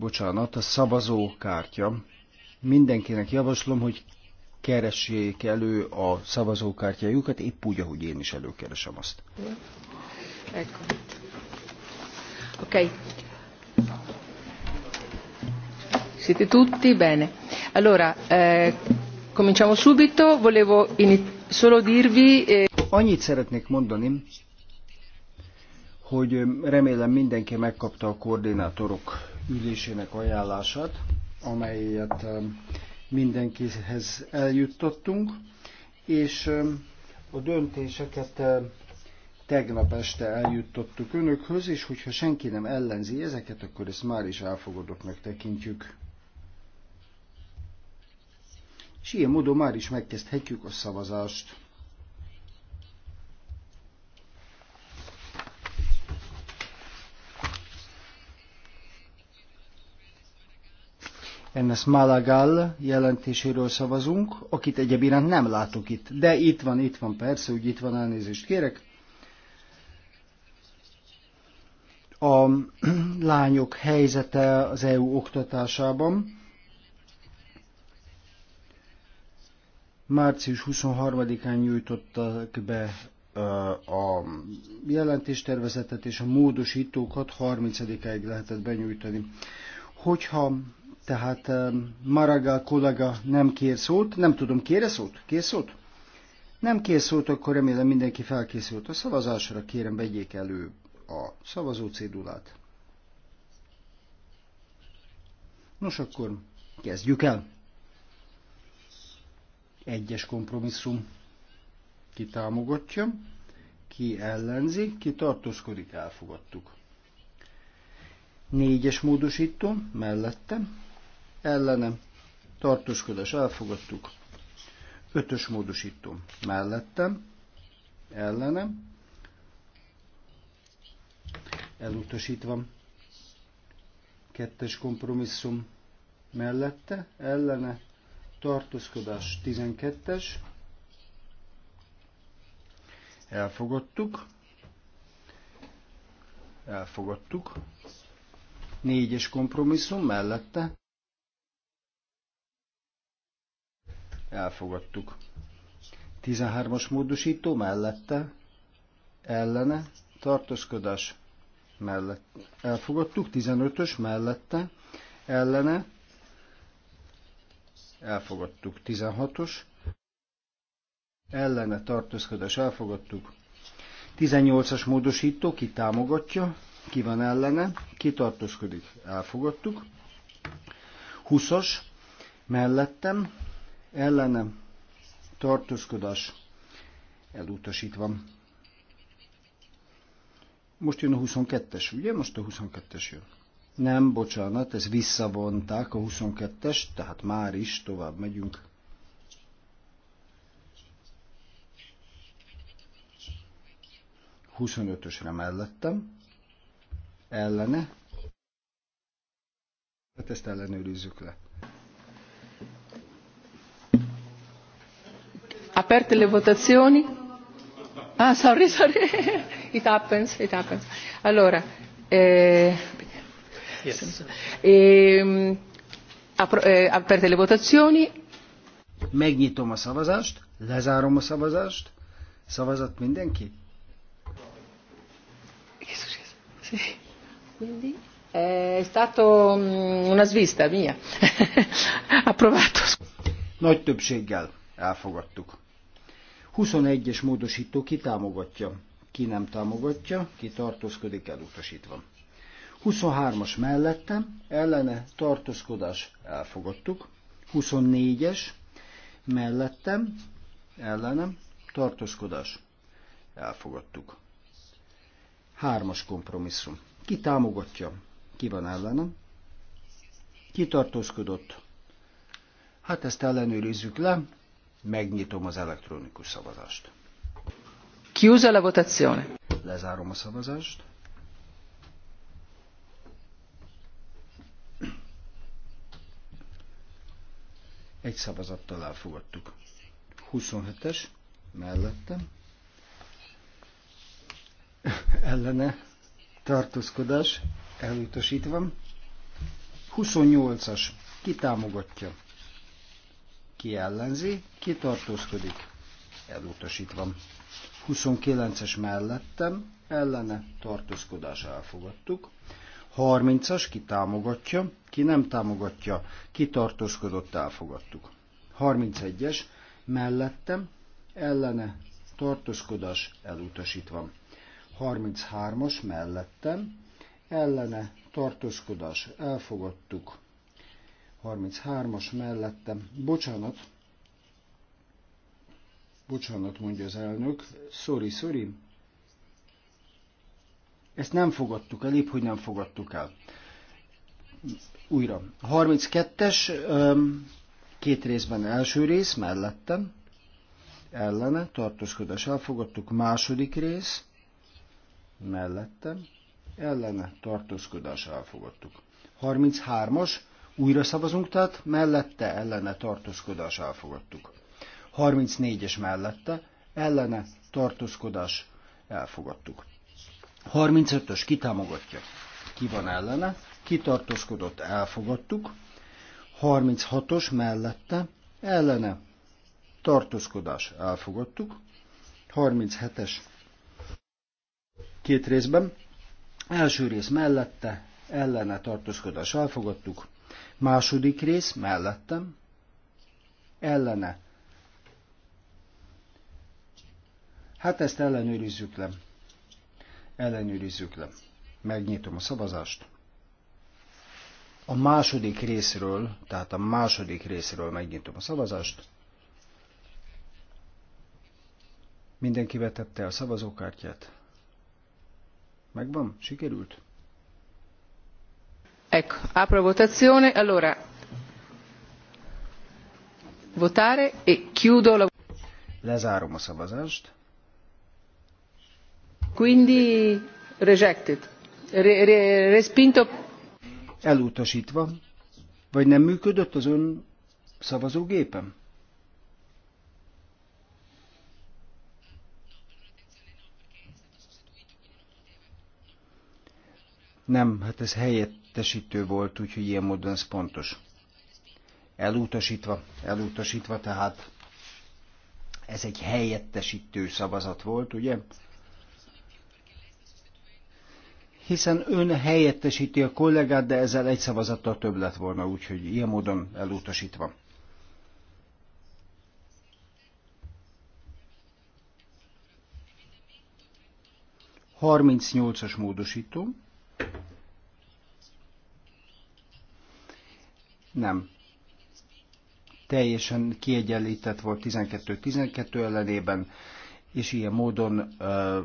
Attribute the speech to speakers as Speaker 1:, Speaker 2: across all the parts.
Speaker 1: bocsánat, a szavazó kártya. Mindenkinek javaslom, hogy keressék elő a szavazókártyájukat, épp úgy, ahogy én is előkeresem azt.
Speaker 2: Oké. Okay. Siete tutti bene. Allora, eh, cominciamo subito. Volevo solo
Speaker 1: dirvi... Eh... Annyit szeretnék mondani, hogy eh, remélem mindenki megkapta a koordinátorok ülésének ajánlását, amelyet mindenkihez eljuttattunk, és a döntéseket tegnap este eljuttattuk önökhöz, és hogyha senki nem ellenzi ezeket, akkor ezt már is elfogadottnak tekintjük. És ilyen módon már is megkezdhetjük a szavazást. Ennes Malagall jelentéséről szavazunk, akit egyébként nem látok itt. De itt van, itt van, persze, úgy itt van, elnézést kérek. A lányok helyzete az EU oktatásában. Március 23-án nyújtottak be a jelentéstervezetet és a módosítókat 30-áig lehetett benyújtani. Hogyha tehát Maragal kollega nem kér szót, nem tudom, kére szót? Kér szót? Nem kér szót, akkor remélem mindenki felkészült a szavazásra, kérem vegyék elő a szavazó cédulát. Nos, akkor kezdjük el. Egyes kompromisszum. Ki támogatja, ki ellenzi, ki tartózkodik, elfogadtuk. Négyes módosító, mellettem, ellenem, tartózkodás elfogadtuk, ötös módosítom mellettem, ellenem, elutasítva, kettes kompromisszum mellette, ellene, tartózkodás 12-es, elfogadtuk, elfogadtuk, négyes kompromisszum mellette, elfogadtuk. 13-as módosító mellette, ellene, tartózkodás mellett elfogadtuk, 15-ös mellette, ellene, elfogadtuk, 16-os, ellene tartózkodás elfogadtuk, 18-as módosító, ki támogatja, ki van ellene, ki tartózkodik, elfogadtuk, 20-as, mellettem, Ellene tartózkodás elutasítva. Most jön a 22-es, ugye? Most a 22-es jön. Nem, bocsánat, ez visszavonták a 22-es, tehát már is tovább megyünk. ösre mellettem, ellene, hát ezt ellenőrizzük le.
Speaker 2: aperte le votazioni ah sorry sorry it happens it happens allora eh, yes. eh, apro, eh, aperte le votazioni
Speaker 1: megnyitom a szavazást lezárom a szavazást Szavazat mindenki
Speaker 2: Jézus, Jézus.
Speaker 1: Sí. Quindi?
Speaker 2: Eh, è stata mm, una svista mia. Approvato.
Speaker 1: Nagy többséggel. Elfogadtuk. 21-es módosító ki támogatja, ki nem támogatja, ki tartózkodik elutasítva. 23-as mellette ellene tartózkodás elfogadtuk. 24-es mellettem ellenem tartózkodás elfogadtuk. Hármas kompromisszum. Ki támogatja, ki van ellenem, ki tartózkodott. Hát ezt ellenőrizzük le, Megnyitom az elektronikus szavazást.
Speaker 2: Chiusa la votazione.
Speaker 1: Lezárom a szavazást. Egy szavazattal elfogadtuk. 27-es, mellettem. Ellene tartózkodás, elutasítva. 28-as, Kitámogatja ki ellenzi, ki tartózkodik, elutasítva. 29-es mellettem, ellene tartózkodás elfogadtuk. 30-as ki támogatja, ki nem támogatja, ki tartózkodott elfogadtuk. 31-es mellettem, ellene tartózkodás elutasítva. 33-as mellettem, ellene tartózkodás elfogadtuk. 33-as mellettem. Bocsánat. Bocsánat, mondja az elnök. Sorry, sorry. Ezt nem fogadtuk el, épp hogy nem fogadtuk el. Újra. 32-es, két részben első rész, mellettem, ellene, tartózkodás elfogadtuk, második rész, mellettem, ellene, tartózkodás elfogadtuk. 33-as, újra szavazunk, tehát mellette ellene tartózkodás elfogadtuk. 34-es mellette ellene tartózkodás elfogadtuk. 35-ös kitámogatja. Ki van ellene? Kitartózkodott, elfogadtuk. 36-os mellette ellene tartózkodás, elfogadtuk. 37-es két részben. Első rész mellette ellene tartózkodás, elfogadtuk. Második rész mellettem, ellene. Hát ezt ellenőrizzük le. Ellenőrizzük le. Megnyitom a szavazást. A második részről, tehát a második részről megnyitom a szavazást. Mindenki vetette a szavazókártyát. Megvan? Sikerült? Ecco, apro
Speaker 2: votazione. Allora, votare e chiudo la
Speaker 1: Lezárom a szavazást.
Speaker 2: Quindi rejected. Re, re, respinto.
Speaker 1: Elutasítva. Vagy nem működött az ön szavazógépem? Nem, hát ez helyett helyettesítő volt, úgyhogy ilyen módon ez pontos. Elutasítva, elutasítva, tehát ez egy helyettesítő szavazat volt, ugye? Hiszen ön helyettesíti a kollégát, de ezzel egy szavazattal több lett volna, úgyhogy ilyen módon elutasítva. Harmincnyolcas módosító. Nem. Teljesen kiegyenlített volt 12-12 ellenében, és ilyen módon ö,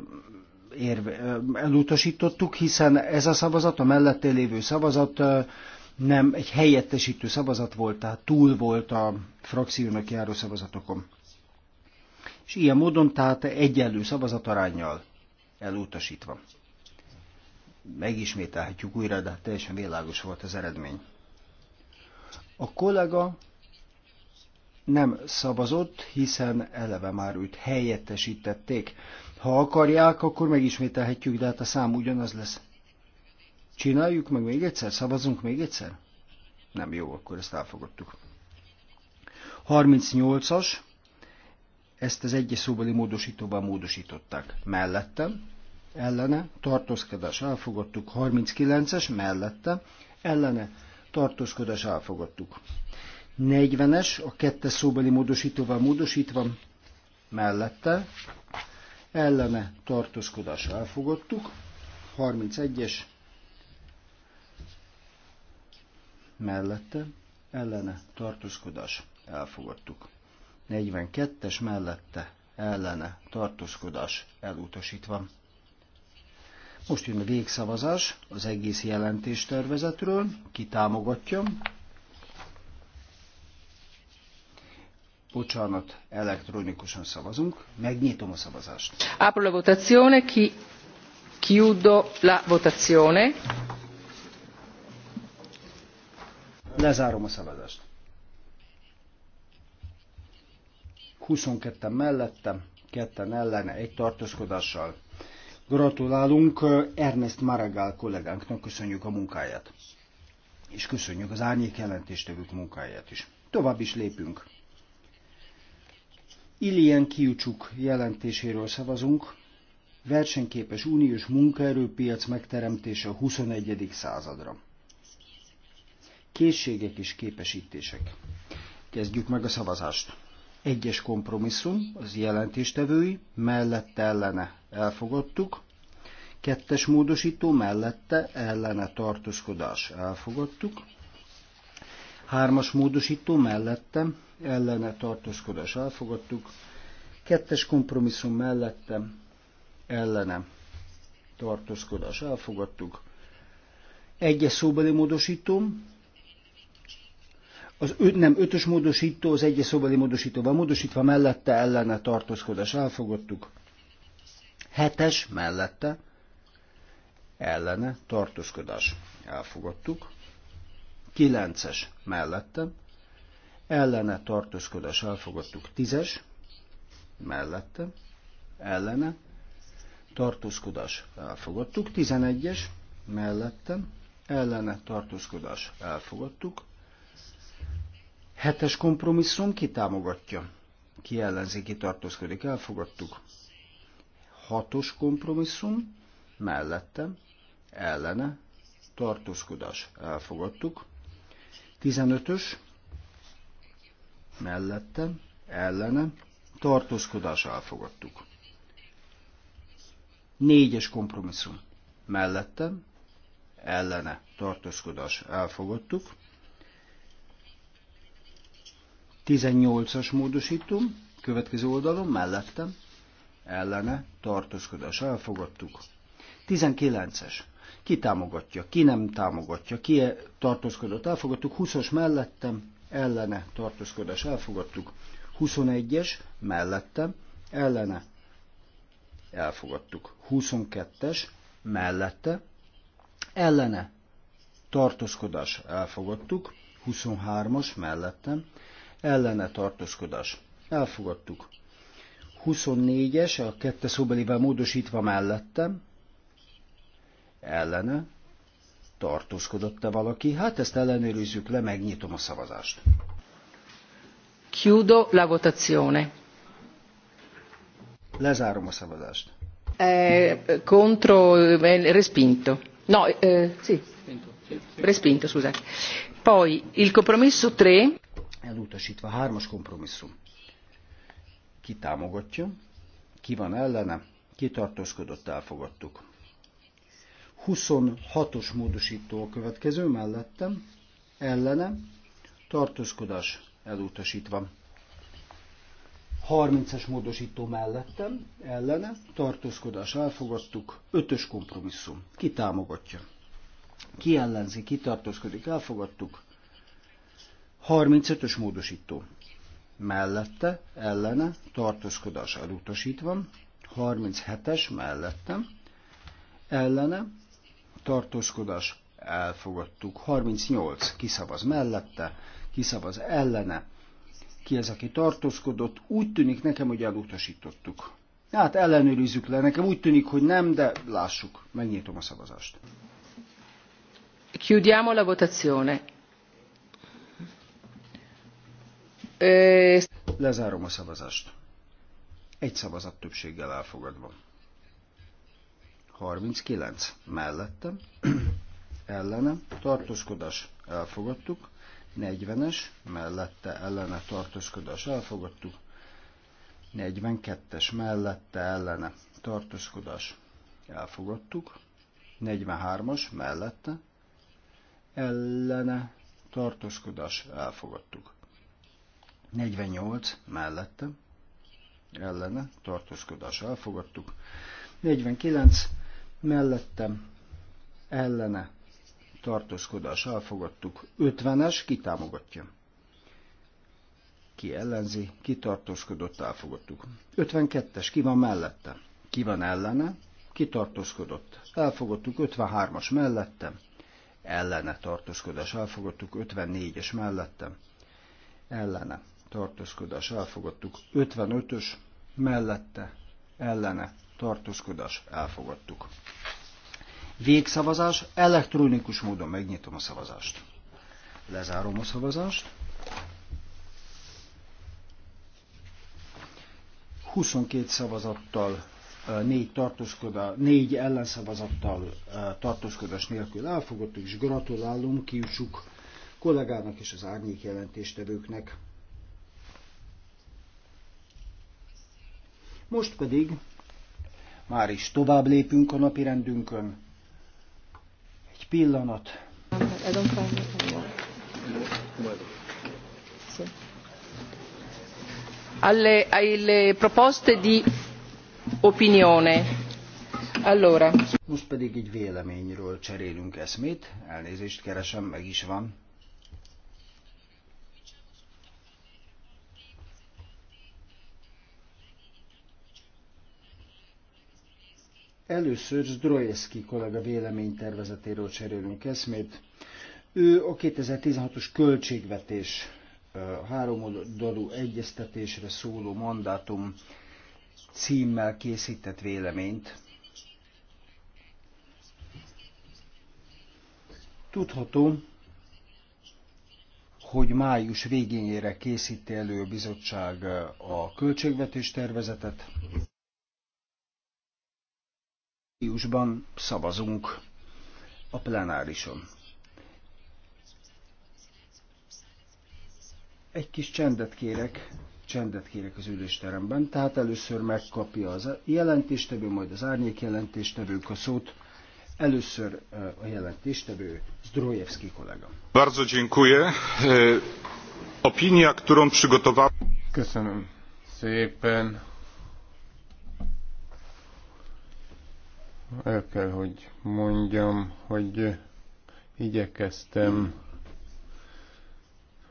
Speaker 1: érve, ö, elutasítottuk, hiszen ez a szavazat, a mellette lévő szavazat ö, nem egy helyettesítő szavazat volt, tehát túl volt a frakciónak járó szavazatokon. És ilyen módon tehát egyenlő szavazatarányjal elutasítva. Megismételhetjük újra, de hát teljesen világos volt az eredmény. A kollega nem szavazott, hiszen eleve már őt helyettesítették. Ha akarják, akkor megismételhetjük, de hát a szám ugyanaz lesz. Csináljuk meg még egyszer? Szavazunk még egyszer? Nem jó, akkor ezt elfogadtuk. 38-as, ezt az egyes szóbeli módosítóban módosították. Mellette, ellene, tartózkodás elfogadtuk. 39-es, mellette, ellene, tartózkodás elfogadtuk. 40-es, a kettes szóbeli módosítóval módosítva, mellette, ellene tartózkodás elfogadtuk. 31-es, mellette, ellene tartózkodás elfogadtuk. 42-es mellette, ellene tartózkodás elutasítva. Most jön a végszavazás az egész jelentéstervezetről, ki támogatja. Bocsánat, elektronikusan szavazunk. Megnyitom a szavazást.
Speaker 2: Apro la votazione, chi...
Speaker 1: chiudo la votazione. Lezárom a szavazást. 22 mellettem, ketten ellene, egy tartózkodással Gratulálunk Ernest Maragall kollégánknak, köszönjük a munkáját. És köszönjük az árnyék jelentéstevők munkáját is. Tovább is lépünk. Ilyen Kiucsuk jelentéséről szavazunk. Versenyképes uniós munkaerőpiac megteremtése a 21. századra. Készségek és képesítések. Kezdjük meg a szavazást. Egyes kompromisszum, az jelentéstevői, mellette ellene elfogadtuk. Kettes módosító mellette ellene tartózkodás elfogadtuk. Hármas módosító mellette ellene tartózkodás elfogadtuk. Kettes kompromisszum mellette ellene tartózkodás elfogadtuk. Egyes szóbeli módosítom az ö, nem ötös módosító, az egyes szobali van. módosítva mellette ellene tartózkodás elfogadtuk. Hetes mellette ellene tartózkodás elfogadtuk. Kilences mellette ellene tartózkodás elfogadtuk. Tízes mellette ellene tartózkodás elfogadtuk. Tizenegyes mellette ellene tartózkodás elfogadtuk. Hetes kompromisszum kitámogatja. Ki ellenzi, ki tartózkodik. Elfogadtuk. Hatos kompromisszum mellette, ellene, tartózkodás. Elfogadtuk. 15-ös mellette, ellene, tartózkodás. Elfogadtuk. Négyes kompromisszum mellette, ellene, tartózkodás. Elfogadtuk. 18-as módosítom, következő oldalon, mellettem, ellene, tartózkodás, elfogadtuk. 19-es, ki támogatja, ki nem támogatja, ki e tartózkodott, elfogadtuk. 20-as mellettem, ellene, tartózkodás, elfogadtuk. 21-es, mellettem, ellene, elfogadtuk. 22-es, mellette, ellene, tartózkodás, elfogadtuk. 23-as, mellettem, ellene tartózkodás. Elfogadtuk. 24-es, a kette szóbelivel módosítva mellettem, ellene tartózkodott-e valaki? Hát ezt ellenőrizzük le, megnyitom a szavazást. Chiudo la votazione.
Speaker 2: Lezárom a szavazást. Eh, contro, eh, respinto. No, eh, sì. Respinto, scusate. Poi il compromesso 3
Speaker 1: elutasítva. Hármas kompromisszum. Ki támogatja, ki van ellene, ki tartózkodott, elfogadtuk. 26-os módosító a következő mellettem, ellene, tartózkodás elutasítva. 30-es módosító mellettem, ellene, tartózkodás elfogadtuk, 5-ös kompromisszum. Ki támogatja? Ki ellenzi, ki tartózkodik, elfogadtuk. 35-ös módosító. Mellette, ellene, tartózkodás elutasítva. 37-es mellette, ellene, tartózkodás elfogadtuk. 38 kiszavaz mellette, kiszavaz ellene, ki ez, aki tartózkodott, úgy tűnik nekem, hogy elutasítottuk. Hát ellenőrizzük le, nekem úgy tűnik, hogy nem, de lássuk, megnyitom a szavazást.
Speaker 2: Chiudiamo la votazione.
Speaker 1: Lezárom a szavazást. Egy szavazat többséggel elfogadva. 39 mellettem, ellene, tartózkodás elfogadtuk, 40-es, mellette ellene tartózkodás elfogadtuk, 42-es mellette ellene tartózkodás elfogadtuk, 43-as mellette ellene tartózkodás elfogadtuk. 48 mellette, ellene, tartózkodás elfogadtuk. 49 mellettem, ellene, tartózkodás elfogadtuk. 50-es kitámogatja. Ki ellenzi, ki tartózkodott, elfogadtuk. 52-es, ki van mellette? Ki van ellene? Ki tartózkodott? Elfogadtuk 53-as mellette. Ellene tartózkodás, elfogadtuk 54-es mellette. Ellene tartózkodás elfogadtuk. 55-ös mellette ellene tartózkodás elfogadtuk. Végszavazás, elektronikus módon megnyitom a szavazást. Lezárom a szavazást. 22 szavazattal, 4, tartózkoda, 4 ellenszavazattal tartózkodás nélkül elfogadtuk, és gratulálunk Kiucsuk kollégának és az árnyék jelentéstevőknek. Most pedig már is tovább lépünk a napi rendünkön. Egy pillanat.
Speaker 2: Alle, alle proposte di opinione. Allora.
Speaker 1: Most pedig egy véleményről cserélünk eszmét. Elnézést keresem, meg is van. Először Zdrojewski kollega véleménytervezetéről cserélünk eszmét. Ő a 2016-os költségvetés háromoldalú egyeztetésre szóló mandátum címmel készített véleményt. Tudható, hogy május végénére készíti elő a bizottság a költségvetés tervezetet, júniusban szavazunk a plenárison. Egy kis csendet kérek, csendet kérek az ülésteremben, tehát először megkapja az jelentéstevő, majd az árnyék jelentéstevők a szót. Először eh, a jelentéstevő Zdrojewski kollega.
Speaker 3: Bardzo dziękuję. E, opinia, którą przygotowałem. Köszönöm szépen el kell, hogy mondjam, hogy igyekeztem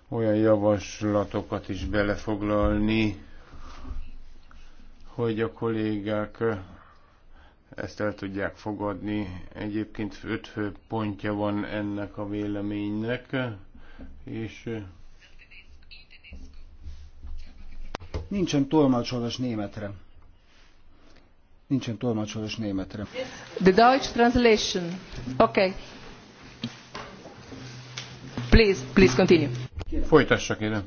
Speaker 3: olyan javaslatokat is belefoglalni, hogy a kollégák ezt el tudják fogadni. Egyébként öt fő pontja van ennek a véleménynek, és
Speaker 1: nincsen tolmácsolás németre. Nincsen tolmácsolás németre.
Speaker 2: The Deutsch translation. Okay. Please, please continue.
Speaker 1: Folytassa, kérem.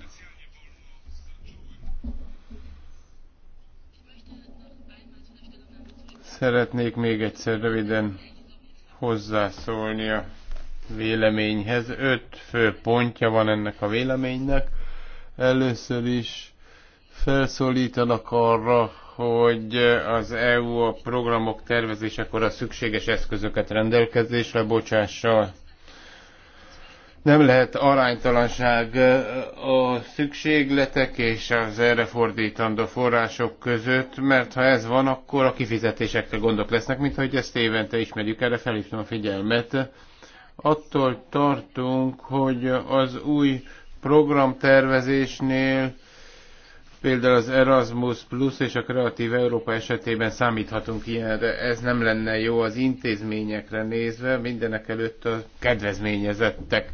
Speaker 3: Szeretnék még egyszer röviden hozzászólni a véleményhez. Öt fő pontja van ennek a véleménynek. Először is felszólítanak arra, hogy az EU a programok tervezésekor a szükséges eszközöket rendelkezésre bocsássa. Nem lehet aránytalanság a szükségletek és az erre fordítandó források között, mert ha ez van, akkor a kifizetésekre gondok lesznek, mint hogy ezt évente ismerjük. Erre felhívtam a figyelmet. Attól tartunk, hogy az új programtervezésnél Például az Erasmus Plus és a Kreatív Európa esetében számíthatunk ilyenre. Ez nem lenne jó az intézményekre nézve, mindenek előtt a kedvezményezettek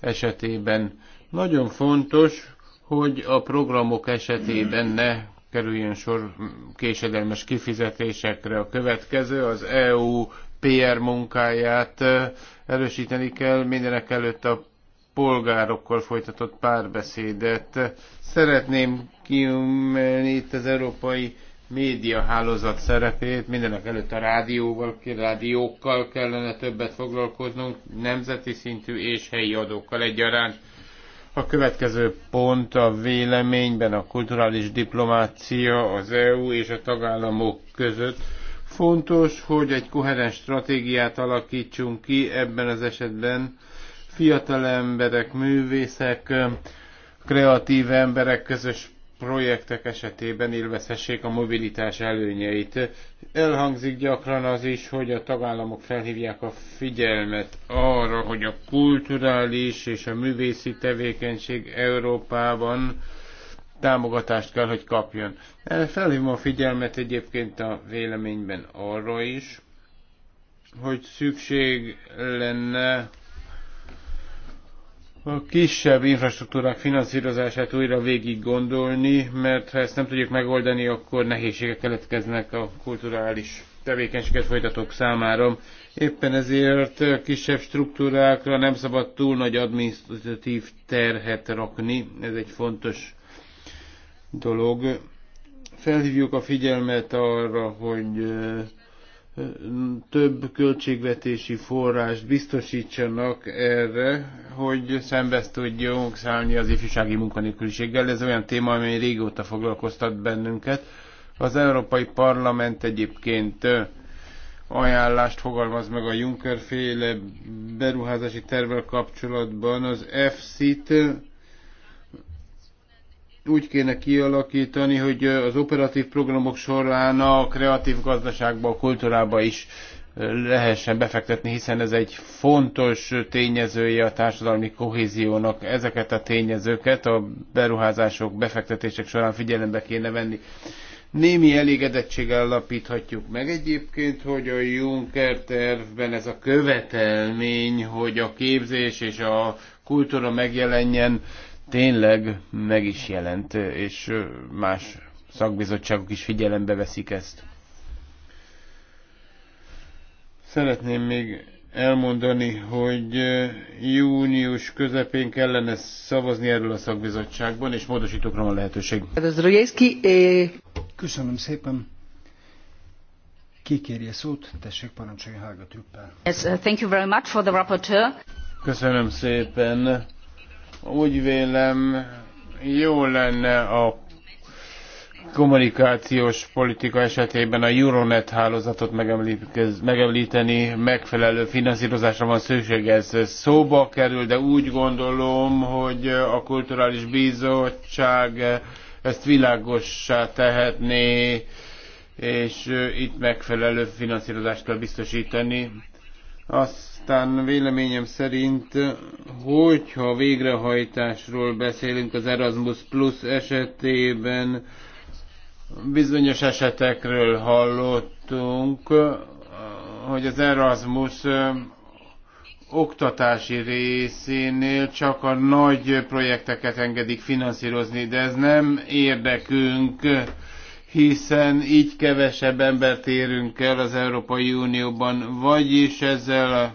Speaker 3: esetében. Nagyon fontos, hogy a programok esetében ne kerüljön sor késedelmes kifizetésekre. A következő az EU PR munkáját erősíteni kell, mindenek előtt a polgárokkal folytatott párbeszédet Szeretném kiemelni itt az európai médiahálózat szerepét, mindenek előtt a rádióval, rádiókkal kellene többet foglalkoznunk, nemzeti szintű és helyi adókkal egyaránt. A következő pont a véleményben a kulturális diplomácia az EU és a tagállamok között. Fontos, hogy egy koherens stratégiát alakítsunk ki ebben az esetben fiatal emberek, művészek, kreatív emberek közös projektek esetében élvezhessék a mobilitás előnyeit. Elhangzik gyakran az is, hogy a tagállamok felhívják a figyelmet arra, hogy a kulturális és a művészi tevékenység Európában támogatást kell, hogy kapjon. Felhívom a figyelmet egyébként a véleményben arra is, hogy szükség lenne a kisebb infrastruktúrák finanszírozását újra végig gondolni, mert ha ezt nem tudjuk megoldani, akkor nehézségek keletkeznek a kulturális tevékenységet folytatók számára. Éppen ezért kisebb struktúrákra nem szabad túl nagy adminisztratív terhet rakni, ez egy fontos dolog. Felhívjuk a figyelmet arra, hogy több költségvetési forrást biztosítsanak erre, hogy szembe tudjunk szállni az ifjúsági munkanélküliséggel. Ez olyan téma, ami régóta foglalkoztat bennünket. Az Európai Parlament egyébként ajánlást fogalmaz meg a Juncker féle beruházási tervvel kapcsolatban az EFSZ-t úgy kéne kialakítani, hogy az operatív programok során a kreatív gazdaságba, a kultúrába is lehessen befektetni, hiszen ez egy fontos tényezője a társadalmi kohéziónak. Ezeket a tényezőket a beruházások, befektetések során figyelembe kéne venni. Némi elégedettséggel alapíthatjuk meg egyébként, hogy a Juncker tervben ez a követelmény, hogy a képzés és a kultúra megjelenjen tényleg meg is jelent, és más szakbizottságok is figyelembe veszik ezt. Szeretném még elmondani, hogy június közepén kellene szavazni erről a szakbizottságban, és módosítókra van lehetőség.
Speaker 1: Köszönöm szépen. Kikérje kérje szót? Tessék, parancsoljon Helga Tüppel.
Speaker 2: Yes, uh, thank you very much for
Speaker 1: the rapporteur. Köszönöm szépen úgy vélem,
Speaker 3: jó lenne a kommunikációs politika esetében a Euronet hálózatot megemlíteni, megfelelő finanszírozásra van szükség, ez szóba kerül, de úgy gondolom, hogy a Kulturális Bizottság ezt világossá tehetné, és itt megfelelő finanszírozást kell biztosítani. Azt aztán véleményem szerint, hogyha végrehajtásról beszélünk az Erasmus Plus esetében, bizonyos esetekről hallottunk, hogy az Erasmus oktatási részénél csak a nagy projekteket engedik finanszírozni, de ez nem érdekünk, hiszen így kevesebb embert érünk el az Európai Unióban, vagyis ezzel a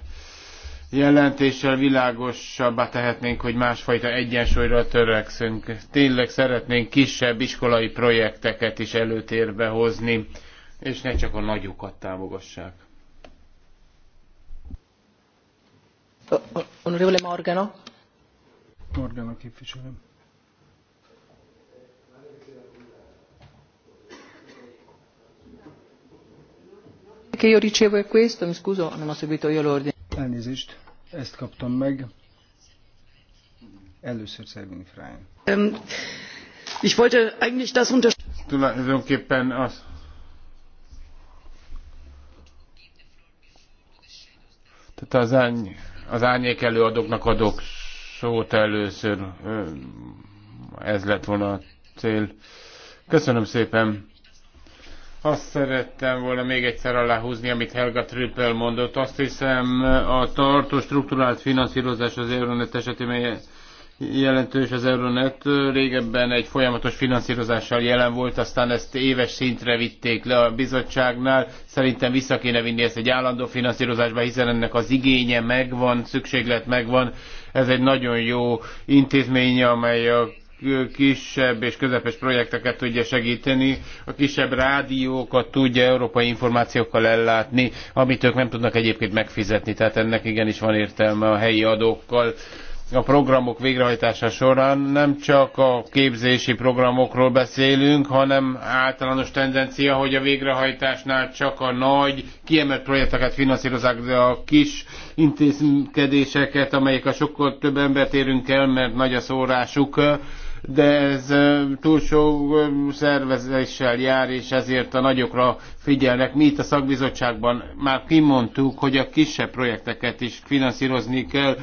Speaker 3: jelentéssel világosabbá tehetnénk, hogy másfajta egyensúlyra törekszünk. Tényleg szeretnénk kisebb iskolai projekteket is előtérbe hozni, és ne csak a nagyokat támogassák.
Speaker 2: Honorable Morgano. Morgano képviselő. Che io ricevo è questo, mi scuso, non ho seguito io l'ordine. Elnézést,
Speaker 1: ezt kaptam meg. Először Szervin Freien.
Speaker 3: ich wollte eigentlich das unter... Tulajdonképpen az... Tehát az, árny, az árnyék előadóknak adok szót először. Ez lett volna a cél. Köszönöm szépen. Azt szerettem volna még egyszer aláhúzni, amit Helga Trippel mondott. Azt hiszem a tartós strukturált finanszírozás az Euronet esetében jelentős az Euronet. Régebben egy folyamatos finanszírozással jelen volt, aztán ezt éves szintre vitték le a bizottságnál. Szerintem vissza kéne vinni ezt egy állandó finanszírozásba, hiszen ennek az igénye megvan, szükséglet megvan. Ez egy nagyon jó intézmény, amely a kisebb és közepes projekteket tudja segíteni, a kisebb rádiókat tudja európai információkkal ellátni, amit ők nem tudnak egyébként megfizetni, tehát ennek igenis van értelme a helyi adókkal a programok végrehajtása során nem csak a képzési programokról beszélünk, hanem általános tendencia, hogy a végrehajtásnál csak a nagy, kiemelt projekteket finanszírozzák, de a kis intézkedéseket, amelyek a sokkal több embert érünk el, mert nagy a szórásuk, de ez túl sok szervezéssel jár, és ezért a nagyokra figyelnek. Mi itt a szakbizottságban már kimondtuk, hogy a kisebb projekteket is finanszírozni kell,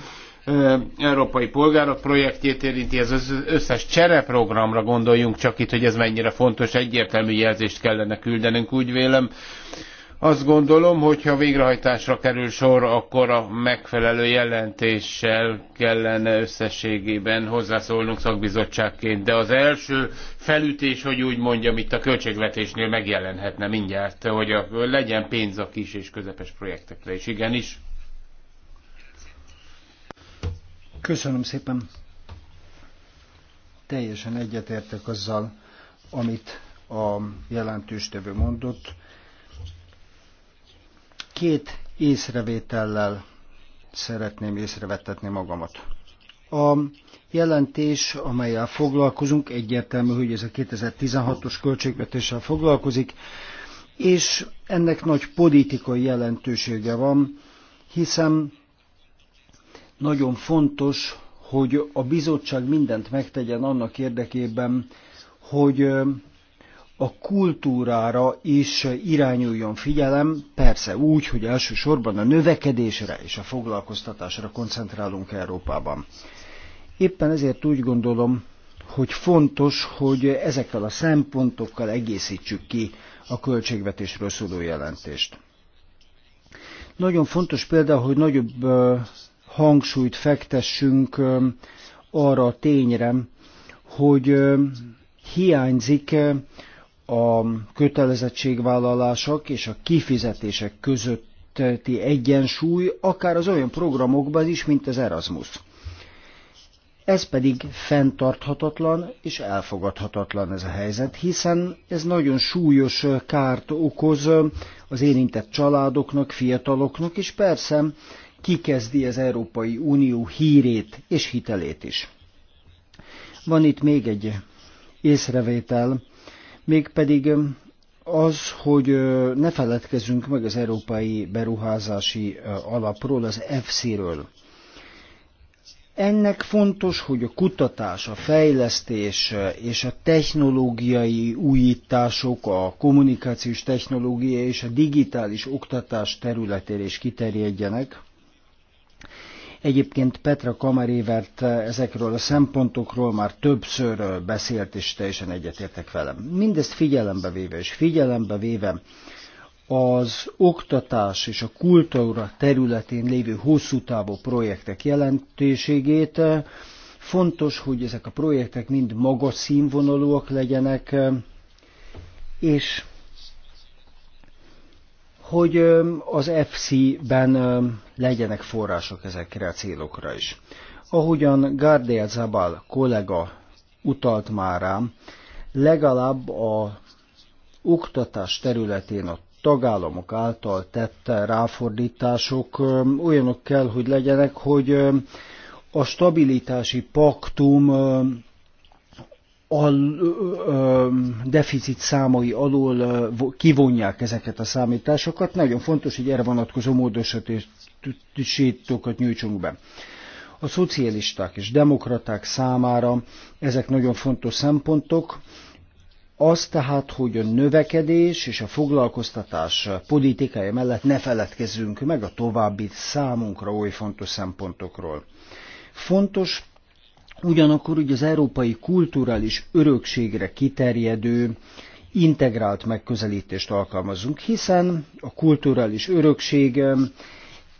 Speaker 3: európai polgárok projektjét érinti, ez az összes csereprogramra gondoljunk csak itt, hogy ez mennyire fontos, egyértelmű jelzést kellene küldenünk, úgy vélem. Azt gondolom, hogy ha végrehajtásra kerül sor, akkor a megfelelő jelentéssel kellene összességében hozzászólnunk szakbizottságként. De az első felütés, hogy úgy mondjam, itt a költségvetésnél megjelenhetne mindjárt, hogy a, legyen pénz a kis és közepes projektekre is. Igenis.
Speaker 1: Köszönöm szépen. Teljesen egyetértek azzal, amit a jelentőstevő mondott Két észrevétellel szeretném észrevettetni magamat. A jelentés, amelyel foglalkozunk, egyértelmű, hogy ez a 2016-os költségvetéssel foglalkozik, és ennek nagy politikai jelentősége van, hiszen nagyon fontos, hogy a bizottság mindent megtegyen annak érdekében, hogy a kultúrára is irányuljon figyelem, persze úgy, hogy elsősorban a növekedésre és a foglalkoztatásra koncentrálunk Európában. Éppen ezért úgy gondolom, hogy fontos, hogy ezekkel a szempontokkal egészítsük ki a költségvetésről szóló jelentést. Nagyon fontos például, hogy nagyobb hangsúlyt fektessünk arra a tényre, hogy hiányzik a kötelezettségvállalások és a kifizetések közötti egyensúly, akár az olyan programokban is, mint az Erasmus. Ez pedig fenntarthatatlan és elfogadhatatlan ez a helyzet, hiszen ez nagyon súlyos kárt okoz az érintett családoknak, fiataloknak, és persze kikezdi az Európai Unió hírét és hitelét is. Van itt még egy észrevétel, mégpedig az, hogy ne feledkezzünk meg az Európai Beruházási Alapról, az EFSZ-ről. Ennek fontos, hogy a kutatás, a fejlesztés és a technológiai újítások, a kommunikációs technológia és a digitális oktatás területére is kiterjedjenek, Egyébként Petra Kamarévert eh, ezekről a szempontokról már többször eh, beszélt, és teljesen egyetértek velem. Mindezt figyelembe véve, és figyelembe véve az oktatás és a kultúra területén lévő hosszú távú projektek jelentőségét, eh, fontos, hogy ezek a projektek mind magas színvonalúak legyenek, és hogy az FC-ben legyenek források ezekre a célokra is. Ahogyan Gardel Zabal kollega utalt már rám, legalább a oktatás területén a tagállamok által tett ráfordítások olyanok kell, hogy legyenek, hogy a stabilitási paktum al, ö, deficit számai alól ö, kivonják ezeket a számításokat. Nagyon fontos, hogy erre vonatkozó módosítókat nyújtsunk be. A szocialisták és demokraták számára ezek nagyon fontos szempontok. Az tehát, hogy a növekedés és a foglalkoztatás politikája mellett ne feledkezzünk meg a további számunkra oly fontos szempontokról. Fontos Ugyanakkor ugye az európai kulturális örökségre kiterjedő integrált megközelítést alkalmazunk, hiszen a kulturális örökség um,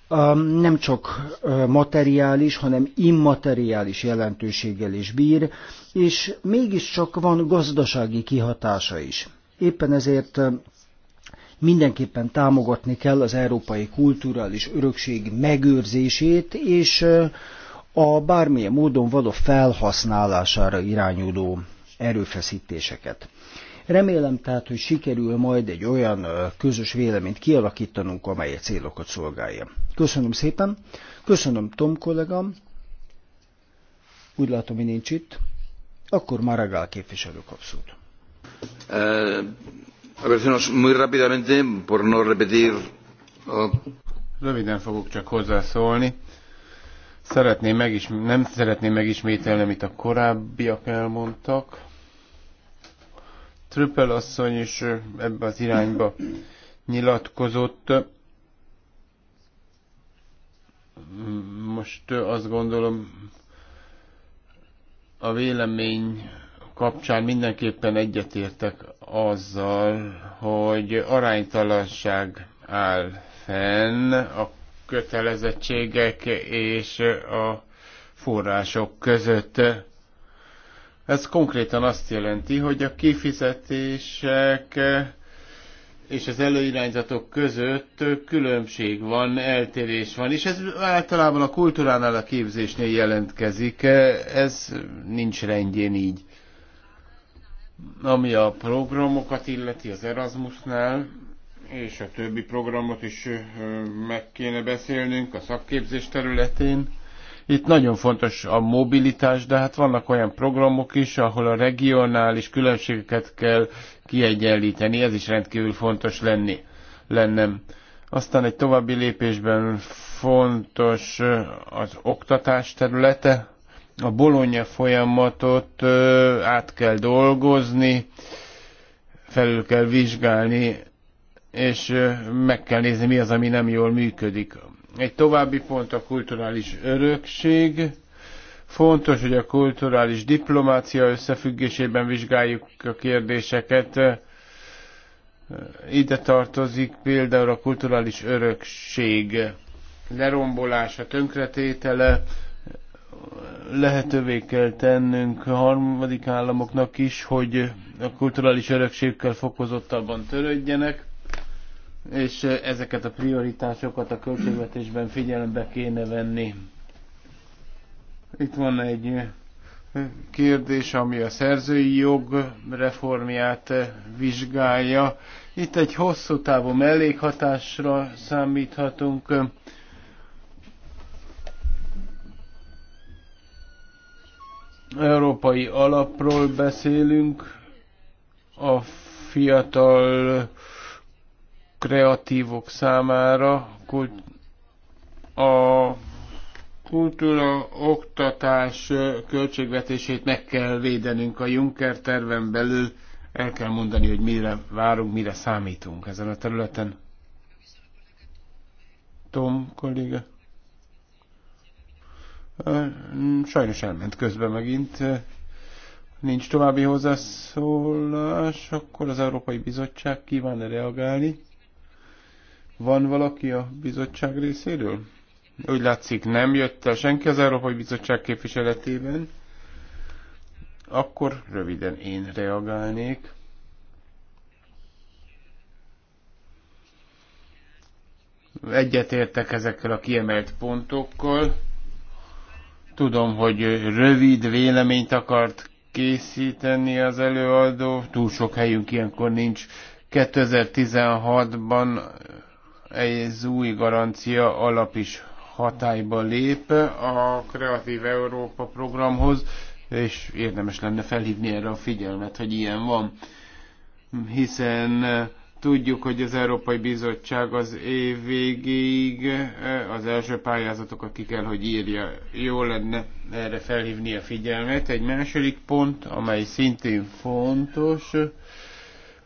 Speaker 1: um, nem csak um, materiális, hanem immateriális jelentőséggel is bír, és mégiscsak van gazdasági kihatása is. Éppen ezért mindenképpen támogatni kell az európai kulturális örökség megőrzését, és uh, a bármilyen módon való felhasználására irányuló erőfeszítéseket. Remélem tehát, hogy sikerül majd egy olyan közös véleményt kialakítanunk, amely a célokat szolgálja. Köszönöm szépen, köszönöm Tom kollégám, úgy látom, hogy nincs itt, akkor Maragál képviselő
Speaker 3: eh, no repetir. Oh. Röviden fogok csak hozzászólni Szeretném megism- nem szeretném megismételni, amit a korábbiak elmondtak. Trüppel asszony is ebbe az irányba nyilatkozott. Most azt gondolom, a vélemény kapcsán mindenképpen egyetértek azzal, hogy aránytalanság áll fenn a kötelezettségek és a források között. Ez konkrétan azt jelenti, hogy a kifizetések és az előirányzatok között különbség van, eltérés van, és ez általában a kultúránál a képzésnél jelentkezik, ez nincs rendjén így. Ami a programokat illeti az Erasmusnál, és a többi programot is meg kéne beszélnünk a szakképzés területén. Itt nagyon fontos a mobilitás, de hát vannak olyan programok is, ahol a regionális különbségeket kell kiegyenlíteni, ez is rendkívül fontos lenni, lennem. Aztán egy további lépésben fontos az oktatás területe. A bolonya folyamatot át kell dolgozni, felül kell vizsgálni és meg kell nézni, mi az, ami nem jól működik. Egy további pont a kulturális örökség. Fontos, hogy a kulturális diplomácia összefüggésében vizsgáljuk a kérdéseket. Ide tartozik például a kulturális örökség lerombolása, tönkretétele. Lehetővé kell tennünk a harmadik államoknak is, hogy a kulturális örökségükkel fokozottabban törődjenek és ezeket a prioritásokat a költségvetésben figyelembe kéne venni. Itt van egy kérdés, ami a szerzői jog reformját vizsgálja. Itt egy hosszú távú mellékhatásra számíthatunk. Európai alapról beszélünk, a fiatal kreatívok számára a kultúra oktatás költségvetését meg kell védenünk a Juncker terven belül. El kell mondani, hogy mire várunk, mire számítunk ezen a területen. Tom kolléga. Sajnos elment közben megint. Nincs további hozzászólás, akkor az Európai Bizottság kíván -e reagálni. Van valaki a bizottság részéről? Úgy látszik, nem jött el senki az Európai Bizottság képviseletében. Akkor röviden én reagálnék. Egyetértek ezekkel a kiemelt pontokkal. Tudom, hogy rövid véleményt akart készíteni az előadó. Túl sok helyünk ilyenkor nincs. 2016-ban ez új garancia alap is hatályba lép a Kreatív Európa programhoz, és érdemes lenne felhívni erre a figyelmet, hogy ilyen van, hiszen eh, tudjuk, hogy az Európai Bizottság az év végéig eh, az első pályázatokat ki kell, hogy írja. Jó lenne erre felhívni a figyelmet. Egy második pont, amely szintén fontos,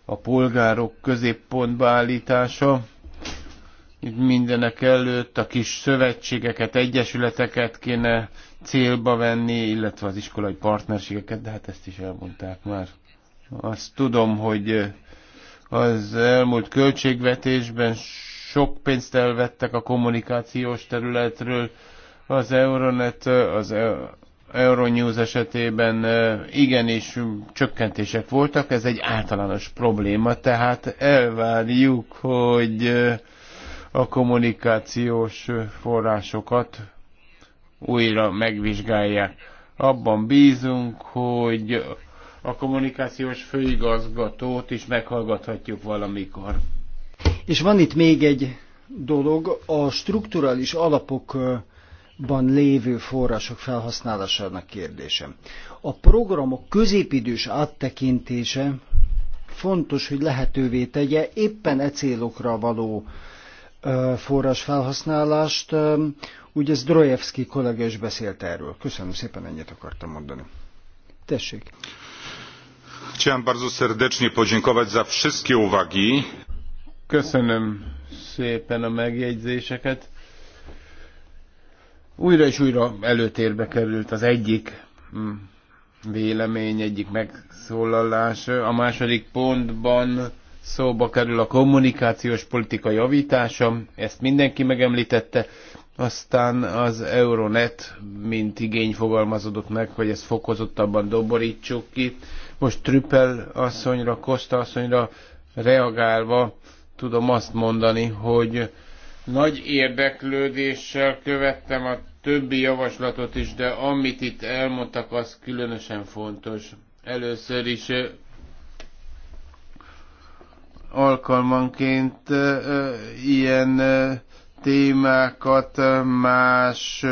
Speaker 3: a polgárok középpontba állítása mindenek előtt a kis szövetségeket, egyesületeket kéne célba venni, illetve az iskolai partnerségeket, de hát ezt is elmondták már. Azt tudom, hogy eh, az elmúlt költségvetésben sok pénzt elvettek a kommunikációs területről, az Euronet, eh, az e- Euronews esetében eh, igenis csökkentések voltak, ez egy általános probléma, tehát elvárjuk, hogy a kommunikációs forrásokat újra megvizsgálják. Abban bízunk, hogy a kommunikációs főigazgatót is meghallgathatjuk valamikor.
Speaker 1: És van itt még egy dolog, a strukturális alapokban lévő források felhasználásának kérdése. A programok középidős áttekintése fontos, hogy lehetővé tegye éppen e célokra való forrás felhasználást. Ugye ez Drojevski kollega is beszélt erről. Köszönöm szépen, ennyit akartam mondani. Tessék.
Speaker 3: Chciałem bardzo serdecznie podziękować za wszystkie uwagi. Köszönöm szépen a megjegyzéseket. Újra és újra előtérbe került az egyik mm, vélemény, egyik megszólalás. A második pontban szóba kerül a kommunikációs politika javítása, ezt mindenki megemlítette, aztán az Euronet, mint igény fogalmazódott meg, hogy ezt fokozottabban doborítsuk ki. Most Trüppel asszonyra, Kosta asszonyra reagálva tudom azt mondani, hogy nagy érdeklődéssel követtem a többi javaslatot is, de amit itt elmondtak, az különösen fontos. Először is alkalmanként ilyen témákat más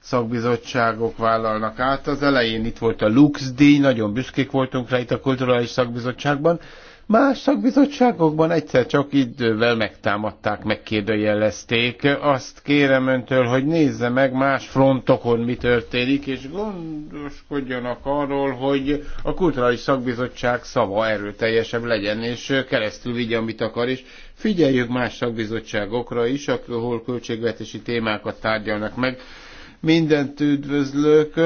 Speaker 3: szakbizottságok vállalnak át. Az elején itt volt a Lux díj, nagyon büszkék voltunk rá itt a Kulturális Szakbizottságban, Más szakbizottságokban egyszer csak idővel megtámadták, megkérdőjelezték. Azt kérem öntől, hogy nézze meg más frontokon mi történik, és gondoskodjanak arról, hogy a kulturális szakbizottság szava erőteljesebb legyen, és keresztül vigye, amit akar, és figyeljük más szakbizottságokra is, ahol költségvetési témákat tárgyalnak meg. Mindent üdvözlök!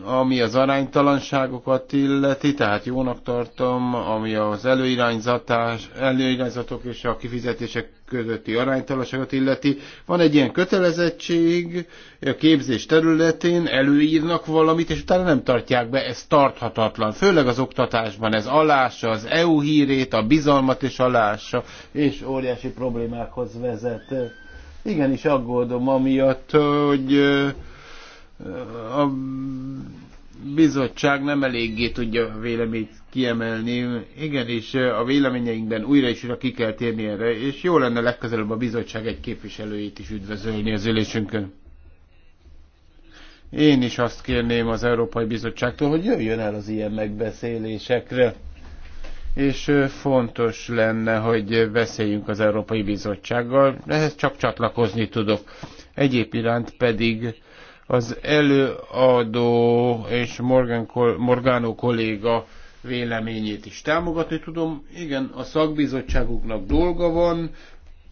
Speaker 3: Ami az aránytalanságokat illeti, tehát jónak tartom, ami az előirányzatás, előirányzatok és a kifizetések közötti aránytalanságot illeti. Van egy ilyen kötelezettség a képzés területén, előírnak valamit, és utána nem tartják be, ez tarthatatlan. Főleg az oktatásban ez alása, az EU hírét, a bizalmat és alása, és óriási problémákhoz vezet. Igenis aggódom amiatt, hogy a bizottság nem eléggé tudja véleményt kiemelni. és a véleményeinkben újra és újra ki kell térni erre, és jó lenne legközelebb a bizottság egy képviselőjét is üdvözölni az ülésünkön. Én is azt kérném az Európai Bizottságtól, hogy jöjjön el az ilyen megbeszélésekre. És fontos lenne, hogy beszéljünk az Európai Bizottsággal, ehhez csak csatlakozni tudok. Egyéb iránt pedig az előadó és Morgan, Morgano kolléga véleményét is támogatni tudom. Igen, a szakbizottságuknak dolga van,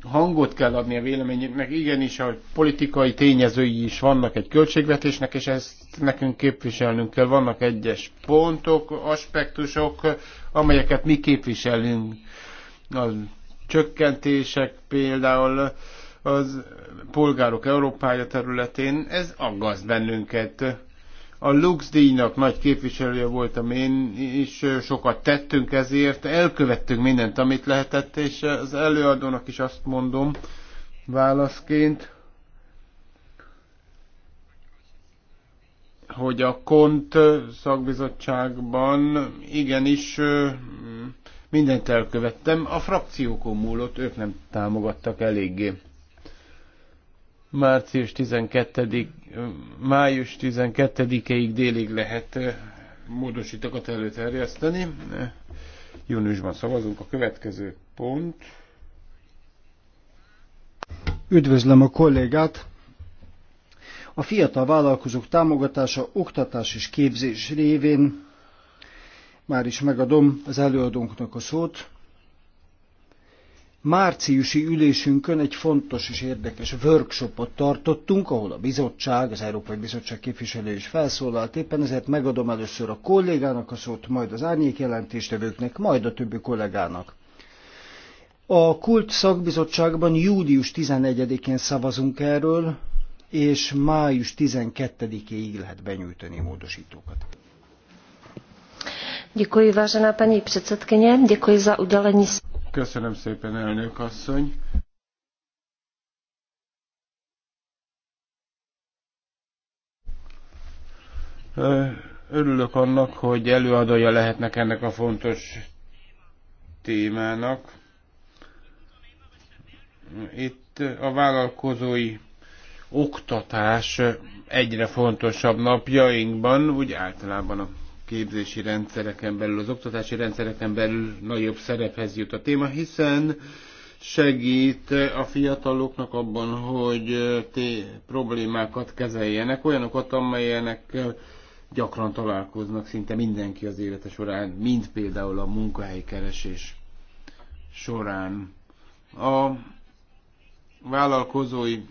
Speaker 3: hangot kell adni a véleményeknek, igenis a politikai tényezői is vannak egy költségvetésnek, és ezt nekünk képviselnünk kell. Vannak egyes pontok, aspektusok, amelyeket mi képviselünk. A csökkentések például az polgárok Európája területén, ez aggaszt bennünket. A Lux díjnak nagy képviselője voltam én, és sokat tettünk ezért, elkövettünk mindent, amit lehetett, és az előadónak is azt mondom válaszként, hogy a KONT szakbizottságban igenis mindent elkövettem, a frakciókon múlott, ők nem támogattak eléggé március 12 május 12-ig délig lehet eh, módosítokat előterjeszteni. Júniusban szavazunk. A következő
Speaker 1: pont. Üdvözlöm a kollégát! A fiatal vállalkozók támogatása oktatás és képzés révén már is megadom az előadónknak a szót márciusi ülésünkön egy fontos és érdekes workshopot tartottunk, ahol a bizottság, az Európai Bizottság képviselő is felszólalt éppen, ezért megadom először a kollégának a szót, majd az árnyék jelentéstevőknek, majd a többi kollégának. A Kult szakbizottságban július 11-én szavazunk erről, és május 12-éig lehet benyújtani módosítókat.
Speaker 4: Děkuji, vážená paní předsedkyně, děkuji za udělení.
Speaker 1: Köszönöm
Speaker 3: szépen, elnök asszony. Örülök annak, hogy előadója lehetnek ennek a fontos témának. Itt a vállalkozói oktatás egyre fontosabb napjainkban, úgy általában a képzési rendszereken belül, az oktatási rendszereken belül nagyobb szerephez jut a téma, hiszen segít a fiataloknak abban, hogy té problémákat kezeljenek, olyanokat, amelyenek gyakran találkoznak szinte mindenki az élete során, mint például a munkahelykeresés során. A vállalkozói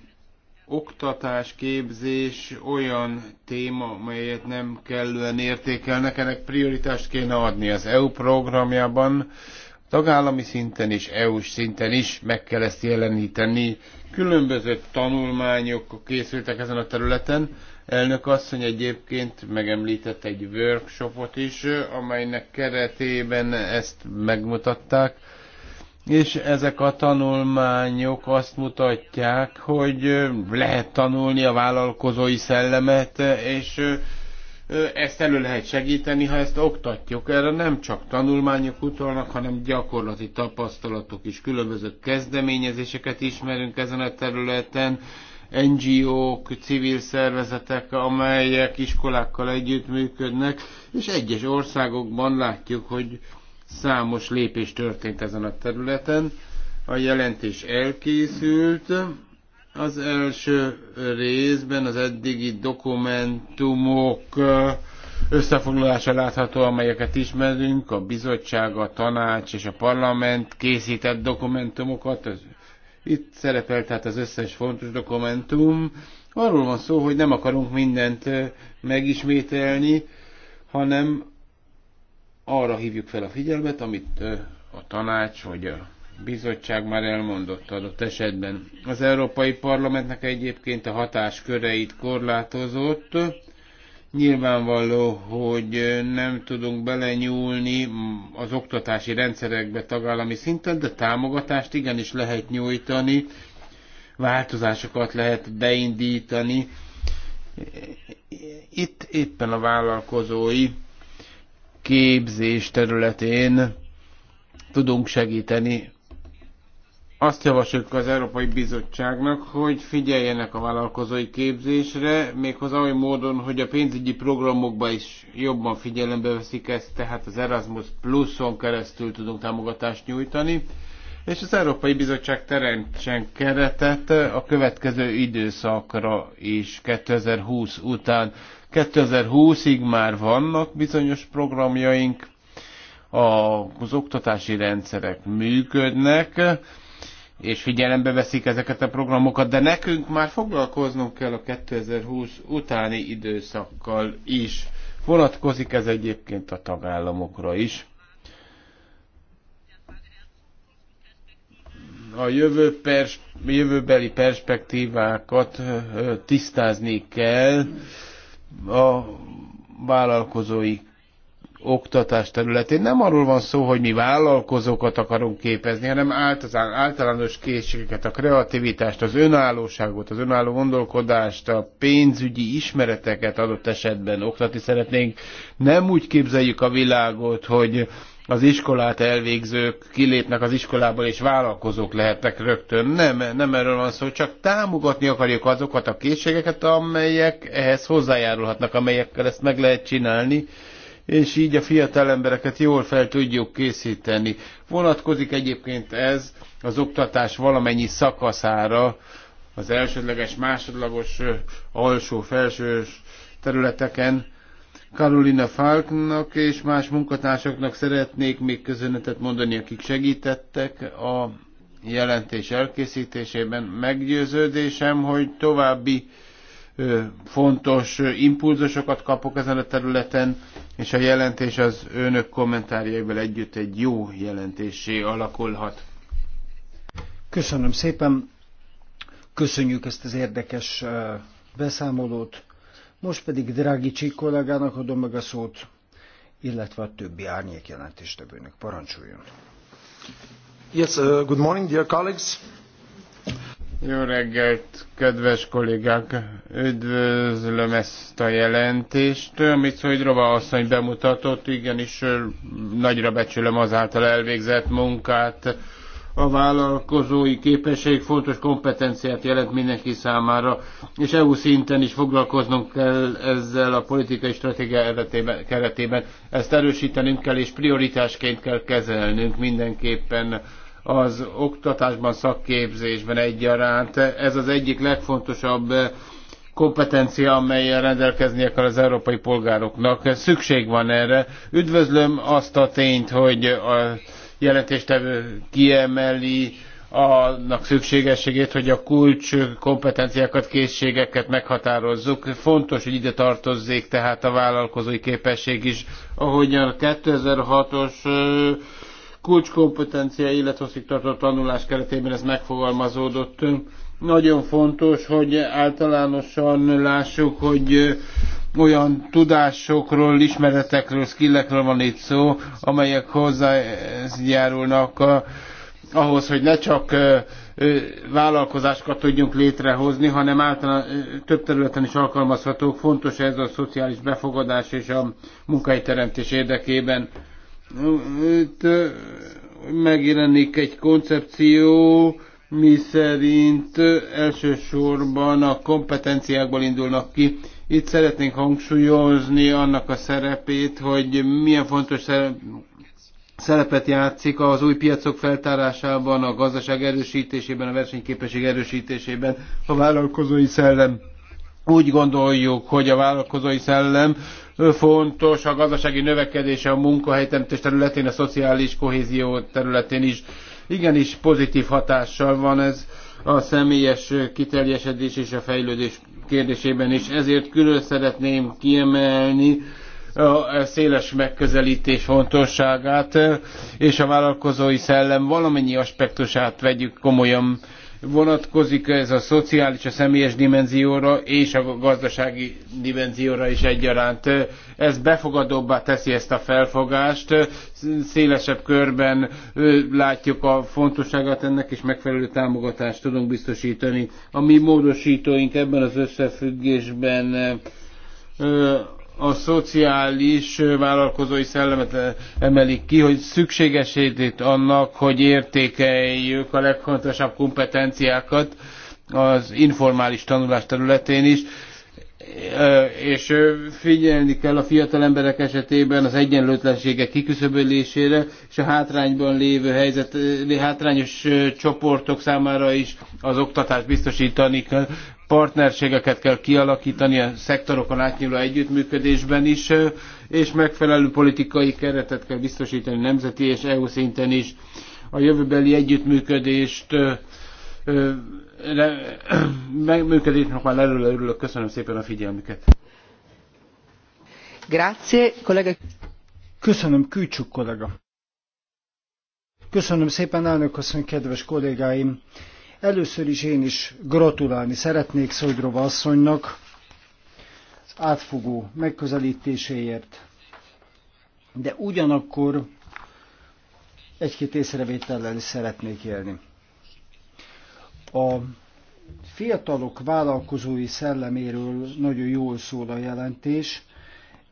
Speaker 3: oktatás, képzés olyan téma, melyet nem kellően értékelnek, ennek prioritást kéne adni az EU programjában, tagállami szinten és EU-s szinten is meg kell ezt jeleníteni. Különböző tanulmányok készültek ezen a területen. Elnök asszony egyébként megemlített egy workshopot is, amelynek keretében ezt megmutatták és ezek a tanulmányok azt mutatják, hogy lehet tanulni a vállalkozói szellemet, és ezt elő lehet segíteni, ha ezt oktatjuk. Erre nem csak tanulmányok utalnak, hanem gyakorlati tapasztalatok is. Különböző kezdeményezéseket ismerünk ezen a területen, NGO-k, civil szervezetek, amelyek iskolákkal együttműködnek, és egyes országokban látjuk, hogy Számos lépés történt ezen a területen. A jelentés elkészült. Az első részben az eddigi dokumentumok összefoglalása látható, amelyeket ismerünk, a bizottság, a tanács és a parlament készített dokumentumokat. Itt szerepel tehát az összes fontos dokumentum. Arról van szó, hogy nem akarunk mindent megismételni, hanem arra hívjuk fel a figyelmet, amit a tanács hogy a bizottság már elmondott adott esetben. Az Európai Parlamentnek egyébként a hatásköreit korlátozott. Nyilvánvaló, hogy nem tudunk belenyúlni az oktatási rendszerekbe tagállami szinten, de támogatást igenis lehet nyújtani, változásokat lehet beindítani. Itt éppen a vállalkozói képzés területén tudunk segíteni. Azt javasoljuk az Európai Bizottságnak, hogy figyeljenek a vállalkozói képzésre, méghozzá olyan módon, hogy a pénzügyi programokba is jobban figyelembe veszik ezt, tehát az Erasmus Pluson keresztül tudunk támogatást nyújtani, és az Európai Bizottság teremtsen keretet a következő időszakra is 2020 után. 2020-ig már vannak bizonyos programjaink, az oktatási rendszerek működnek, és figyelembe veszik ezeket a programokat, de nekünk már foglalkoznunk kell a 2020 utáni időszakkal is. Vonatkozik ez egyébként a tagállamokra is. A jövő pers- jövőbeli perspektívákat tisztázni kell a vállalkozói oktatás területén. Nem arról van szó, hogy mi vállalkozókat akarunk képezni, hanem általános készségeket, a kreativitást, az önállóságot, az önálló gondolkodást, a pénzügyi ismereteket adott esetben oktatni szeretnénk. Nem úgy képzeljük a világot, hogy az iskolát elvégzők kilépnek az iskolából, és vállalkozók lehetnek rögtön. Nem, nem erről van szó, csak támogatni akarjuk azokat a készségeket, amelyek ehhez hozzájárulhatnak, amelyekkel ezt meg lehet csinálni, és így a fiatal embereket jól fel tudjuk készíteni. Vonatkozik egyébként ez az oktatás valamennyi szakaszára, az elsődleges, másodlagos, alsó, felsős területeken, Karolina Falknak és más munkatársaknak szeretnék még köszönetet mondani, akik segítettek a jelentés elkészítésében. Meggyőződésem, hogy további fontos impulzusokat kapok ezen a területen, és a jelentés az önök kommentárjaival együtt egy jó jelentésé alakulhat.
Speaker 1: Köszönöm szépen, köszönjük ezt az érdekes beszámolót. Most pedig Drági Csík kollégának adom meg a szót, illetve a többi árnyék jelentéstevőnek. Parancsoljon!
Speaker 4: Yes, uh,
Speaker 5: good morning, dear colleagues.
Speaker 3: Jó reggelt, kedves kollégák! Üdvözlöm ezt a jelentést, amit Rova asszony bemutatott. Igenis, nagyra becsülöm az által elvégzett munkát a vállalkozói képesség fontos kompetenciát jelent mindenki számára, és EU szinten is foglalkoznunk kell ezzel a politikai stratégia keretében. Ezt erősítenünk kell, és prioritásként kell kezelnünk mindenképpen az oktatásban, szakképzésben egyaránt. Ez az egyik legfontosabb kompetencia, amelyel rendelkeznie kell az európai polgároknak. Szükség van erre. Üdvözlöm azt a tényt, hogy a jelentéstevő kiemeli annak szükségességét, hogy a kulcs kompetenciákat, készségeket meghatározzuk. Fontos, hogy ide tartozzék tehát a vállalkozói képesség is, ahogy a 2006-os kulcskompetencia, illetve tartó tanulás keretében ez megfogalmazódott. Nagyon fontos, hogy általánosan lássuk, hogy olyan tudásokról, ismeretekről, skillekről van itt szó, amelyek hozzájárulnak ahhoz, hogy ne csak vállalkozásokat tudjunk létrehozni, hanem általán több területen is alkalmazhatók. Fontos ez a szociális befogadás és a teremtés érdekében. Itt megjelenik egy koncepció, mi szerint elsősorban a kompetenciákból indulnak ki, itt szeretnénk hangsúlyozni annak a szerepét, hogy milyen fontos szerepet játszik az új piacok feltárásában, a gazdaság erősítésében, a versenyképesség erősítésében, a vállalkozói szellem. Úgy gondoljuk, hogy a vállalkozói szellem fontos a gazdasági növekedése a munkahelyteremtés területén, a szociális kohézió területén is. Igenis pozitív hatással van ez a személyes kiteljesedés és a fejlődés kérdésében is, ezért külön szeretném kiemelni a széles megközelítés fontosságát, és a vállalkozói szellem valamennyi aspektusát vegyük komolyan vonatkozik ez a szociális, a személyes dimenzióra és a gazdasági dimenzióra is egyaránt. Ez befogadóbbá teszi ezt a felfogást, szélesebb körben látjuk a fontosságát ennek, és megfelelő támogatást tudunk biztosítani. A mi módosítóink ebben az összefüggésben a szociális vállalkozói szellemet emelik ki, hogy szükségesét annak, hogy értékeljük a legfontosabb kompetenciákat az informális tanulás területén is, és figyelni kell a fiatal emberek esetében az egyenlőtlenségek kiküszöbölésére, és a hátrányban lévő helyzet, hátrányos csoportok számára is az oktatást biztosítani kell partnerségeket kell kialakítani a szektorokon átnyúló együttműködésben is, és megfelelő politikai keretet kell biztosítani nemzeti és EU szinten is. A jövőbeli együttműködést megműködésnek már előre örülök. Köszönöm szépen a figyelmüket.
Speaker 1: Grazie, kollega. Köszönöm, Kücsuk kollega. Köszönöm szépen, elnök asszony, kedves kollégáim! Először is én is gratulálni szeretnék Szojdrova asszonynak átfogó megközelítéséért, de ugyanakkor egy-két észrevétellel is szeretnék élni. A fiatalok vállalkozói szelleméről nagyon jól szól a jelentés,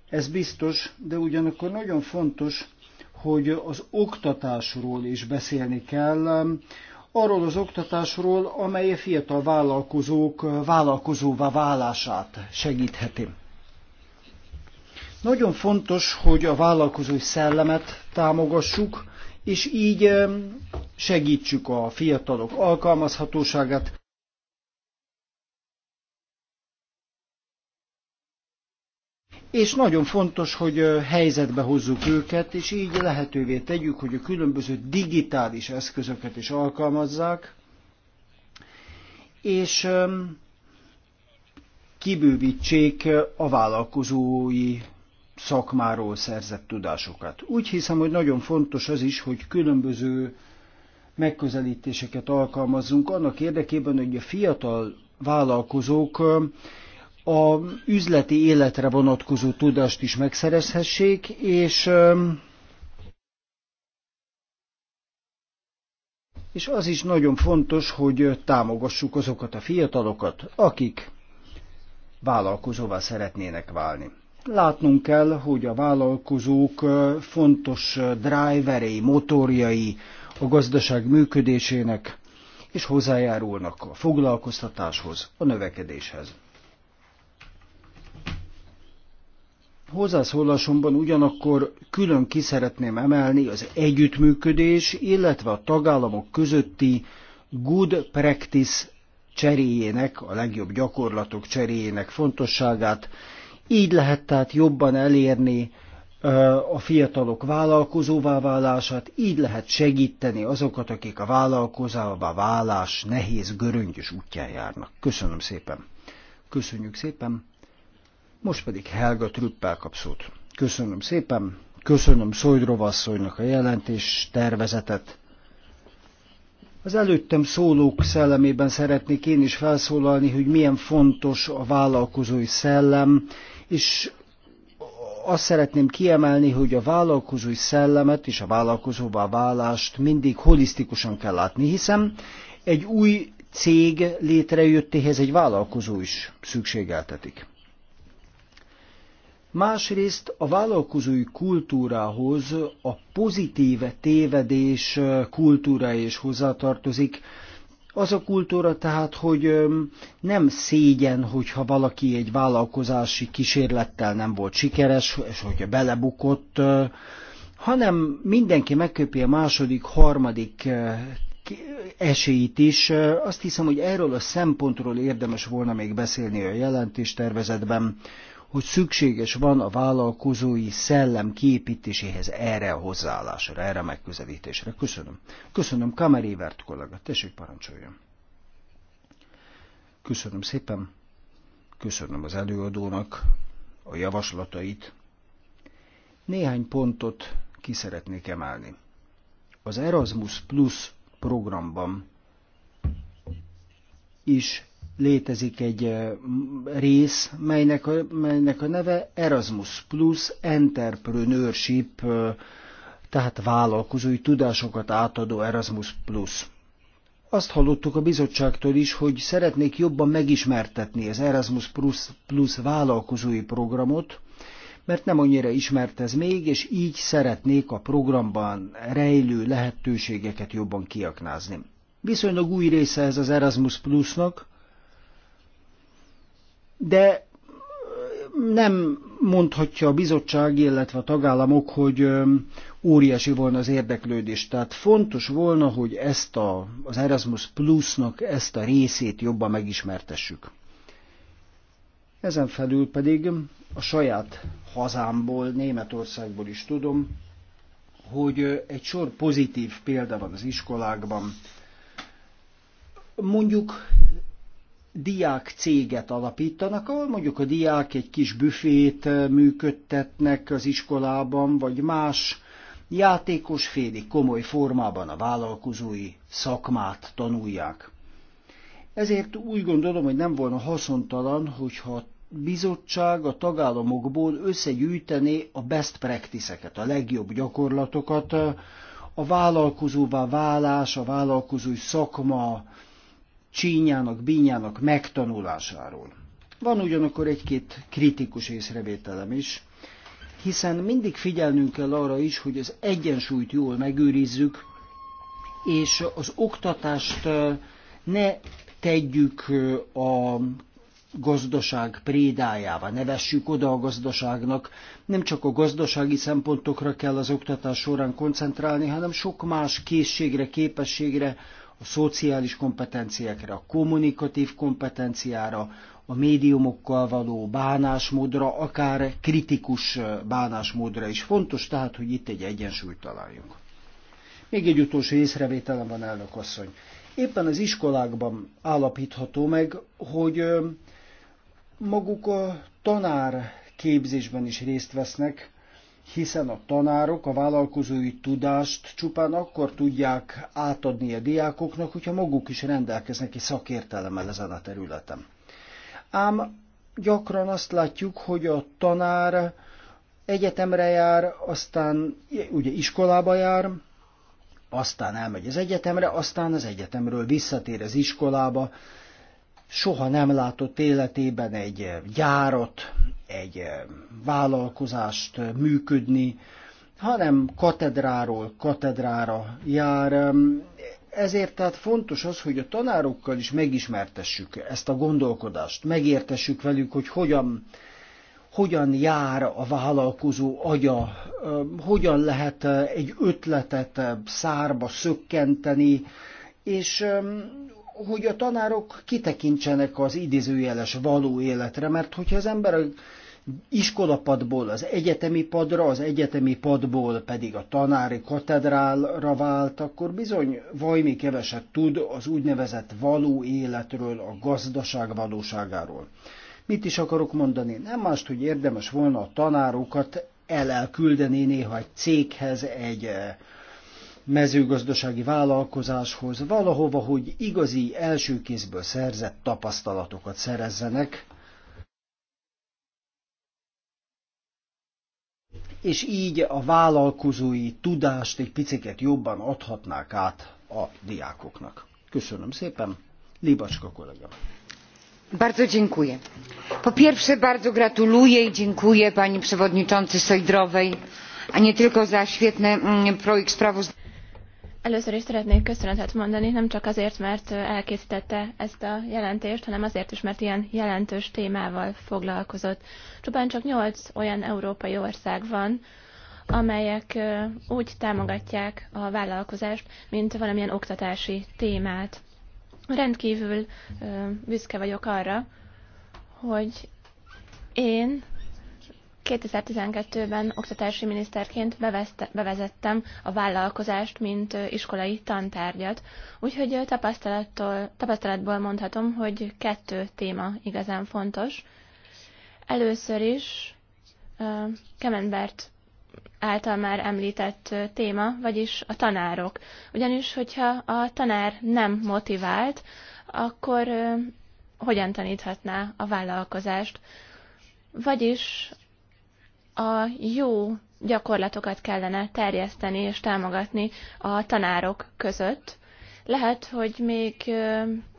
Speaker 1: ez biztos, de ugyanakkor nagyon fontos, hogy az oktatásról is beszélni kell, arról az oktatásról, amely a fiatal vállalkozók vállalkozóvá válását segítheti. Nagyon fontos, hogy a vállalkozói szellemet támogassuk, és így segítsük a fiatalok alkalmazhatóságát, és nagyon fontos, hogy helyzetbe hozzuk őket, és így lehetővé tegyük, hogy a különböző digitális eszközöket is alkalmazzák, és kibővítsék a vállalkozói szakmáról szerzett tudásokat. Úgy hiszem, hogy nagyon fontos az is, hogy különböző megközelítéseket alkalmazzunk annak érdekében, hogy a fiatal vállalkozók a üzleti életre vonatkozó tudást is megszerezhessék, és és az is nagyon fontos, hogy támogassuk azokat a fiatalokat, akik vállalkozóvá szeretnének válni. Látnunk kell, hogy a vállalkozók fontos driverei, motorjai a gazdaság működésének, és hozzájárulnak a foglalkoztatáshoz, a növekedéshez. Hozzászólásomban ugyanakkor külön ki szeretném emelni az együttműködés, illetve a tagállamok közötti good practice cseréjének, a legjobb gyakorlatok cseréjének fontosságát. Így lehet tehát jobban elérni a fiatalok vállalkozóvá válását, így lehet segíteni azokat, akik a vállalkozóvá válás nehéz göröngyös útján járnak. Köszönöm szépen! Köszönjük szépen! Most pedig Helga Trüppel kap szót. Köszönöm szépen, köszönöm Szojdrovasszonynak a jelentés tervezetet. Az előttem szólók szellemében szeretnék én is felszólalni, hogy milyen fontos a vállalkozói szellem, és azt szeretném kiemelni, hogy a vállalkozói szellemet és a vállalkozóvá válást mindig holisztikusan kell látni, hiszen egy új cég létrejöttéhez egy vállalkozó is szükségeltetik. Másrészt a vállalkozói kultúrához a pozitív tévedés kultúra is hozzátartozik. Az a kultúra tehát, hogy nem szégyen, hogyha valaki egy vállalkozási kísérlettel nem volt sikeres, és hogyha belebukott, hanem mindenki megköpi a második, harmadik esélyt is. Azt hiszem, hogy erről a szempontról érdemes volna még beszélni a jelentéstervezetben, hogy szükséges van a vállalkozói szellem kiépítéséhez erre a hozzáállásra, erre a megközelítésre. Köszönöm. Köszönöm, Kamerévert kollega. Tessék, parancsoljon. Köszönöm szépen. Köszönöm az előadónak a javaslatait. Néhány pontot ki szeretnék emelni. Az Erasmus Plus programban is létezik egy rész, melynek a, melynek a neve Erasmus Plus Entrepreneurship, tehát vállalkozói tudásokat átadó Erasmus Plus. Azt hallottuk a bizottságtól is, hogy szeretnék jobban megismertetni az Erasmus Plus, Plus vállalkozói programot, mert nem annyira ismert ez még, és így szeretnék a programban rejlő lehetőségeket jobban kiaknázni. Viszonylag új része ez az Erasmus Plusnak, de nem mondhatja a bizottság, illetve a tagállamok, hogy óriási volna az érdeklődés. Tehát fontos volna, hogy ezt a, az Erasmus Plusnak ezt a részét jobban megismertessük. Ezen felül pedig a saját hazámból, Németországból is tudom, hogy egy sor pozitív példa van az iskolákban. Mondjuk diák céget alapítanak, ahol mondjuk a diák egy kis büfét eh, működtetnek az iskolában, vagy más játékos féli komoly formában a vállalkozói szakmát tanulják. Ezért úgy gondolom, hogy nem volna haszontalan, hogyha a bizottság a tagállamokból összegyűjtené a best practice-eket, a legjobb gyakorlatokat, eh, a vállalkozóvá válás, a vállalkozói szakma csínyának, bínyának megtanulásáról. Van ugyanakkor egy-két kritikus észrevételem is, hiszen mindig figyelnünk kell arra is, hogy az egyensúlyt jól megőrizzük, és az oktatást ne tegyük a gazdaság prédájává, ne vessük oda a gazdaságnak. Nem csak a gazdasági szempontokra kell az oktatás során koncentrálni, hanem sok más készségre, képességre, a szociális kompetenciákra, a kommunikatív kompetenciára, a médiumokkal való bánásmódra, akár kritikus bánásmódra is fontos, tehát, hogy itt egy egyensúlyt találjunk. Még egy utolsó észrevételem van, elnök asszony. Éppen az iskolákban állapítható meg, hogy maguk a tanár képzésben is részt vesznek, hiszen a tanárok a vállalkozói tudást csupán akkor tudják átadni a diákoknak, hogyha maguk is rendelkeznek egy szakértelemmel ezen a területen. Ám gyakran azt látjuk, hogy a tanár egyetemre jár, aztán ugye iskolába jár, aztán elmegy az egyetemre, aztán az egyetemről visszatér az iskolába, soha nem látott életében egy eh, gyárat, egy eh, vállalkozást eh, működni, hanem katedráról katedrára jár. Ezért tehát fontos az, hogy a tanárokkal is megismertessük ezt a gondolkodást, megértessük velük, hogy hogyan, hogyan jár a vállalkozó agya, hogyan lehet egy ötletet szárba szökkenteni, és hogy a tanárok kitekintsenek az idézőjeles való életre, mert hogyha az ember a iskolapadból az egyetemi padra, az egyetemi padból pedig a tanári katedrálra vált, akkor bizony vajmi keveset tud az úgynevezett való életről, a gazdaság valóságáról. Mit is akarok mondani? Nem mást, hogy érdemes volna a tanárokat el elküldeni néha egy céghez, egy eh, mezőgazdasági vállalkozáshoz, valahova, hogy igazi első kézből szerzett tapasztalatokat szerezzenek, és így a vállalkozói tudást egy piciket jobban adhatnák át a diákoknak. Köszönöm szépen, Libacska kollégám. Bardzo dziękuję.
Speaker 2: Po pierwsze bardzo gratuluję i dziękuję pani przewodniczący Sojdrowej, a nie
Speaker 1: tylko za świetny mm, projekt sprawozdania
Speaker 4: Először is szeretnék köszönetet mondani, nem csak azért, mert elkészítette ezt a jelentést, hanem azért is, mert ilyen jelentős témával foglalkozott. Csupán csak nyolc olyan európai ország van, amelyek úgy támogatják a vállalkozást, mint valamilyen oktatási témát. Rendkívül büszke vagyok arra, hogy én 2012-ben oktatási miniszterként bevezte, bevezettem a vállalkozást, mint iskolai tantárgyat, úgyhogy tapasztalattól, tapasztalatból mondhatom, hogy kettő téma igazán fontos. Először is Kemenbert által már említett téma, vagyis a tanárok. Ugyanis, hogyha a tanár nem motivált, akkor hogyan taníthatná a vállalkozást? Vagyis a jó gyakorlatokat kellene terjeszteni és támogatni a tanárok között. Lehet, hogy még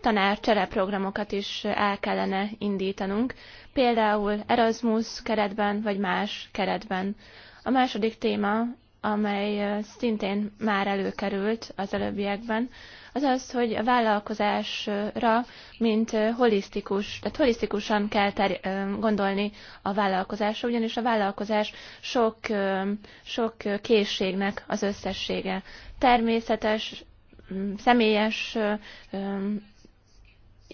Speaker 4: tanárcsereprogramokat is el kellene indítanunk, például Erasmus keretben vagy más keretben. A második téma, amely szintén már előkerült az előbbiekben, az az, hogy a vállalkozásra, mint holisztikus, tehát holisztikusan kell ter- gondolni a vállalkozásra, ugyanis a vállalkozás sok, sok készségnek az összessége. Természetes, személyes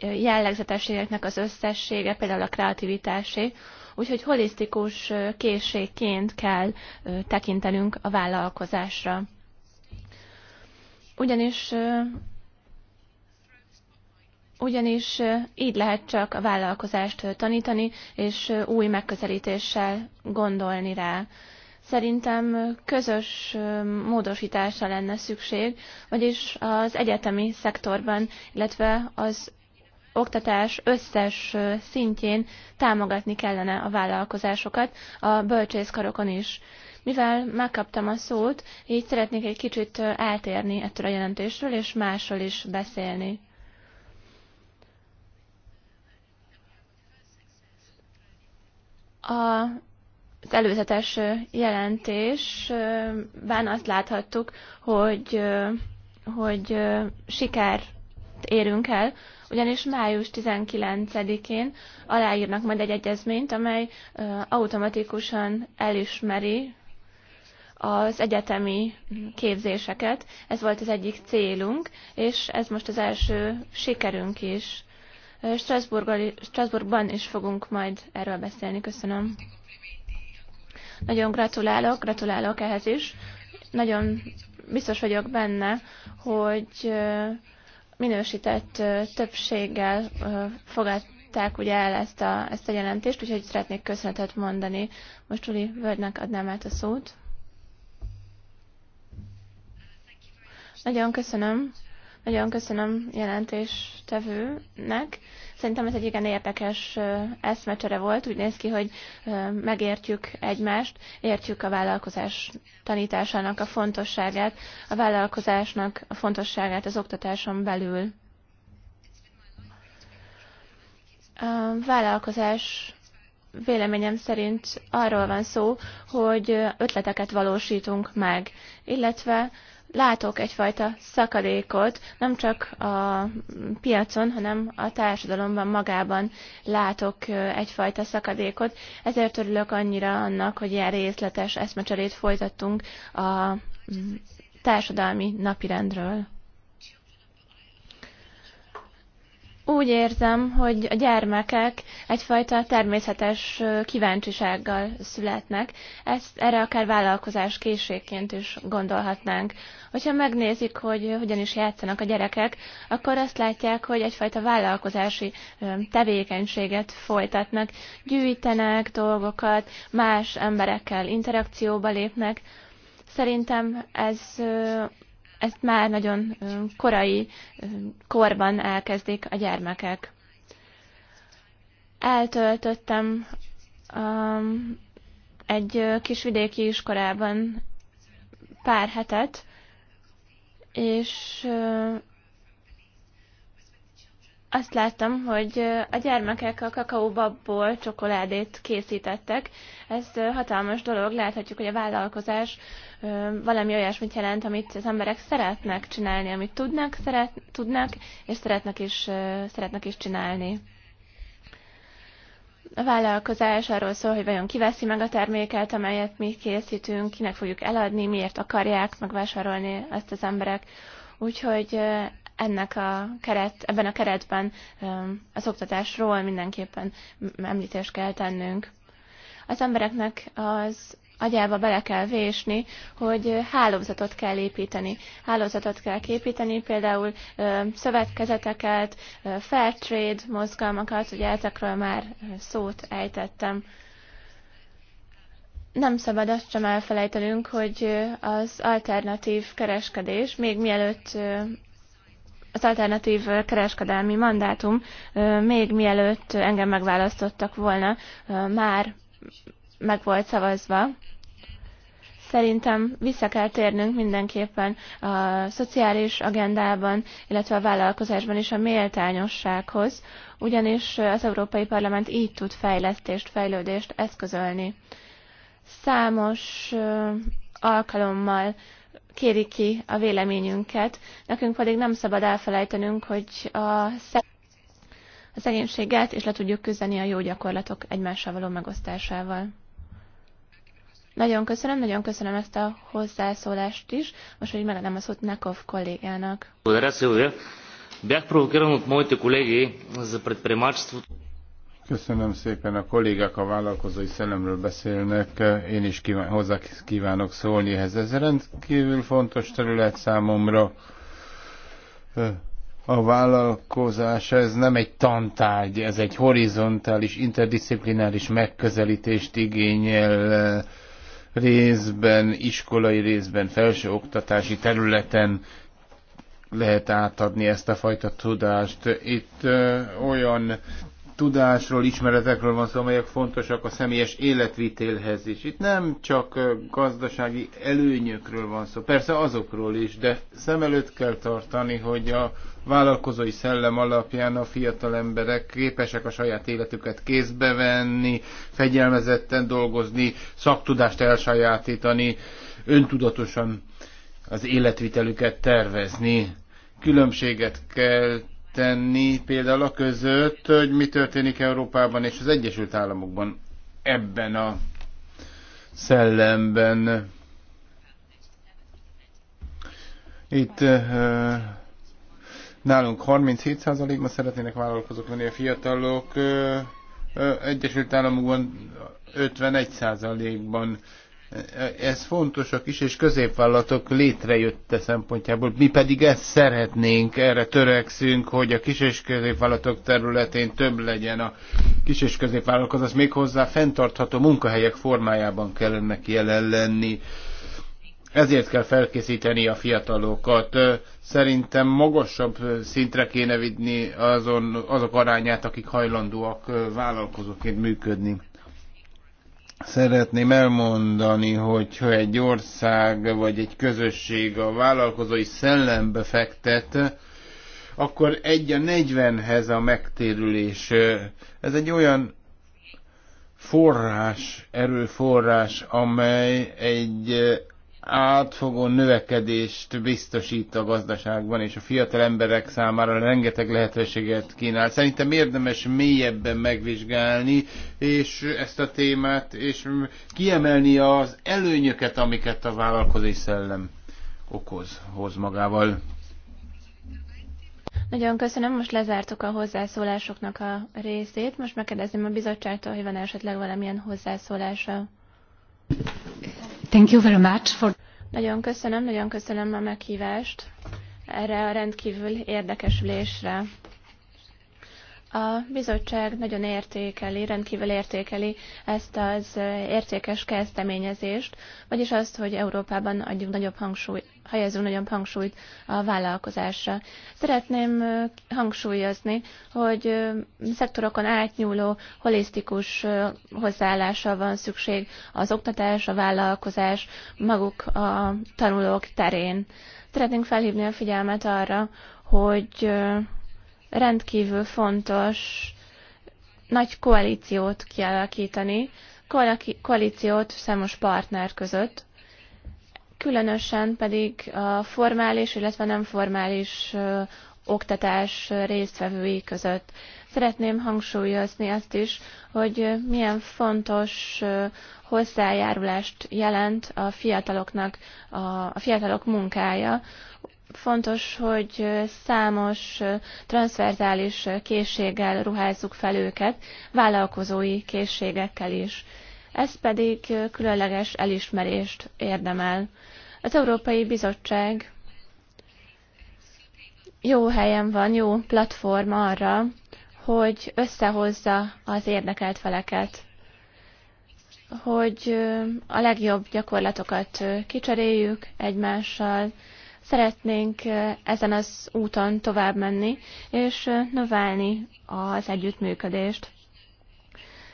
Speaker 4: jellegzetességeknek az összessége, például a kreativitásé, úgyhogy holisztikus készségként kell tekintenünk a vállalkozásra. Ugyanis ugyanis így lehet csak a vállalkozást tanítani, és új megközelítéssel gondolni rá. Szerintem közös módosításra lenne szükség, vagyis az egyetemi szektorban, illetve az oktatás összes szintjén támogatni kellene a vállalkozásokat, a bölcsészkarokon is. Mivel megkaptam a szót, így szeretnék egy kicsit eltérni ettől a jelentésről, és másról is beszélni. A az előzetes jelentésben azt láthattuk, hogy, hogy sikert érünk el ugyanis május 19-én aláírnak majd egy egyezményt, amely automatikusan elismeri az egyetemi képzéseket. Ez volt az egyik célunk, és ez most az első sikerünk is. Strasbourgban is fogunk majd erről beszélni. Köszönöm. Nagyon gratulálok, gratulálok ehhez is. Nagyon biztos vagyok benne, hogy minősített többséggel fogadták ugye el ezt a, ezt a jelentést, úgyhogy szeretnék köszönetet mondani. Most Uli Völgynek adnám át a szót. Nagyon köszönöm. Nagyon köszönöm jelentéstevőnek. Szerintem ez egy igen érdekes eszmecsere volt. Úgy néz ki, hogy megértjük egymást, értjük a vállalkozás tanításának a fontosságát, a vállalkozásnak a fontosságát az oktatáson belül. A vállalkozás véleményem szerint arról van szó, hogy ötleteket valósítunk meg, illetve látok egyfajta szakadékot, nem csak a piacon, hanem a társadalomban magában látok egyfajta szakadékot. Ezért örülök annyira annak, hogy ilyen részletes eszmecserét folytattunk a mm, társadalmi napirendről. Úgy érzem, hogy a gyermekek egyfajta természetes kíváncsisággal születnek, ezt erre akár vállalkozás készségként is gondolhatnánk. Hogyha megnézik, hogy hogyan is játszanak a gyerekek, akkor azt látják, hogy egyfajta vállalkozási tevékenységet folytatnak, gyűjtenek dolgokat, más emberekkel interakcióba lépnek. Szerintem ez ezt már nagyon korai korban elkezdik a gyermekek. Eltöltöttem um, egy vidéki iskolában pár hetet, és azt láttam, hogy a gyermekek a kakaóbabból csokoládét készítettek. Ez hatalmas dolog, láthatjuk, hogy a vállalkozás valami olyasmit jelent, amit az emberek szeretnek csinálni, amit tudnak, szeret, tudnak és szeretnek is, szeretnek is csinálni. A vállalkozás arról szól, hogy vajon kiveszi meg a terméket, amelyet mi készítünk, kinek fogjuk eladni, miért akarják megvásárolni ezt az emberek. Úgyhogy ennek a keret, ebben a keretben az oktatásról mindenképpen említést kell tennünk. Az embereknek az agyába bele kell vésni, hogy hálózatot kell építeni. Hálózatot kell képíteni, például szövetkezeteket, fair trade mozgalmakat, ugye ezekről már szót ejtettem. Nem szabad azt sem elfelejtenünk, hogy az alternatív kereskedés, még mielőtt az alternatív kereskedelmi mandátum még mielőtt engem megválasztottak volna, már meg volt szavazva. Szerintem vissza kell térnünk mindenképpen a szociális agendában, illetve a vállalkozásban is a méltányossághoz, ugyanis az Európai Parlament így tud fejlesztést, fejlődést eszközölni. Számos alkalommal kéri ki a véleményünket, nekünk pedig nem szabad elfelejtenünk, hogy a a szegénységet, és le tudjuk küzdeni a jó gyakorlatok egymással való megosztásával. Nagyon köszönöm, nagyon köszönöm ezt a hozzászólást is, most hogy megadom a szót Nekov kollégának.
Speaker 3: Благодаря, Силвия. Бях провокиран от моите колеги за предприемачеството. Köszönöm szépen. A kollégák a vállalkozói szellemről beszélnek. Én is kíván, hozzá kívánok szólni ehhez. Ez rendkívül fontos terület számomra. A vállalkozás ez nem egy tantárgy, ez egy horizontális, interdisziplináris megközelítést igényel részben, iskolai részben, felsőoktatási területen lehet átadni ezt a fajta tudást. Itt ö, olyan tudásról, ismeretekről van szó, amelyek fontosak a személyes életvitélhez is. Itt nem csak gazdasági előnyökről van szó, persze azokról is, de szem előtt kell tartani, hogy a vállalkozói szellem alapján a fiatal emberek képesek a saját életüket kézbe venni, fegyelmezetten dolgozni, szaktudást elsajátítani, öntudatosan az életvitelüket tervezni. Különbséget kell tenni, például a között, hogy mi történik Európában és az Egyesült Államokban ebben a szellemben. Itt eh, nálunk 37%-ban szeretnének vállalkozók lenni a fiatalok, eh, eh, Egyesült Államokban 51%-ban ez fontos a kis és középvállalatok létrejötte szempontjából. Mi pedig ezt szeretnénk, erre törekszünk, hogy a kis és középvállalatok területén több legyen a kis és középvállalkozás, méghozzá fenntartható munkahelyek formájában kell ennek jelen lenni. Ezért kell felkészíteni a fiatalokat. Szerintem magasabb szintre kéne vinni azon, azok arányát, akik hajlandóak vállalkozóként működni. Szeretném elmondani, hogyha egy ország vagy egy közösség a vállalkozói szellembe fektet, akkor egy a negyvenhez a megtérülés. Ez egy olyan forrás, erőforrás, amely egy átfogó növekedést biztosít a gazdaságban, és a fiatal emberek számára rengeteg lehetőséget kínál. Szerintem érdemes mélyebben megvizsgálni és ezt a témát, és kiemelni az előnyöket, amiket a vállalkozás szellem okoz, hoz magával.
Speaker 4: Nagyon köszönöm, most lezártuk a hozzászólásoknak a részét. Most megkérdezem a bizottságtól, hogy van esetleg valamilyen hozzászólása. Nagyon köszönöm, nagyon köszönöm a meghívást erre a rendkívül érdekes ülésre. A bizottság nagyon értékeli, rendkívül értékeli ezt az értékes kezdeményezést, vagyis azt, hogy Európában adjunk nagyobb hangsúlyt, helyezünk nagyobb hangsúlyt a vállalkozásra. Szeretném hangsúlyozni, hogy szektorokon átnyúló, holisztikus hozzáállásra van szükség az oktatás, a vállalkozás, maguk a tanulók terén. Szeretnénk felhívni a figyelmet arra, hogy rendkívül fontos nagy koalíciót kialakítani, koalíciót számos partner között, különösen pedig a formális, illetve nem formális oktatás résztvevői között. Szeretném hangsúlyozni azt is, hogy milyen fontos hozzájárulást jelent a fiataloknak a, a fiatalok munkája, fontos, hogy számos transzverzális készséggel ruházzuk fel őket, vállalkozói készségekkel is. Ez pedig különleges elismerést érdemel. Az Európai Bizottság jó helyen van, jó platform arra, hogy összehozza az érdekelt feleket, hogy a legjobb gyakorlatokat kicseréljük egymással, Szeretnénk ezen az úton tovább menni, és növelni az együttműködést.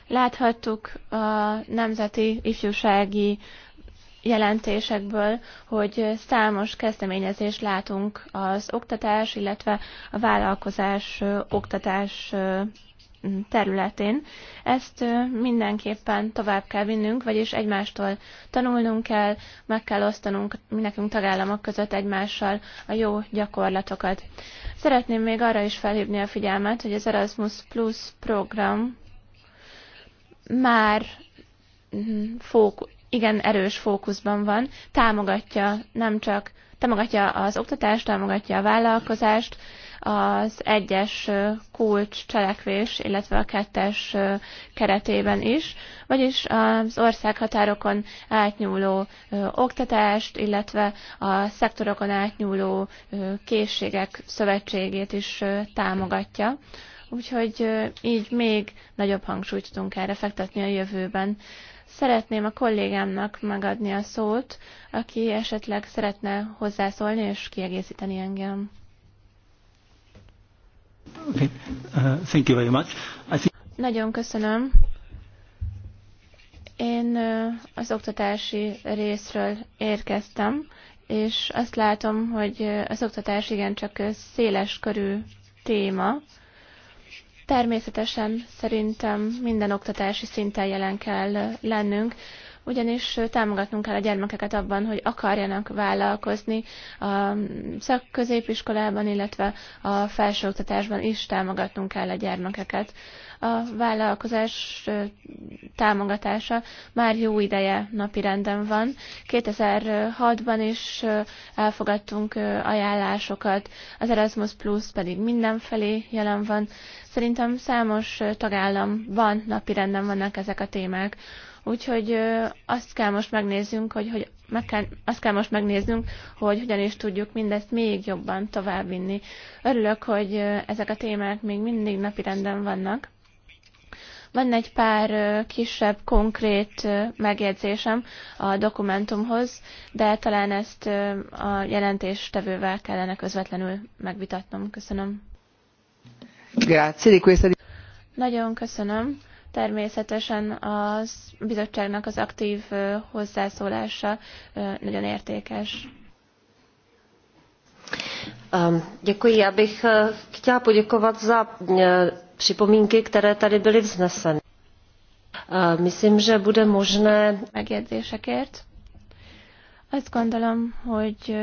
Speaker 4: Láthattuk a nemzeti ifjúsági jelentésekből, hogy számos kezdeményezést látunk az oktatás, illetve a vállalkozás oktatás területén. Ezt mindenképpen tovább kell vinnünk, vagyis egymástól tanulnunk kell, meg kell osztanunk nekünk tagállamok között egymással a jó gyakorlatokat. Szeretném még arra is felhívni a figyelmet, hogy az Erasmus Plus program már mm, fók, igen erős fókuszban van, támogatja nem csak támogatja az oktatást, támogatja a vállalkozást, az egyes kulcs cselekvés, illetve a kettes keretében is, vagyis az országhatárokon átnyúló oktatást, illetve a szektorokon átnyúló készségek szövetségét is támogatja. Úgyhogy így még nagyobb hangsúlyt tudunk erre fektetni a jövőben. Szeretném a kollégámnak megadni a szót, aki esetleg szeretne hozzászólni és kiegészíteni engem.
Speaker 1: Uh, thank you very much. I think...
Speaker 4: Nagyon köszönöm. Én uh, az oktatási részről érkeztem, és azt látom, hogy uh, az oktatás igencsak széles körű téma. Természetesen szerintem minden oktatási szinten jelen kell lennünk, ugyanis támogatnunk kell a gyermekeket abban, hogy akarjanak vállalkozni a szakközépiskolában, illetve a felsőoktatásban is támogatnunk kell a gyermekeket. A vállalkozás támogatása már jó ideje napirenden van. 2006-ban is elfogadtunk ajánlásokat, az Erasmus Plus pedig mindenfelé jelen van. Szerintem számos tagállamban napirenden vannak ezek a témák. Úgyhogy azt kell most megnézzünk, hogy, hogy meg kell, azt kell most megnéznünk, hogy hogyan is tudjuk mindezt még jobban továbbvinni. Örülök, hogy ezek a témák még mindig napirenden vannak. Van egy pár kisebb, konkrét megjegyzésem a dokumentumhoz, de talán ezt a jelentéstevővel kellene közvetlenül megvitatnom. Köszönöm.
Speaker 2: Grazie di questa...
Speaker 4: Nagyon köszönöm. Természetesen a bizottságnak az aktív hozzászólása nagyon értékes. Ehm, děkuji. Já bych e, chtěla poděkovat za e, připomínky, které tady byly vzneseny. E, myslím, že bude možné... Megjegyzésekért. Azt gondolom, hogy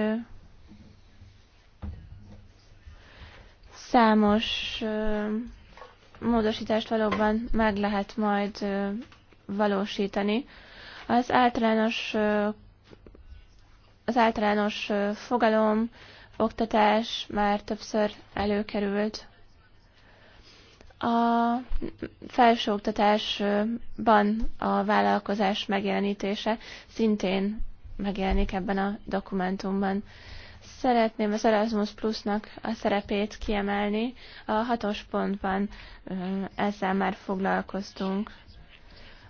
Speaker 4: számos módosítást valóban meg lehet majd valósítani. Az általános, az általános fogalom, oktatás már többször előkerült. A felsőoktatásban a vállalkozás megjelenítése szintén megjelenik ebben a dokumentumban. Szeretném az Erasmus Plusnak a szerepét kiemelni. A hatos pontban ezzel már foglalkoztunk.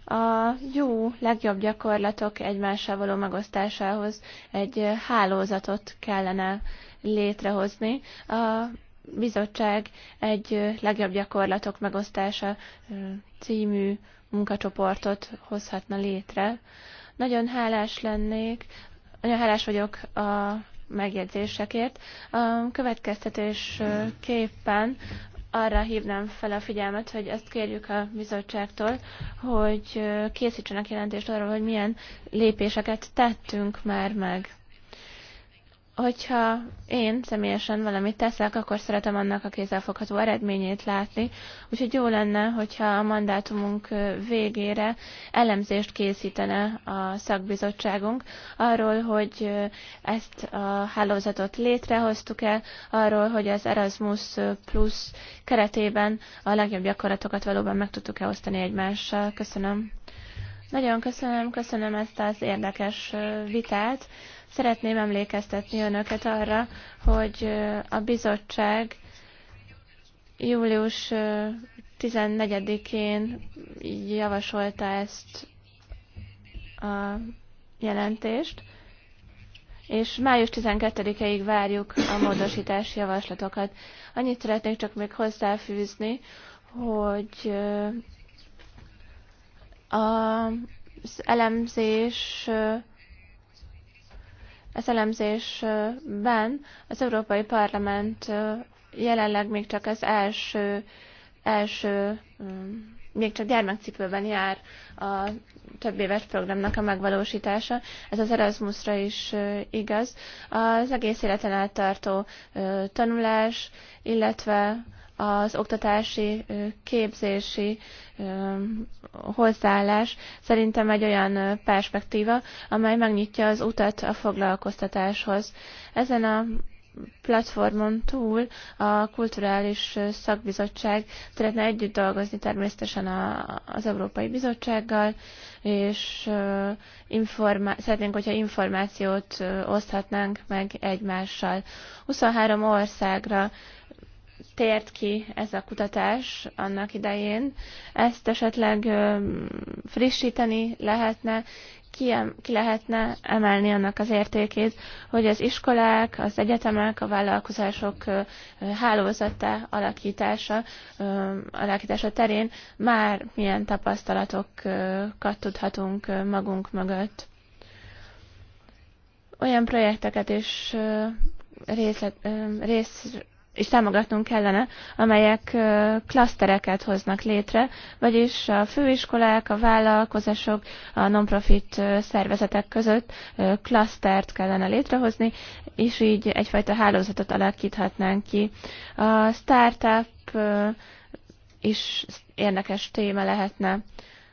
Speaker 4: A jó, legjobb gyakorlatok egymással való megosztásához egy hálózatot kellene létrehozni. A bizottság egy legjobb gyakorlatok megosztása című munkacsoportot hozhatna létre. Nagyon hálás lennék, nagyon hálás vagyok a megjegyzésekért. A következtetés arra hívnám fel a figyelmet, hogy ezt kérjük a bizottságtól, hogy készítsenek jelentést arról, hogy milyen lépéseket tettünk már meg hogyha én személyesen valamit teszek, akkor szeretem annak a kézzelfogható eredményét látni, úgyhogy jó lenne, hogyha a mandátumunk végére elemzést készítene a szakbizottságunk arról, hogy ezt a hálózatot létrehoztuk-e, arról, hogy az Erasmus Plus keretében a legjobb gyakorlatokat valóban meg tudtuk-e osztani egymással. Köszönöm. Nagyon köszönöm, köszönöm ezt az érdekes vitát. Szeretném emlékeztetni önöket arra, hogy a bizottság július 14-én javasolta ezt a jelentést, és május 12-ig várjuk a módosítási javaslatokat. Annyit szeretnék csak még hozzáfűzni, hogy az elemzés az elemzésben az Európai Parlament jelenleg még csak az első, első még csak gyermekcipőben jár a több éves programnak a megvalósítása. Ez az Erasmusra is igaz. Az egész életen át tartó tanulás, illetve az oktatási, képzési hozzáállás szerintem egy olyan perspektíva, amely megnyitja az utat a foglalkoztatáshoz. Ezen a platformon túl a Kulturális Szakbizottság szeretne együtt dolgozni természetesen a, az Európai Bizottsággal, és informá- szeretnénk, hogyha információt oszthatnánk meg egymással. 23 országra tért ki ez a kutatás annak idején. Ezt esetleg frissíteni lehetne, ki, ki lehetne emelni annak az értékét, hogy az iskolák, az egyetemek, a vállalkozások hálózata alakítása, alakítása terén már milyen tapasztalatokat tudhatunk magunk mögött. Olyan projekteket is részlet, rész, és támogatnunk kellene, amelyek klasztereket hoznak létre, vagyis a főiskolák, a vállalkozások, a non-profit szervezetek között klasztert kellene létrehozni, és így egyfajta hálózatot alakíthatnánk ki. A startup is érdekes téma lehetne.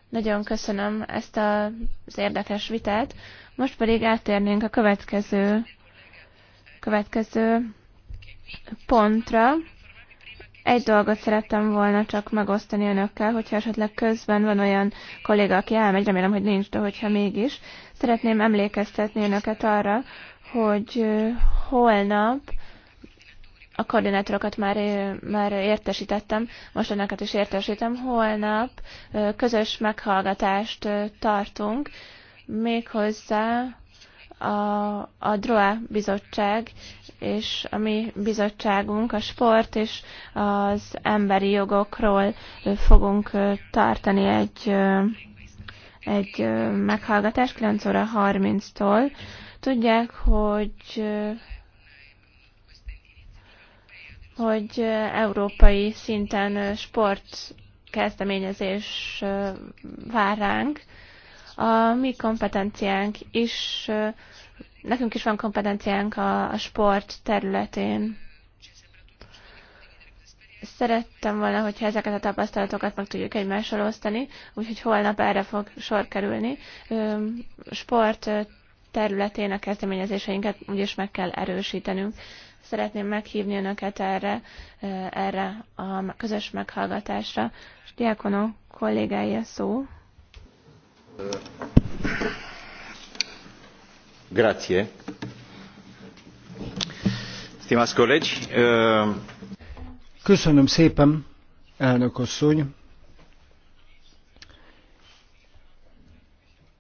Speaker 4: Nagyon köszönöm ezt az érdekes vitát. Most pedig átérnénk a következő következő pontra egy dolgot szerettem volna csak megosztani önökkel, hogyha esetleg közben van olyan kolléga, aki elmegy, remélem, hogy nincs, de hogyha mégis. Szeretném emlékeztetni önöket arra, hogy holnap a koordinátorokat már, már értesítettem, most önöket is értesítem, holnap közös meghallgatást tartunk, méghozzá a, a DROA bizottság és a mi bizottságunk a sport és az emberi jogokról fogunk tartani egy, egy meghallgatás 9 óra 30-tól. Tudják, hogy hogy európai szinten sport kezdeményezés vár ránk. A mi kompetenciánk is Nekünk is van kompetenciánk a, a sport területén. Szerettem volna, hogyha ezeket a tapasztalatokat meg tudjuk egymással osztani, úgyhogy holnap erre fog sor kerülni. Sport területén a kezdeményezéseinket úgyis meg kell erősítenünk. Szeretném meghívni Önöket erre, erre a közös meghallgatásra. Diákonó kollégája szó.
Speaker 3: Uh,
Speaker 1: Köszönöm szépen, elnök asszony.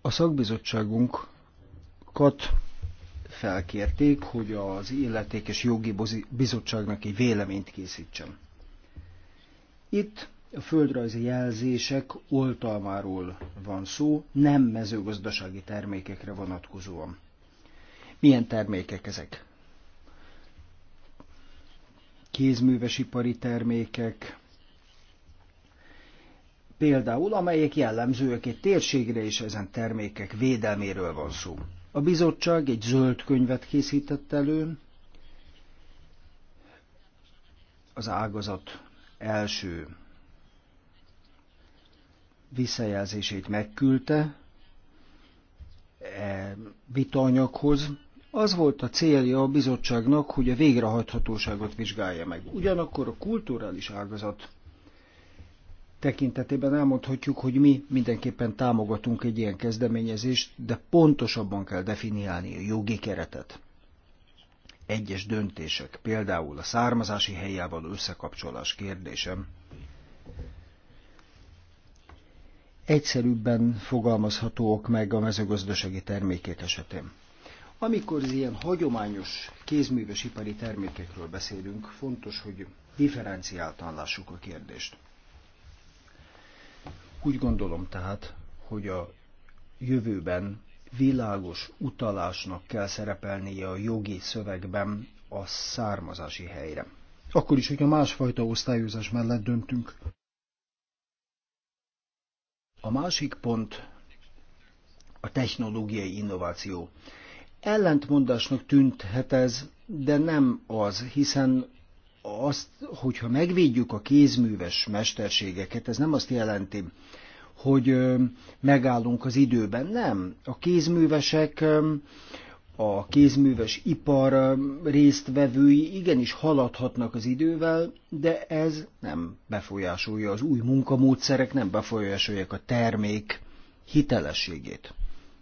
Speaker 1: A szakbizottságunkat felkérték, hogy az illetékes jogi bizottságnak egy véleményt készítsen. Itt a földrajzi jelzések oltalmáról van szó, nem mezőgazdasági termékekre vonatkozóan. Milyen termékek ezek? Kézművesipari termékek, például, amelyek jellemzőek egy térségre és ezen termékek védelméről van szó. A bizottság egy zöld könyvet készített elő, az ágazat első visszajelzését megküldte e, vitanyaghoz, az volt a célja a bizottságnak, hogy a végrehajthatóságot vizsgálja meg. Ugyanakkor a kulturális ágazat tekintetében elmondhatjuk, hogy mi mindenképpen támogatunk egy ilyen kezdeményezést, de pontosabban kell definiálni a jogi keretet. Egyes döntések, például a származási helyjával összekapcsolás kérdésem, egyszerűbben fogalmazhatóak meg a mezőgazdasági termékek esetén. Amikor az ilyen hagyományos kézműves ipari termékekről beszélünk, fontos, hogy differenciáltan lássuk a kérdést. Úgy gondolom tehát, hogy a jövőben világos utalásnak kell szerepelnie a jogi szövegben a származási helyre. Akkor is, hogyha másfajta osztályozás mellett döntünk. A másik pont a technológiai innováció. Ellentmondásnak tűnthet ez, de nem az, hiszen azt, hogyha megvédjük a kézműves mesterségeket, ez nem azt jelenti, hogy megállunk az időben. Nem. A kézművesek, a kézműves ipar résztvevői igenis haladhatnak az idővel, de ez nem befolyásolja az új munkamódszerek, nem befolyásolják a termék hitelességét,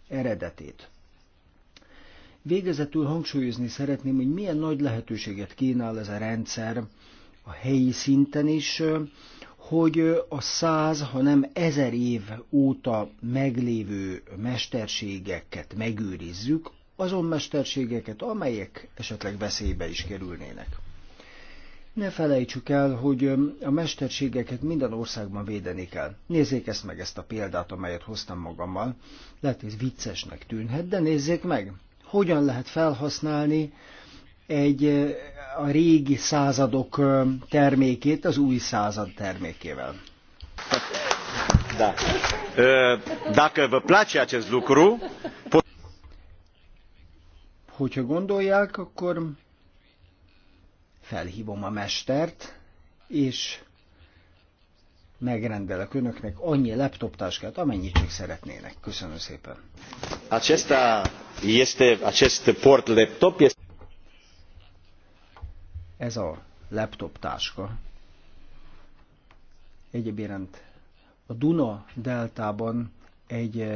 Speaker 1: eredetét. Végezetül hangsúlyozni szeretném, hogy milyen nagy lehetőséget kínál ez a rendszer a helyi szinten is, hogy a száz, ha nem ezer év óta meglévő mesterségeket megőrizzük, azon mesterségeket, amelyek esetleg veszélybe is kerülnének. Ne felejtsük el, hogy um, a mesterségeket minden országban védeni kell. Nézzék ezt meg, ezt a példát, amelyet hoztam magammal. Lehet, hogy viccesnek tűnhet, de nézzék meg! hogyan lehet felhasználni egy a régi századok termékét az új század termékével. Da. Dacă vă place acest lucru, hogyha gondolják, akkor felhívom a mestert, és megrendelek önöknek annyi laptoptáskát, amennyit csak szeretnének. Köszönöm szépen. Acesta este acest port laptop este... Ez a laptop táska. Egyébként a Duna deltában egy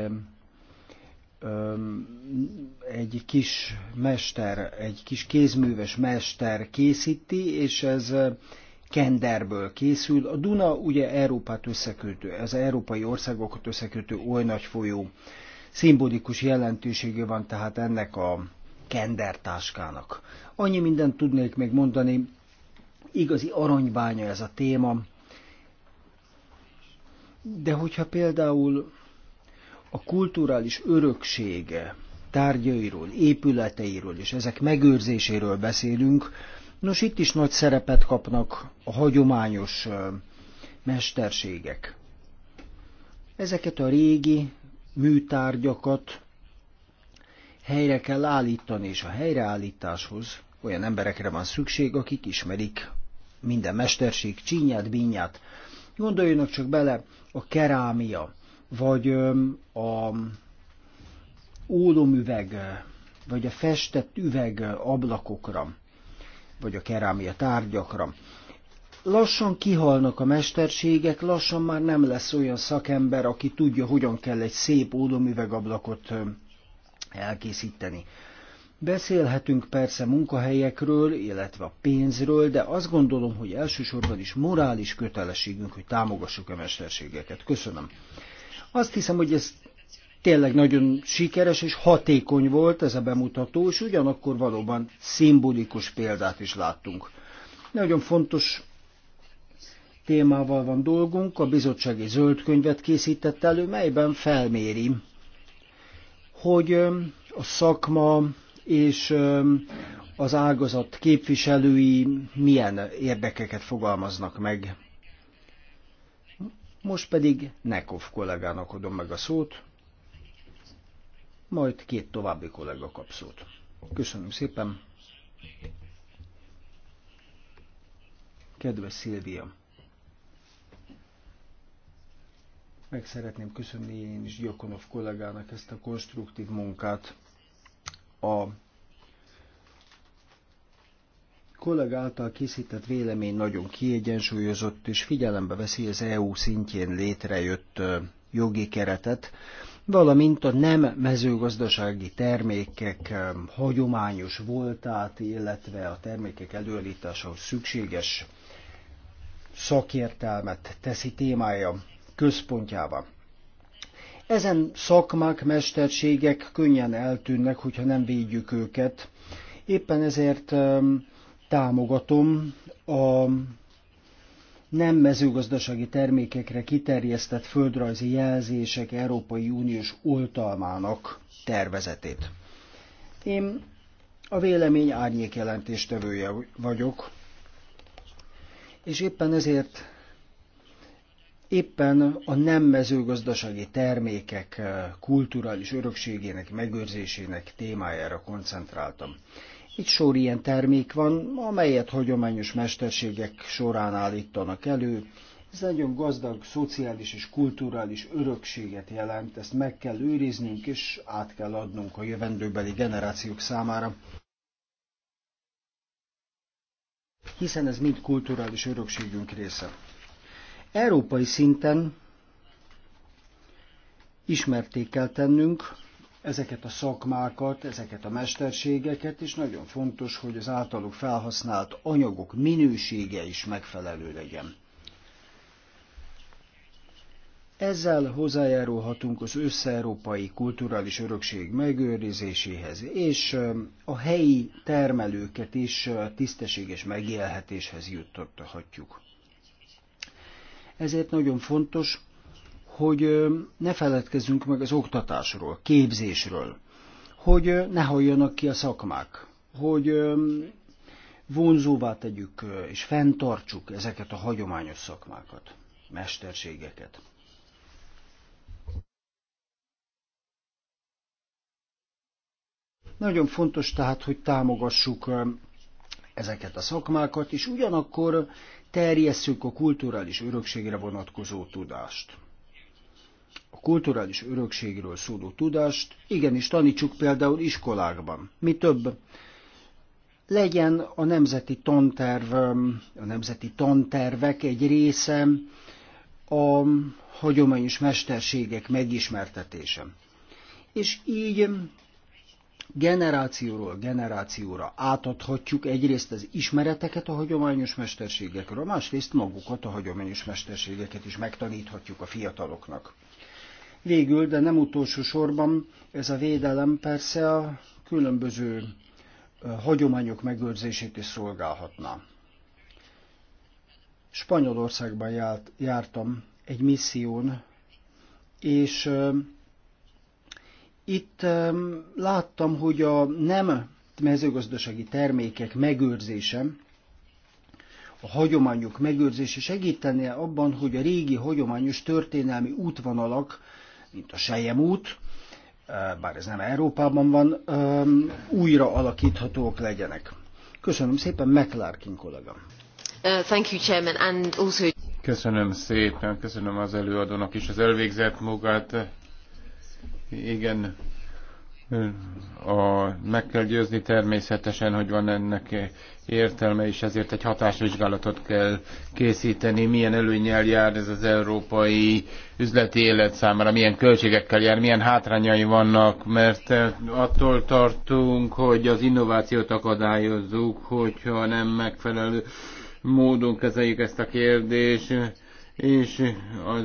Speaker 1: egy kis mester, egy kis kézműves mester készíti, és ez kenderből készül. A Duna ugye Európát összekötő, az európai országokat összekötő oly nagy folyó. Szimbolikus jelentősége van tehát ennek a kendertáskának. Annyi mindent tudnék még mondani, igazi aranybánya ez a téma, de hogyha például a kulturális öröksége tárgyairól, épületeiről és ezek megőrzéséről beszélünk, nos itt is nagy szerepet kapnak a hagyományos mesterségek. Ezeket a régi, műtárgyakat helyre kell állítani, és a helyreállításhoz olyan emberekre van szükség, akik ismerik minden mesterség csínyát, bínyát. Gondoljanak csak bele a kerámia, vagy a ólomüveg, vagy a festett üveg ablakokra, vagy a kerámia tárgyakra. Lassan kihalnak a mesterségek, lassan már nem lesz olyan szakember, aki tudja, hogyan kell egy szép ólomüvegablakot elkészíteni. Beszélhetünk persze munkahelyekről, illetve a pénzről, de azt gondolom, hogy elsősorban is morális kötelességünk, hogy támogassuk a mesterségeket. Köszönöm. Azt hiszem, hogy ez tényleg nagyon sikeres és hatékony volt ez a bemutató, és ugyanakkor valóban szimbolikus példát is láttunk. Nagyon fontos témával van dolgunk, a bizottsági zöld könyvet készített elő, melyben felméri, hogy a szakma és az ágazat képviselői milyen érdekeket fogalmaznak meg. Most pedig Nekov kollégának adom meg a szót, majd két további kollega kap szót. Köszönöm szépen! Kedves Szilvia! Meg szeretném köszönni én is Gyakonov kollégának ezt a konstruktív munkát. A kollég által készített vélemény nagyon kiegyensúlyozott, és figyelembe veszi az EU szintjén létrejött jogi keretet, valamint a nem mezőgazdasági termékek hagyományos voltát, illetve a termékek előállításához szükséges szakértelmet teszi témája központjában. Ezen szakmák, mesterségek könnyen eltűnnek, hogyha nem védjük őket. Éppen ezért támogatom a nem mezőgazdasági termékekre kiterjesztett földrajzi jelzések Európai Uniós oltalmának tervezetét. Én a vélemény árnyék jelentéstevője vagyok, és éppen ezért éppen a nem mezőgazdasági termékek eh, kulturális örökségének megőrzésének témájára koncentráltam. Itt sor ilyen termék van, amelyet hagyományos mesterségek során állítanak elő. Ez nagyon gazdag szociális és kulturális örökséget jelent, ezt meg kell őriznünk és át kell adnunk a jövendőbeli generációk számára. Hiszen ez mind kulturális örökségünk része. Európai szinten ismerték kell tennünk ezeket a szakmákat, ezeket a mesterségeket, és nagyon fontos, hogy az általuk felhasznált anyagok minősége is megfelelő legyen. Ezzel hozzájárulhatunk az összeurópai kulturális örökség megőrizéséhez, és a helyi termelőket is tisztességes megélhetéshez juttathatjuk. Ezért nagyon fontos, hogy ne feledkezzünk meg az oktatásról, képzésről, hogy ne halljanak ki a szakmák, hogy vonzóvá tegyük és fenntartsuk ezeket a hagyományos szakmákat, mesterségeket. Nagyon fontos tehát, hogy támogassuk ezeket a szakmákat, és ugyanakkor terjesszük a kulturális örökségre vonatkozó tudást. A kulturális örökségről szóló tudást igenis tanítsuk például iskolákban. Mi több, legyen a nemzeti tanterv, a nemzeti tantervek egy része a hagyományos mesterségek megismertetése. És így generációról generációra átadhatjuk egyrészt az ismereteket a hagyományos mesterségekről, másrészt magukat a hagyományos mesterségeket is megtaníthatjuk a fiataloknak. Végül, de nem utolsó sorban, ez a védelem persze a különböző hagyományok megőrzését is szolgálhatna. Spanyolországban járt, jártam egy misszión, és itt láttam, hogy a nem mezőgazdasági termékek megőrzése, a hagyományok megőrzése segítenie abban, hogy a régi hagyományos történelmi útvonalak, mint a Sejem út, eh, bár ez nem Európában van, újra alakíthatók legyenek. Köszönöm szépen, McLarkin kollega.
Speaker 4: Uh, thank you, Chairman, and also...
Speaker 3: Köszönöm szépen, köszönöm az előadónak is az elvégzett munkát. Igen, a, meg kell győzni természetesen, hogy van ennek értelme, és ezért egy hatásvizsgálatot kell készíteni, milyen előnyel jár ez az európai üzleti élet számára, milyen költségekkel jár, milyen hátrányai vannak, mert attól tartunk, hogy az innovációt akadályozzuk, hogyha nem megfelelő módon kezeljük ezt a kérdést, és az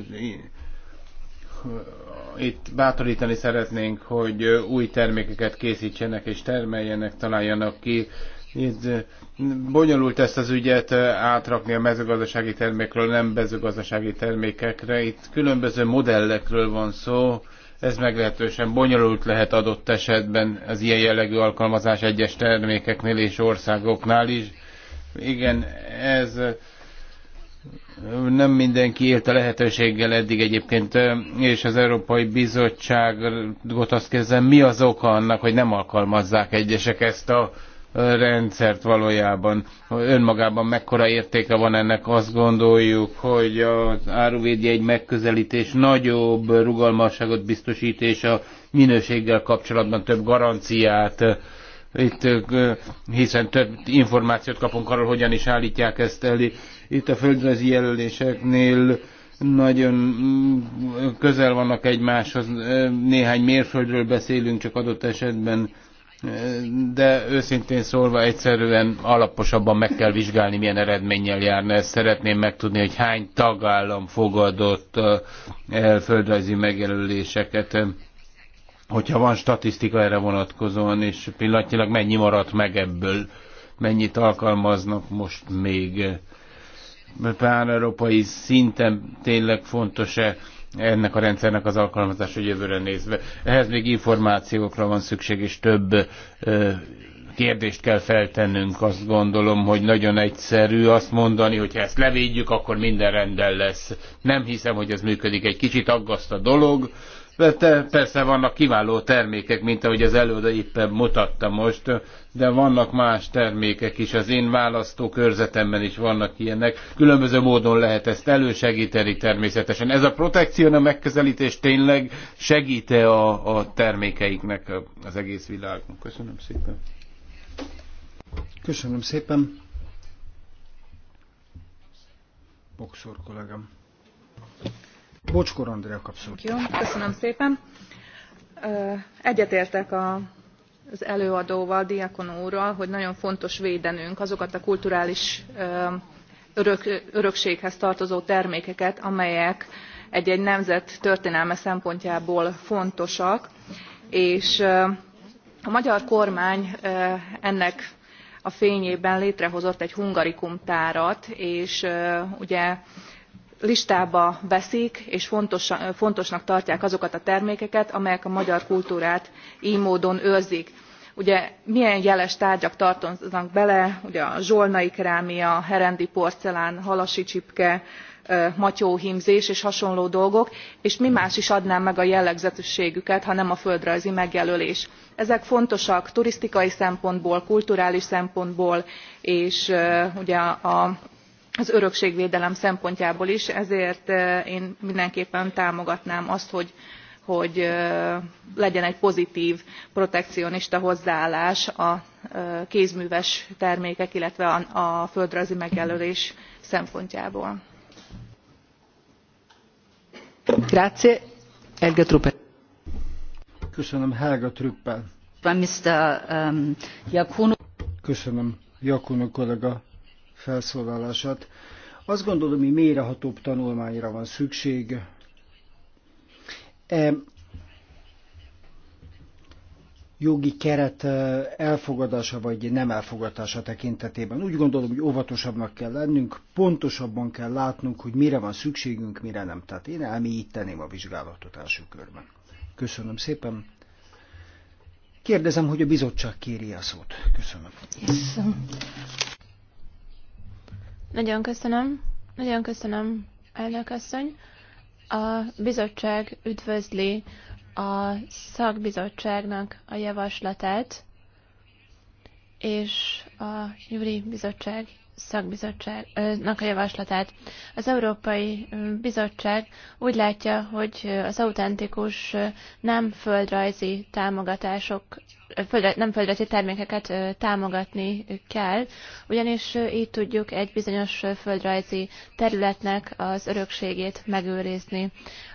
Speaker 3: itt bátorítani szeretnénk, hogy új termékeket készítsenek és termeljenek, találjanak ki. Itt bonyolult ezt az ügyet átrakni a mezőgazdasági termékről, nem mezőgazdasági termékekre. Itt különböző modellekről van szó, ez meglehetősen bonyolult lehet adott esetben az ilyen jellegű alkalmazás egyes termékeknél és országoknál is. Igen, ez nem mindenki élt a lehetőséggel eddig egyébként, és az Európai Bizottságot azt kezdem, mi az oka annak, hogy nem alkalmazzák egyesek ezt a rendszert valójában. Önmagában mekkora értéke van ennek, azt gondoljuk, hogy az áruvédi egy megközelítés nagyobb rugalmasságot biztosít, és a minőséggel kapcsolatban több garanciát itt, hiszen több információt kapunk arról, hogyan is állítják ezt elé. Itt a földrajzi jelöléseknél nagyon mm, közel vannak egymáshoz, néhány mérföldről beszélünk csak adott esetben, de őszintén szólva egyszerűen alaposabban meg kell vizsgálni, milyen eredménnyel járna. Ezt szeretném megtudni, hogy hány tagállam fogadott el földrajzi megjelöléseket hogyha van statisztika erre vonatkozóan, és pillanatnyilag mennyi maradt meg ebből, mennyit alkalmaznak most még pán-európai szinten tényleg fontos-e ennek a rendszernek az alkalmazása jövőre nézve. Ehhez még információkra van szükség, és több ö, kérdést kell feltennünk. Azt gondolom, hogy nagyon egyszerű azt mondani, hogy ha ezt levédjük, akkor minden rendben lesz. Nem hiszem, hogy ez működik. Egy kicsit aggaszt a dolog, Persze vannak kiváló termékek, mint ahogy az előadó éppen mutatta most, de vannak más termékek is. Az én választókörzetemben is vannak ilyenek. Különböző módon lehet ezt elősegíteni természetesen. Ez a protekciona megközelítés tényleg segíte a, a termékeiknek az egész világon. Köszönöm szépen.
Speaker 1: Köszönöm szépen. Boxor kollégám. Bocskor Andrea kapszul. Jó,
Speaker 5: köszönöm szépen. Egyetértek az előadóval diaconu úrral hogy nagyon fontos védenünk azokat a kulturális örök, örökséghez tartozó termékeket amelyek egy egy nemzet történelme szempontjából fontosak és a magyar kormány ennek a fényében létrehozott egy hungarikumtárat és ugye listába veszik és fontosnak tartják azokat a termékeket amelyek a magyar kultúrát ily módon őrzik. ugye milyen jeles tárgyak tartoznak bele ugye a zsolnai kerámia herendi porcelán halasi csipke matyóhmzés és hasonló dolgok és mi más is adná meg a jellegzetességüket ha nem a földrajzi megjelölés. ezek fontosak turisztikai szempontból kulturális szempontból és ugye a az örökségvédelem szempontjából is ezért én mindenképpen támogatnám azt hogy legyen egy pozitv protekcionista hozzáállás a kézműves termékek illetve a földrajzi megjelölés szempontjából.
Speaker 1: Köszönöm, Köszönöm, felszólalását. Azt gondolom, hogy mérehatóbb tanulmányra van szükség. E jogi keret e, elfogadása vagy nem elfogadása tekintetében. Úgy gondolom, hogy óvatosabbnak kell lennünk, pontosabban kell látnunk, hogy mire van szükségünk, mire nem. Tehát én elmélyíteném a vizsgálatot első körben. Köszönöm szépen. Kérdezem, hogy a bizottság kéri a szót. Köszönöm. Yes.
Speaker 4: Nagyon köszönöm. Nagyon köszönöm, elnök asszony. A bizottság üdvözli a szakbizottságnak a javaslatát, és a Júri Bizottság szakbizottságnak a javaslatát. Az Európai Bizottság úgy látja, hogy az autentikus nem földrajzi támogatások földre, nem földrajzi termékeket támogatni kell, ugyanis így tudjuk egy bizonyos földrajzi területnek az örökségét megőrizni.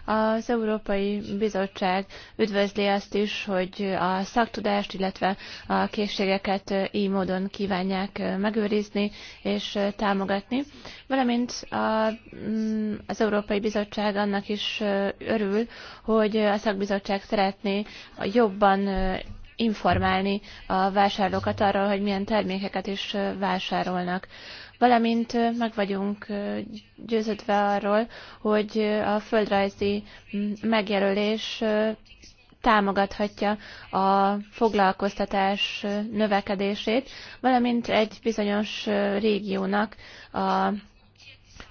Speaker 4: Az Európai Bizottság üdvözli azt is, hogy a szaktudást, illetve a készségeket így módon kívánják megőrizni és támogatni, valamint a, mm, az Európai Bizottság annak is örül, hogy a szakbizottság szeretné jobban informálni a vásárlókat arról, hogy milyen termékeket is vásárolnak. Valamint meg vagyunk győződve arról, hogy a földrajzi megjelölés támogathatja a foglalkoztatás növekedését, valamint egy bizonyos régiónak a,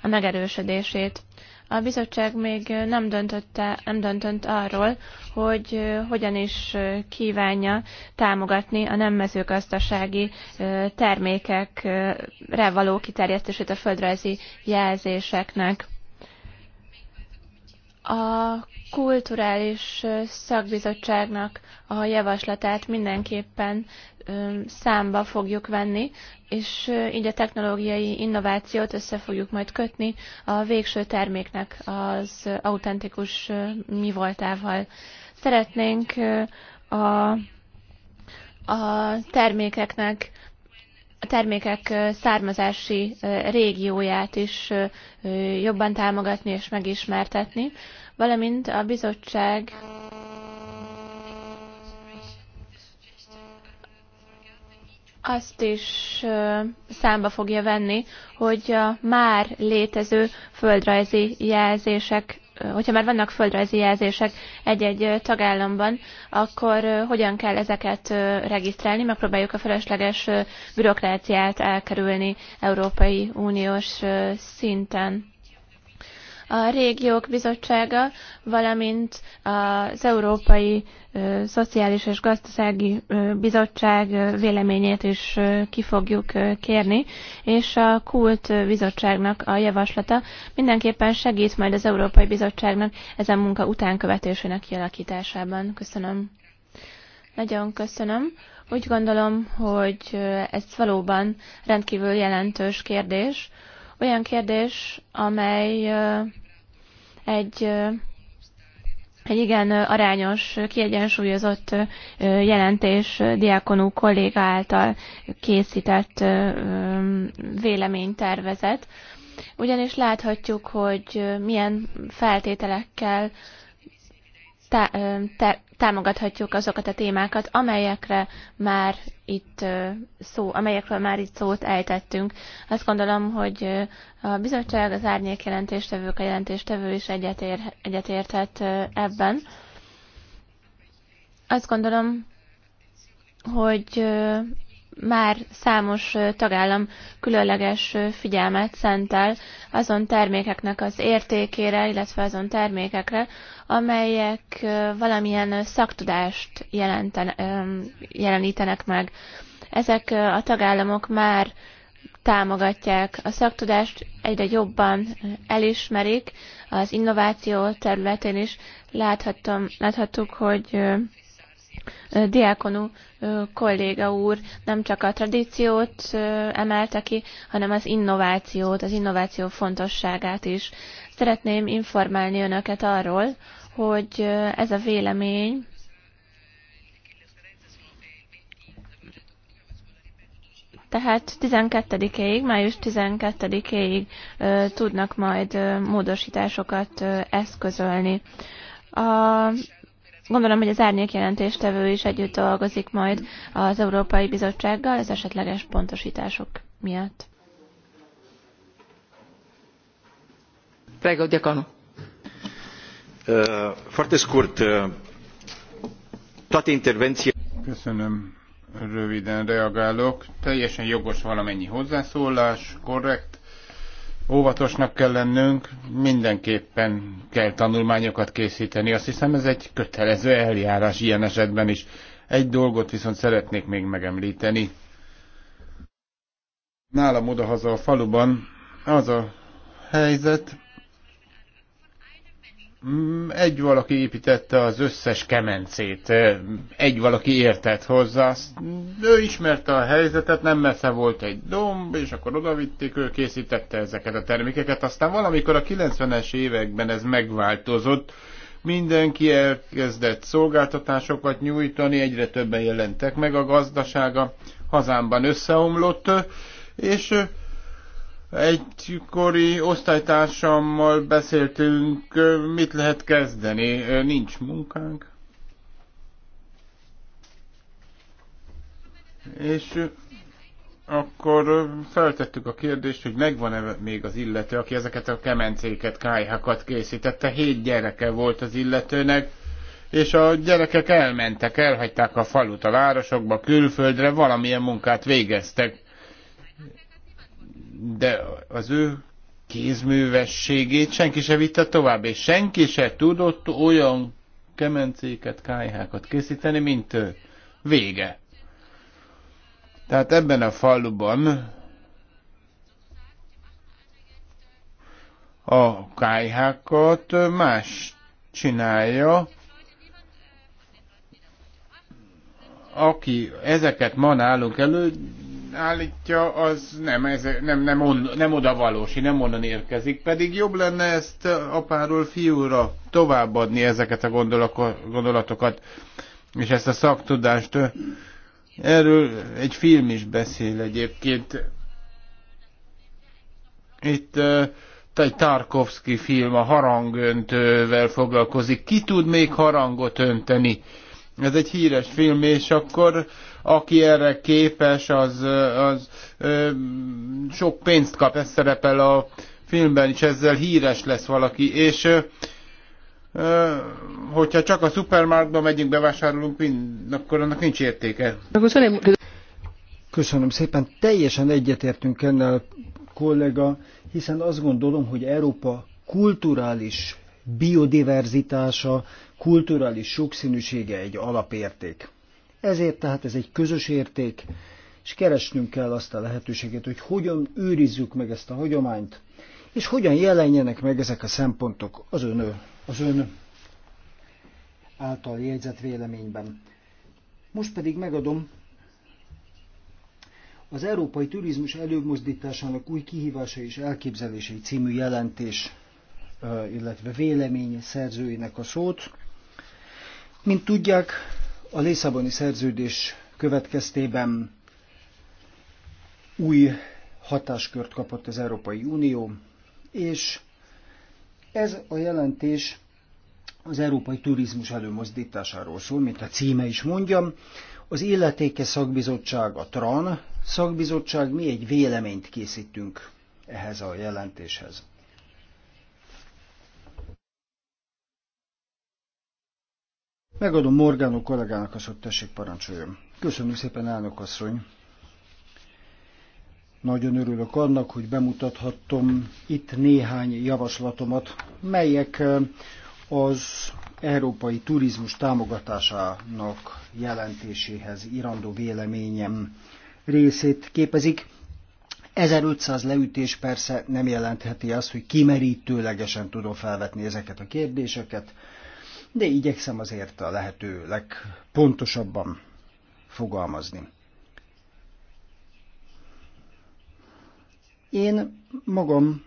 Speaker 4: a megerősödését. A bizottság még nem, döntötte, nem döntött arról, hogy hogyan is kívánja támogatni a nem mezőgazdasági termékekre való kiterjesztését a földrajzi jelzéseknek. A kulturális szakbizottságnak a javaslatát mindenképpen számba fogjuk venni, és így a technológiai innovációt össze fogjuk majd kötni a végső terméknek az autentikus mi voltával. Szeretnénk a, a termékeknek a termékek származási régióját is jobban támogatni és megismertetni, valamint a bizottság azt is számba fogja venni, hogy a már létező földrajzi jelzések, hogyha már vannak földrajzi jelzések egy-egy tagállamban, akkor hogyan kell ezeket regisztrálni, megpróbáljuk a felesleges bürokráciát elkerülni Európai Uniós szinten. A Régiók Bizottsága, valamint az Európai Szociális és Gazdasági Bizottság véleményét is ki fogjuk kérni, és a Kult Bizottságnak a javaslata mindenképpen segít majd az Európai Bizottságnak ezen munka utánkövetésének kialakításában. Köszönöm. Nagyon köszönöm. Úgy gondolom, hogy ez valóban rendkívül jelentős kérdés, olyan kérdés, amely egy, egy igen arányos, kiegyensúlyozott jelentés diákonú kolléga által készített véleménytervezet, ugyanis láthatjuk, hogy milyen feltételekkel tá támogathatjuk azokat a témákat, amelyekre már itt szó, amelyekről már itt szót ejtettünk. Azt gondolom, hogy a bizottság, az árnyék jelentéstevők, a jelentéstevő is egyetér, egyetértett ebben. Azt gondolom, hogy már számos tagállam különleges figyelmet szentel azon termékeknek az értékére, illetve azon termékekre, amelyek valamilyen szaktudást jelenten, jelenítenek meg. Ezek a tagállamok már támogatják a szaktudást, egyre jobban elismerik, az innováció területén is láthattam, láthattuk, hogy Diákonú kolléga úr nem csak a tradíciót emelte ki, hanem az innovációt, az innováció fontosságát is. Szeretném informálni önöket arról, hogy ez a vélemény tehát 12-ig, május 12-ig tudnak majd módosításokat eszközölni. A Gondolom, hogy az árnyék jelentéstevő is együtt dolgozik majd az Európai Bizottsággal az esetleges pontosítások miatt.
Speaker 2: Prego, Diaconu.
Speaker 5: Eh, foarte scurt, eh,
Speaker 3: toate intervenții... Köszönöm. Röviden reagálok. Teljesen jogos valamennyi hozzászólás, korrekt óvatosnak kell lennünk, mindenképpen kell tanulmányokat készíteni. Azt hiszem ez egy kötelező eljárás ilyen esetben is. Egy dolgot viszont szeretnék még megemlíteni. Nálam odahaza a faluban az a helyzet, Mm, egy valaki építette az összes kemencét, egy valaki értett hozzá, ő ismerte a helyzetet, nem messze volt egy domb, és akkor odavitték, ő készítette ezeket a termékeket, aztán valamikor a 90-es években ez megváltozott, mindenki elkezdett szolgáltatásokat nyújtani, egyre többen jelentek meg a gazdasága, hazámban összeomlott, és Egykori osztálytársammal beszéltünk, mit lehet kezdeni, nincs munkánk. És akkor feltettük a kérdést, hogy megvan-e még az illető, aki ezeket a kemencéket, kájhakat készítette. Hét gyereke volt az illetőnek, és a gyerekek elmentek, elhagyták a falut a városokba, külföldre, valamilyen munkát végeztek de az ő kézművességét senki se vitte tovább, és senki se tudott olyan kemencéket, kájhákat készíteni, mint ő. Vége. Tehát ebben a faluban a kájhákat más csinálja, aki ezeket ma nálunk elő, állítja, az nem, ez, nem, nem, on, nem oda valósi, nem onnan érkezik. Pedig jobb lenne ezt apáról fiúra továbbadni ezeket a gondolatokat, és ezt a szaktudást. Erről egy film is beszél egyébként. Itt egy Tarkovsky film a harangöntővel foglalkozik. Ki tud még harangot önteni? Ez egy híres film, és akkor aki erre képes, az, az ö, sok pénzt kap, ez szerepel a filmben és ezzel híres lesz valaki, és ö, hogyha csak a szupermarketba megyünk, bevásárolunk, mind, akkor annak nincs értéke.
Speaker 1: Köszönöm szépen, teljesen egyetértünk ennel kollega, hiszen azt gondolom, hogy Európa kulturális biodiverzitása kulturális sokszínűsége egy alapérték. Ezért tehát ez egy közös érték, és keresnünk kell azt a lehetőséget, hogy hogyan őrizzük meg ezt a hagyományt, és hogyan jelenjenek meg ezek a szempontok az ön, az ön által jegyzett véleményben. Most pedig megadom az Európai Turizmus előmozdításának új kihívása és elképzelései című jelentés, illetve vélemény szerzőinek a szót. Mint tudják, a Lisszaboni szerződés következtében új hatáskört kapott az Európai Unió, és ez a jelentés az európai turizmus előmozdításáról szól, mint a címe is mondjam. Az illetéke szakbizottság, a TRAN szakbizottság, mi egy véleményt készítünk ehhez a jelentéshez. Megadom Morgánó kollégának a szót, tessék parancsoljon. Köszönöm szépen, elnök asszony. Nagyon örülök annak, hogy bemutathattam itt néhány javaslatomat, melyek eh, az európai turizmus támogatásának jelentéséhez irandó véleményem részét képezik. 1500 leütés persze nem jelentheti azt, hogy kimerítőlegesen tudom felvetni ezeket a kérdéseket, de igyekszem azért a lehető legpontosabban fogalmazni. Én magam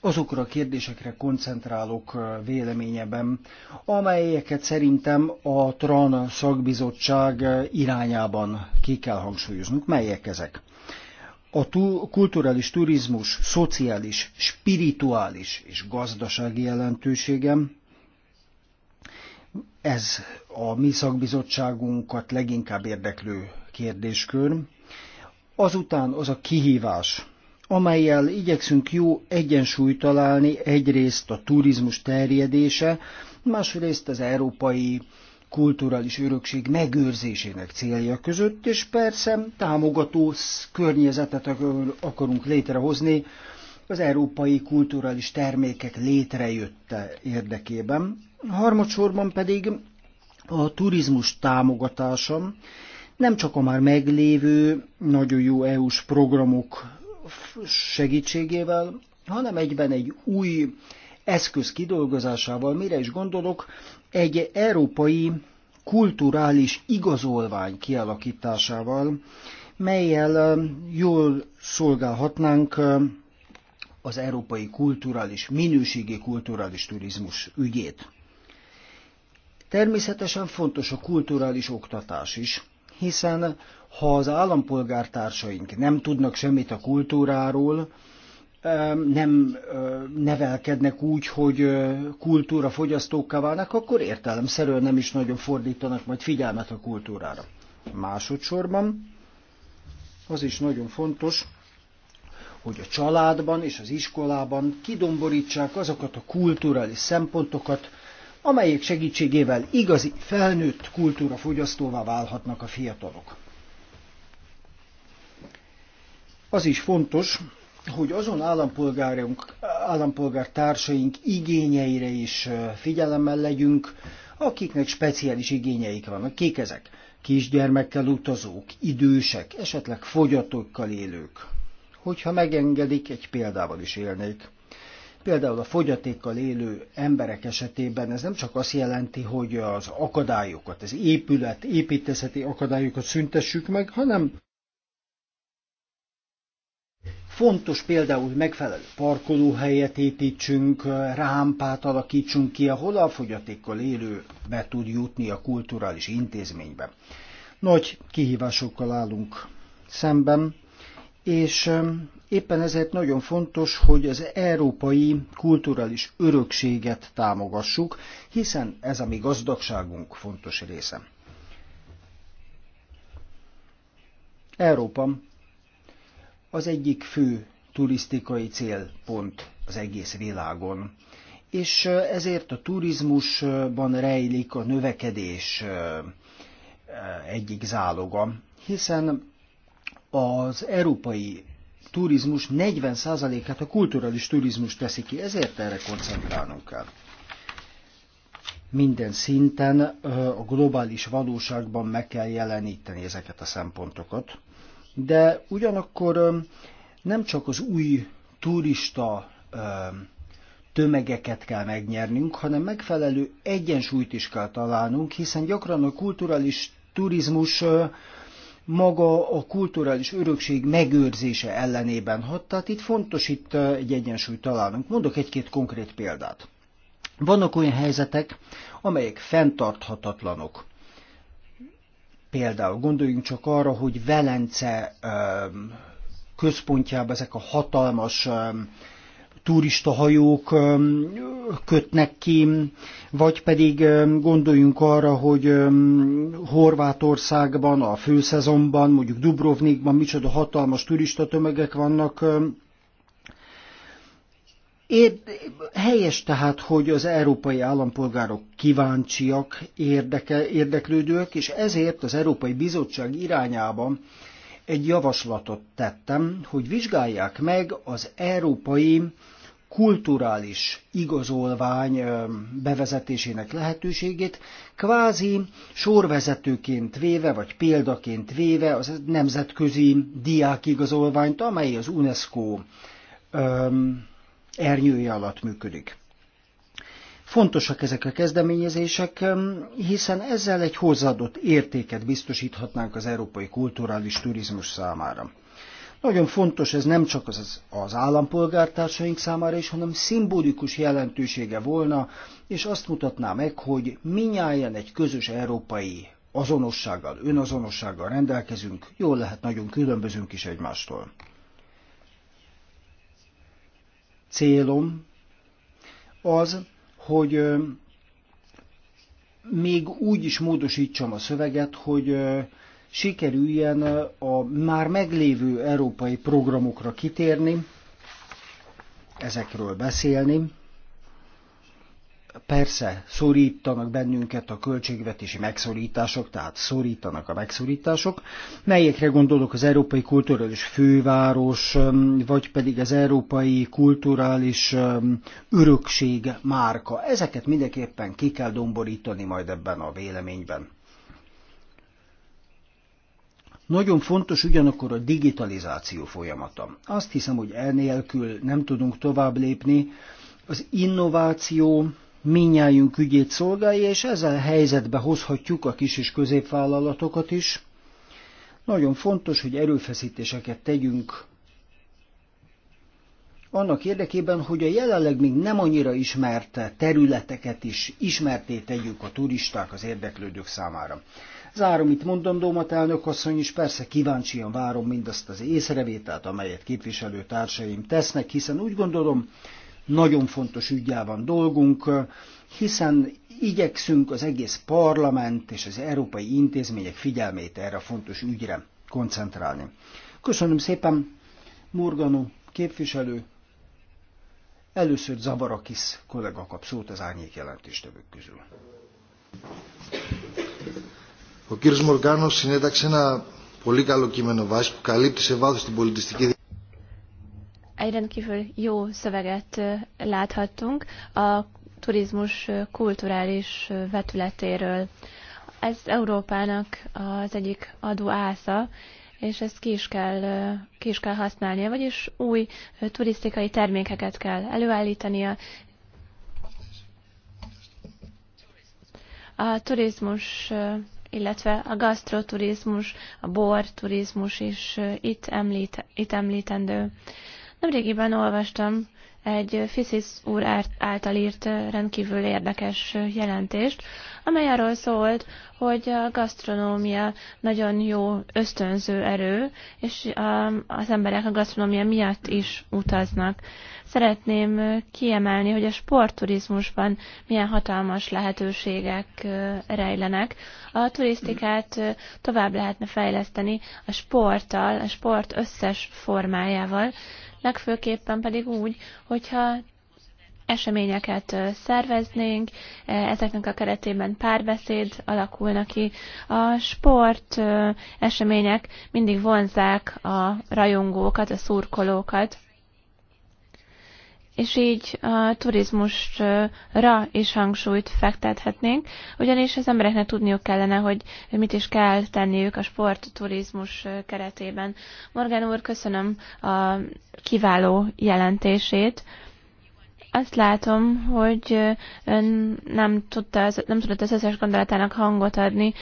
Speaker 1: azokra a kérdésekre koncentrálok véleményeben, amelyeket szerintem a TRAN szakbizottság irányában ki kell hangsúlyoznunk. Melyek ezek? A kulturális turizmus szociális, spirituális és gazdasági jelentőségem, ez a mi szakbizottságunkat leginkább érdeklő kérdéskör. Azután az a kihívás, amelyel igyekszünk jó egyensúlyt találni egyrészt a turizmus terjedése, másrészt az európai kulturális örökség megőrzésének célja között, és persze támogató környezetet akarunk létrehozni az európai kulturális termékek létrejötte érdekében. Harmadsorban pedig a turizmus támogatása nem csak a már meglévő nagyon jó EU-s programok segítségével, hanem egyben egy új eszköz kidolgozásával, mire is gondolok, egy európai kulturális igazolvány kialakításával, melyel um, jól szolgálhatnánk um, az európai kulturális, minőségi kulturális turizmus ügyét. Természetesen fontos a kulturális oktatás is, hiszen ha az állampolgártársaink nem tudnak semmit a kultúráról, nem nevelkednek úgy, hogy kultúra fogyasztókká válnak, akkor értelemszerűen nem is nagyon fordítanak majd figyelmet a kultúrára. Másodszorban az is nagyon fontos, hogy a családban és az iskolában kidomborítsák azokat a kulturális szempontokat, amelyek segítségével igazi felnőtt kultúra fogyasztóvá válhatnak a fiatalok. Az is fontos, hogy azon állampolgárunk, állampolgártársaink igényeire is figyelemmel legyünk, akiknek speciális igényeik vannak. Kik ezek? Kisgyermekkel utazók, idősek, esetleg fogyatókkal élők. Hogyha megengedik, egy példával is élnék. Például a fogyatékkal élő emberek esetében ez nem csak azt jelenti, hogy az akadályokat, az épület, építészeti akadályokat szüntessük meg, hanem Fontos például, hogy megfelelő parkolóhelyet építsünk, rámpát alakítsunk ki, ahol a fogyatékkal élő be tud jutni a kulturális intézménybe. Nagy kihívásokkal állunk szemben, és éppen ezért nagyon fontos, hogy az európai kulturális örökséget támogassuk, hiszen ez a mi gazdagságunk fontos része. Európa az egyik fő turisztikai célpont az egész világon, és ezért a turizmusban rejlik a növekedés egyik záloga, hiszen az európai turizmus 40%-át a kulturális turizmus teszi ki, ezért erre koncentrálnunk kell. Minden szinten a globális valóságban meg kell jeleníteni ezeket a szempontokat, de ugyanakkor nem csak az új turista tömegeket kell megnyernünk, hanem megfelelő egyensúlyt is kell találnunk, hiszen gyakran a kulturális turizmus maga a kulturális örökség megőrzése ellenében hat. Tehát itt fontos itt egy egyensúlyt találnunk. Mondok egy-két konkrét példát. Vannak olyan helyzetek, amelyek fenntarthatatlanok. Például gondoljunk csak arra, hogy Velence központjában ezek a hatalmas turistahajók kötnek ki, vagy pedig gondoljunk arra, hogy Horvátországban, a főszezonban, mondjuk Dubrovnikban micsoda hatalmas turista tömegek vannak, Ér, helyes tehát, hogy az európai állampolgárok kíváncsiak, érdeke, érdeklődők, és ezért az Európai Bizottság irányában egy javaslatot tettem, hogy vizsgálják meg az európai kulturális igazolvány bevezetésének lehetőségét, kvázi sorvezetőként véve, vagy példaként véve az nemzetközi diákigazolványt, amely az UNESCO um, ernyője alatt működik. Fontosak ezek a kezdeményezések, hiszen ezzel egy hozzáadott értéket biztosíthatnánk az európai kulturális turizmus számára. Nagyon fontos ez nem csak az, az állampolgártársaink számára is, hanem szimbolikus jelentősége volna, és azt mutatná meg, hogy minnyáján egy közös európai azonossággal, önazonossággal rendelkezünk, jól lehet nagyon különbözünk is egymástól. Célom az, hogy még úgy is módosítsam a szöveget, hogy sikerüljen a már meglévő európai programokra kitérni, ezekről beszélni. Persze szorítanak bennünket a költségvetési megszorítások, tehát szorítanak a megszorítások, melyekre gondolok az Európai Kulturális Főváros, vagy pedig az Európai Kulturális Örökség márka. Ezeket mindenképpen ki kell domborítani majd ebben a véleményben. Nagyon fontos ugyanakkor a digitalizáció folyamata. Azt hiszem, hogy elnélkül nem tudunk tovább lépni. Az innováció minnyájunk ügyét szolgálja, és ezzel helyzetbe hozhatjuk a kis és középvállalatokat is. Nagyon fontos, hogy erőfeszítéseket tegyünk annak érdekében, hogy a jelenleg még nem annyira ismert területeket is ismerté tegyük a turisták az érdeklődők számára. Zárom itt mondandómat, elnök asszony, és persze kíváncsian várom mindazt az észrevételt, amelyet képviselő társaim tesznek, hiszen úgy gondolom, nagyon fontos van dolgunk, hiszen igyekszünk az egész parlament és az európai intézmények figyelmét erre a fontos ügyre koncentrálni. Köszönöm szépen, Morgano képviselő. Először Zavarakis kollega kap szót az árnyék jelentéstevők közül.
Speaker 5: Ο κύριος Μοργάνος συνέταξε ένα πολύ καλό κείμενο βάση που καλύπτει
Speaker 1: σε βάθος την πολιτιστική
Speaker 4: Egy rendkívül jó szöveget láthattunk a turizmus kulturális vetületéről. Ez Európának az egyik adóásza, és ezt ki is kell, ki is kell használnia, vagyis új turisztikai termékeket kell előállítania. A turizmus illetve a gasztroturizmus, a borturizmus is itt, említ, itt említendő. Nemrégiben olvastam egy Fisis úr által írt rendkívül érdekes jelentést, amely arról szólt, hogy a gasztronómia nagyon jó ösztönző erő, és az emberek a gasztronómia miatt is utaznak. Szeretném kiemelni, hogy a sportturizmusban milyen hatalmas lehetőségek rejlenek. A turisztikát tovább lehetne fejleszteni a sporttal, a sport összes formájával, legfőképpen pedig úgy, hogyha eseményeket szerveznénk, ezeknek a keretében párbeszéd alakulna ki. A sport események mindig vonzák a rajongókat, a szurkolókat, és így a turizmusra is hangsúlyt fektethetnénk, ugyanis az embereknek tudniuk kellene, hogy mit is kell tenniük a sportturizmus keretében. Morgan úr, köszönöm a kiváló jelentését. Azt látom, hogy nem, tudta, nem tudott az összes gondolatának hangot adni,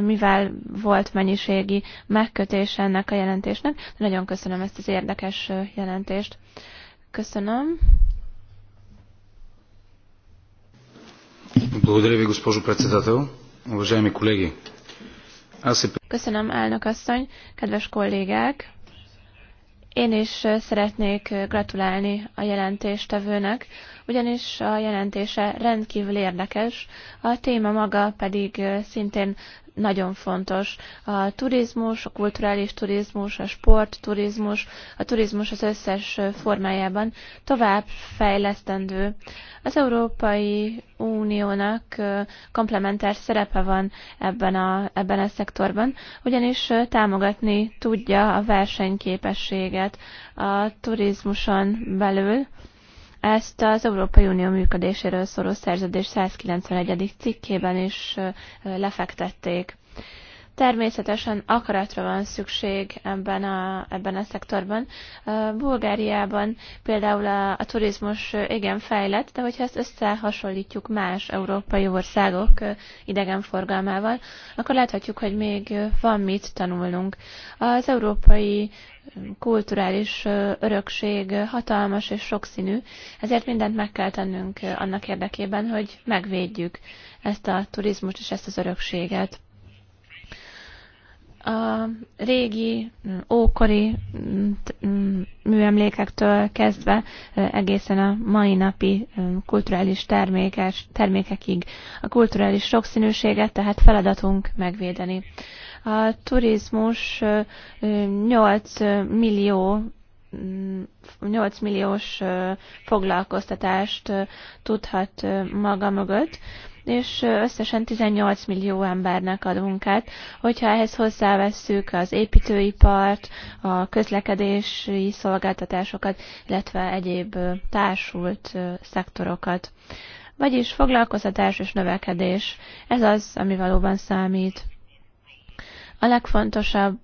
Speaker 4: mivel volt mennyiségi megkötés ennek a jelentésnek. nagyon köszönöm ezt az érdekes jelentést. Köszönöm. Köszönöm, elnök asszony, kedves kollégák! Én is szeretnék gratulálni a jelentéstevőnek ugyanis a jelentése rendkívül érdekes, a téma maga pedig szintén nagyon fontos. A turizmus, a kulturális turizmus, a sportturizmus, a turizmus az összes formájában tovább fejlesztendő. Az Európai Uniónak komplementár szerepe van ebben a, ebben a szektorban, ugyanis támogatni tudja a versenyképességet a turizmuson belül, ezt az Európai Unió működéséről szóló szerződés 191. cikkében is lefektették. Természetesen akaratra van szükség ebben a, ebben a szektorban. Bulgáriában például a, a turizmus igen fejlett, de hogyha ezt összehasonlítjuk más európai országok idegenforgalmával, akkor láthatjuk, hogy még van mit tanulnunk. Az európai kulturális örökség hatalmas és sokszínű, ezért mindent meg kell tennünk annak érdekében, hogy megvédjük ezt a turizmust és ezt az örökséget a régi, mm, ókori mm, mm, műemlékektől kezdve egészen a mai napi kulturális termékes, termékekig a kulturális sokszínűséget, tehát feladatunk megvédeni. A turizmus 8 millió 8 milliós foglalkoztatást tudhat maga mögött, és összesen 18 millió embernek adunk át. Hogyha ehhez hozzávesszük az építőipart, a közlekedési szolgáltatásokat, illetve egyéb társult szektorokat. Vagyis foglalkoztatás és növekedés, ez az, ami valóban számít. A legfontosabb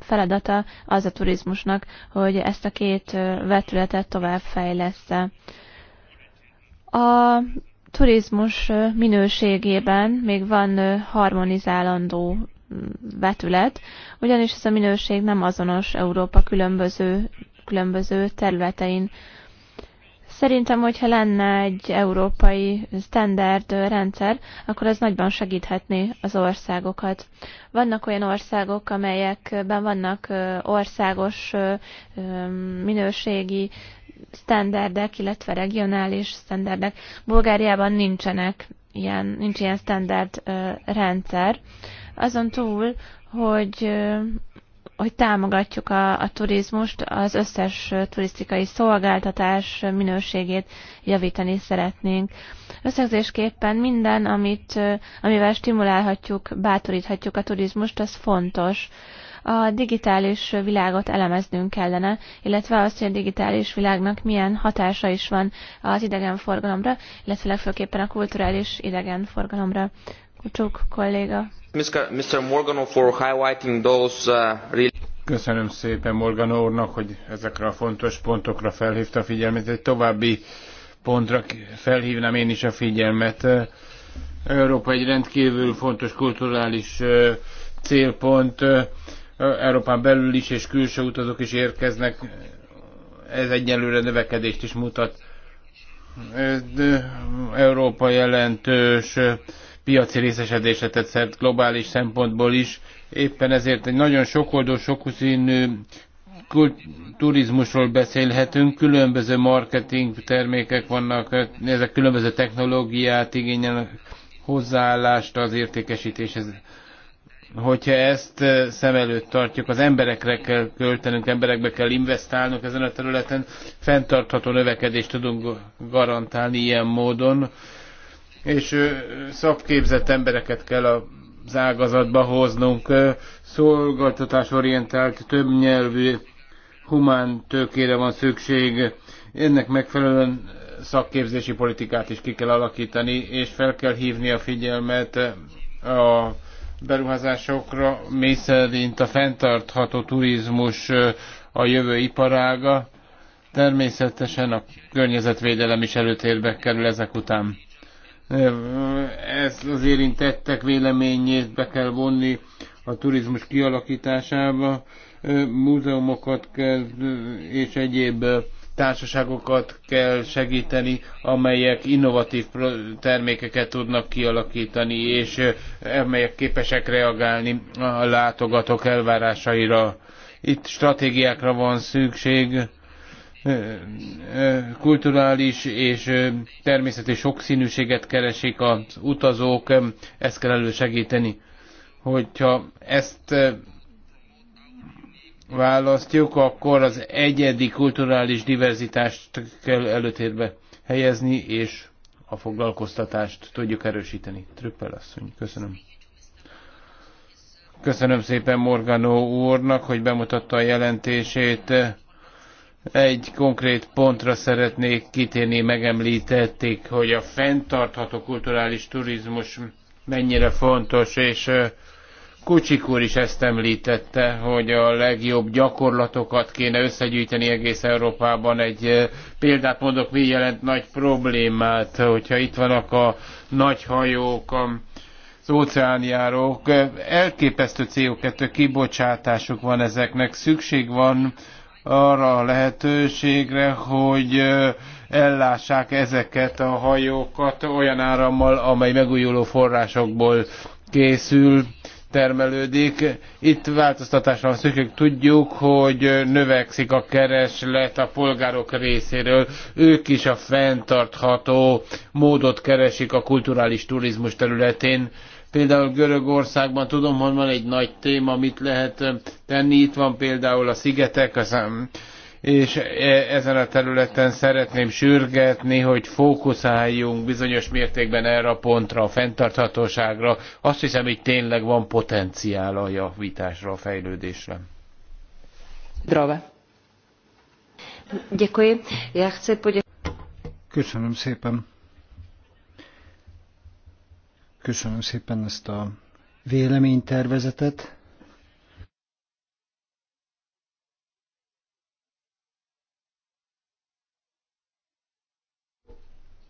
Speaker 4: feladata az a turizmusnak, hogy ezt a két vetületet tovább fejlesz A turizmus minőségében még van harmonizálandó vetület, ugyanis ez a minőség nem azonos Európa különböző, különböző területein. Szerintem, hogyha lenne egy európai standard rendszer, akkor az nagyban segíthetné az országokat. Vannak olyan országok, amelyekben vannak országos minőségi standardek, illetve regionális standardek. Bulgáriában nincsenek ilyen, nincs ilyen standard rendszer. Azon túl, hogy hogy támogatjuk a, a turizmust, az összes turisztikai szolgáltatás minőségét javítani szeretnénk. Összegzésképpen minden, amit, amivel stimulálhatjuk, bátoríthatjuk a turizmust, az fontos a digitális világot elemeznünk kellene, illetve azt, hogy a digitális világnak milyen hatása is van az idegenforgalomra, illetve legfőképpen a kulturális idegenforgalomra. Kucsuk kolléga.
Speaker 5: Mr. Morgano for highlighting those uh,
Speaker 3: really Köszönöm szépen Morgan úrnak, hogy ezekre a fontos pontokra felhívta a figyelmet. Egy további pontra felhívnám én is a figyelmet. Európa egy rendkívül fontos kulturális célpont. Európán belül is és külső utazók is érkeznek, ez egyelőre növekedést is mutat. Európa jelentős piaci részesedésre tett szert globális szempontból is. Éppen ezért egy nagyon sokoldó, sokuszínű turizmusról beszélhetünk, különböző marketing termékek vannak, ezek különböző technológiát igényelnek, hozzáállást az értékesítéshez hogyha ezt eh, szem előtt tartjuk, az emberekre kell költenünk, emberekbe kell investálnunk ezen a területen, fenntartható növekedést tudunk garantálni ilyen módon, és eh, szakképzett embereket kell a az ágazatba hoznunk, eh, szolgáltatásorientált, többnyelvű, humán tőkére van szükség. Ennek megfelelően szakképzési politikát is ki kell alakítani, és fel kell hívni a figyelmet a beruházásokra, mi szerint a fenntartható turizmus a jövő iparága, természetesen a környezetvédelem is előtérbe kerül ezek után. Ezt az érintettek véleményét be kell vonni a turizmus kialakításába, múzeumokat kell, és egyéb társaságokat kell segíteni, amelyek innovatív termékeket tudnak kialakítani, és amelyek képesek reagálni a látogatók elvárásaira. Itt stratégiákra van szükség, kulturális és természeti sokszínűséget keresik az utazók, ezt kell elősegíteni. Hogyha ezt választjuk, akkor az egyedi kulturális diverzitást kell előtérbe helyezni, és a foglalkoztatást tudjuk erősíteni. Trüppel asszony, köszönöm. Köszönöm szépen Morganó úrnak, hogy bemutatta a jelentését. Egy konkrét pontra szeretnék kitérni, megemlítették, hogy a fenntartható kulturális turizmus mennyire fontos, és Kucsik úr is ezt említette, hogy a legjobb gyakorlatokat kéne összegyűjteni egész Európában. Egy példát mondok, mi jelent nagy problémát, hogyha itt vannak a nagy hajók, az óceánjárók. Elképesztő CO2 kibocsátások van ezeknek. Szükség van arra a lehetőségre, hogy ellássák ezeket a hajókat olyan árammal, amely megújuló forrásokból készül termelődik. Itt változtatásra van szükség. Tudjuk, hogy növekszik a kereslet a polgárok részéről. Ők is a fenntartható módot keresik a kulturális turizmus területén. Például Görögországban tudom, hogy van egy nagy téma, amit lehet tenni. Itt van például a szigetek, az és e, ezen a területen szeretném sürgetni, hogy fókuszáljunk bizonyos mértékben erre a pontra, a fenntarthatóságra. Azt hiszem, itt tényleg van potenciál a javításra, a fejlődésre.
Speaker 2: Drava.
Speaker 1: Köszönöm szépen. Köszönöm szépen ezt a véleménytervezetet.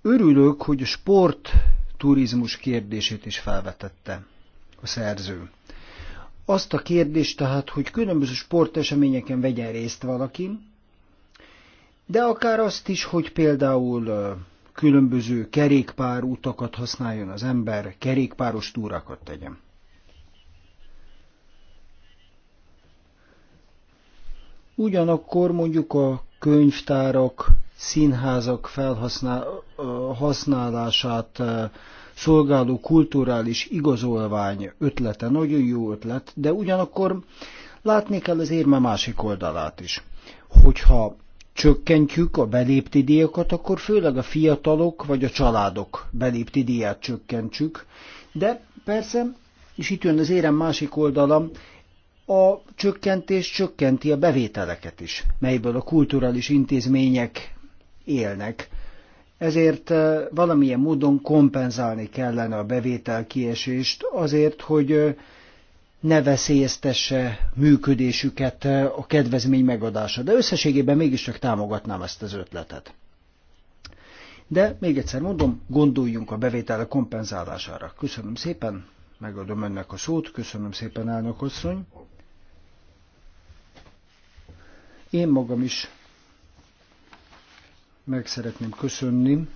Speaker 1: Örülök, hogy a sport turizmus kérdését is felvetette a szerző. Azt a kérdést tehát, hogy különböző sporteseményeken vegyen részt valaki, de akár azt is, hogy például különböző utakat használjon az ember, kerékpáros túrákat tegyen. Ugyanakkor mondjuk a könyvtárak színházak felhasználását szolgáló kulturális igazolvány ötlete nagyon jó ötlet, de ugyanakkor látni kell az érme másik oldalát is. Hogyha csökkentjük a belépti díjakat, akkor főleg a fiatalok vagy a családok belépti díját csökkentsük, de persze, és itt jön az érem másik oldala: a csökkentés csökkenti a bevételeket is, melyből a kulturális intézmények élnek. Ezért valamilyen módon kompenzálni kellene a bevétel kiesést azért, hogy ne veszélyeztesse működésüket a kedvezmény megadása. De összességében mégiscsak támogatnám ezt az ötletet. De még egyszer mondom, gondoljunk a bevétel kompenzálására. Köszönöm szépen, megadom önnek a szót, köszönöm szépen, elnök asszony. Én magam is meg szeretném köszönni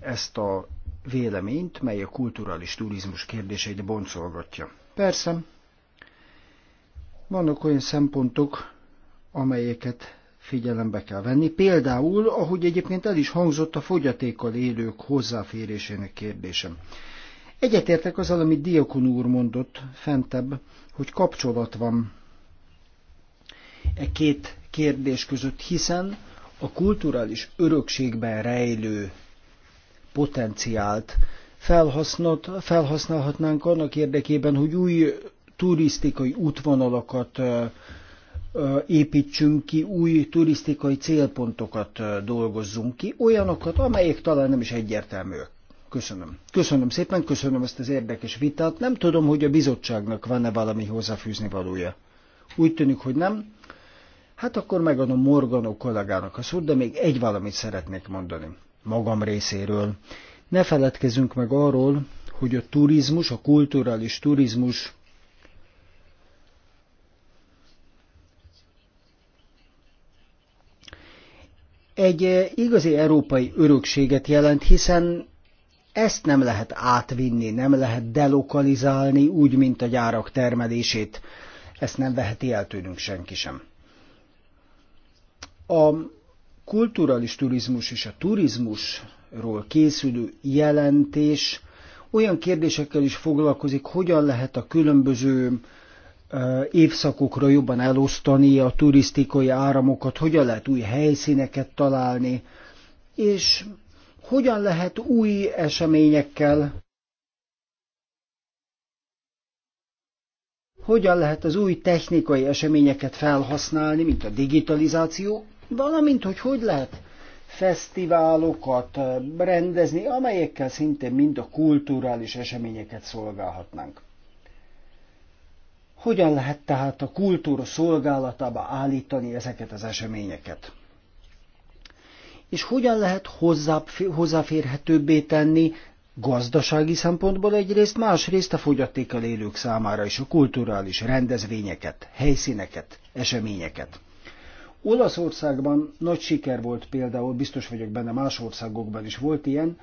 Speaker 1: ezt a véleményt, mely a kulturális turizmus kérdéseit boncolgatja. Persze, vannak olyan szempontok, amelyeket figyelembe kell venni. Például, ahogy egyébként el is hangzott a fogyatékkal élők hozzáférésének kérdése. Egyetértek azzal, amit Diakon úr mondott fentebb, hogy kapcsolat van e két kérdés között, hiszen a kulturális örökségben rejlő potenciált felhasználhatnánk annak érdekében, hogy új turisztikai útvonalakat építsünk ki, új turisztikai célpontokat dolgozzunk ki, olyanokat, amelyek talán nem is egyértelműek. Köszönöm. Köszönöm szépen, köszönöm ezt az érdekes vitát. Nem tudom, hogy a bizottságnak van-e valami hozzáfűzni valója. Úgy tűnik, hogy nem. Hát akkor megadom Morganó kollégának a szót, de még egy valamit szeretnék mondani magam részéről. Ne feledkezünk meg arról, hogy a turizmus, a kulturális turizmus egy eh, igazi európai örökséget jelent, hiszen ezt nem lehet átvinni, nem lehet delokalizálni úgy, mint a gyárak termelését. Ezt nem veheti el tőlünk senki sem. A kulturális turizmus és a turizmusról készülő jelentés olyan kérdésekkel is foglalkozik, hogyan lehet a különböző évszakokra jobban elosztani a turisztikai áramokat, hogyan lehet új helyszíneket találni, és hogyan lehet új eseményekkel hogyan lehet az új technikai eseményeket felhasználni, mint a digitalizáció, valamint hogy hogy lehet fesztiválokat rendezni, amelyekkel szintén mind a kulturális eseményeket szolgálhatnánk. Hogyan lehet tehát a kultúra szolgálatába állítani ezeket az eseményeket? És hogyan lehet hozzáférhetőbbé tenni gazdasági szempontból egyrészt, másrészt a fogyatékkal élők számára is a kulturális rendezvényeket, helyszíneket, eseményeket. Olaszországban nagy siker volt például, biztos vagyok benne, más országokban is volt ilyen,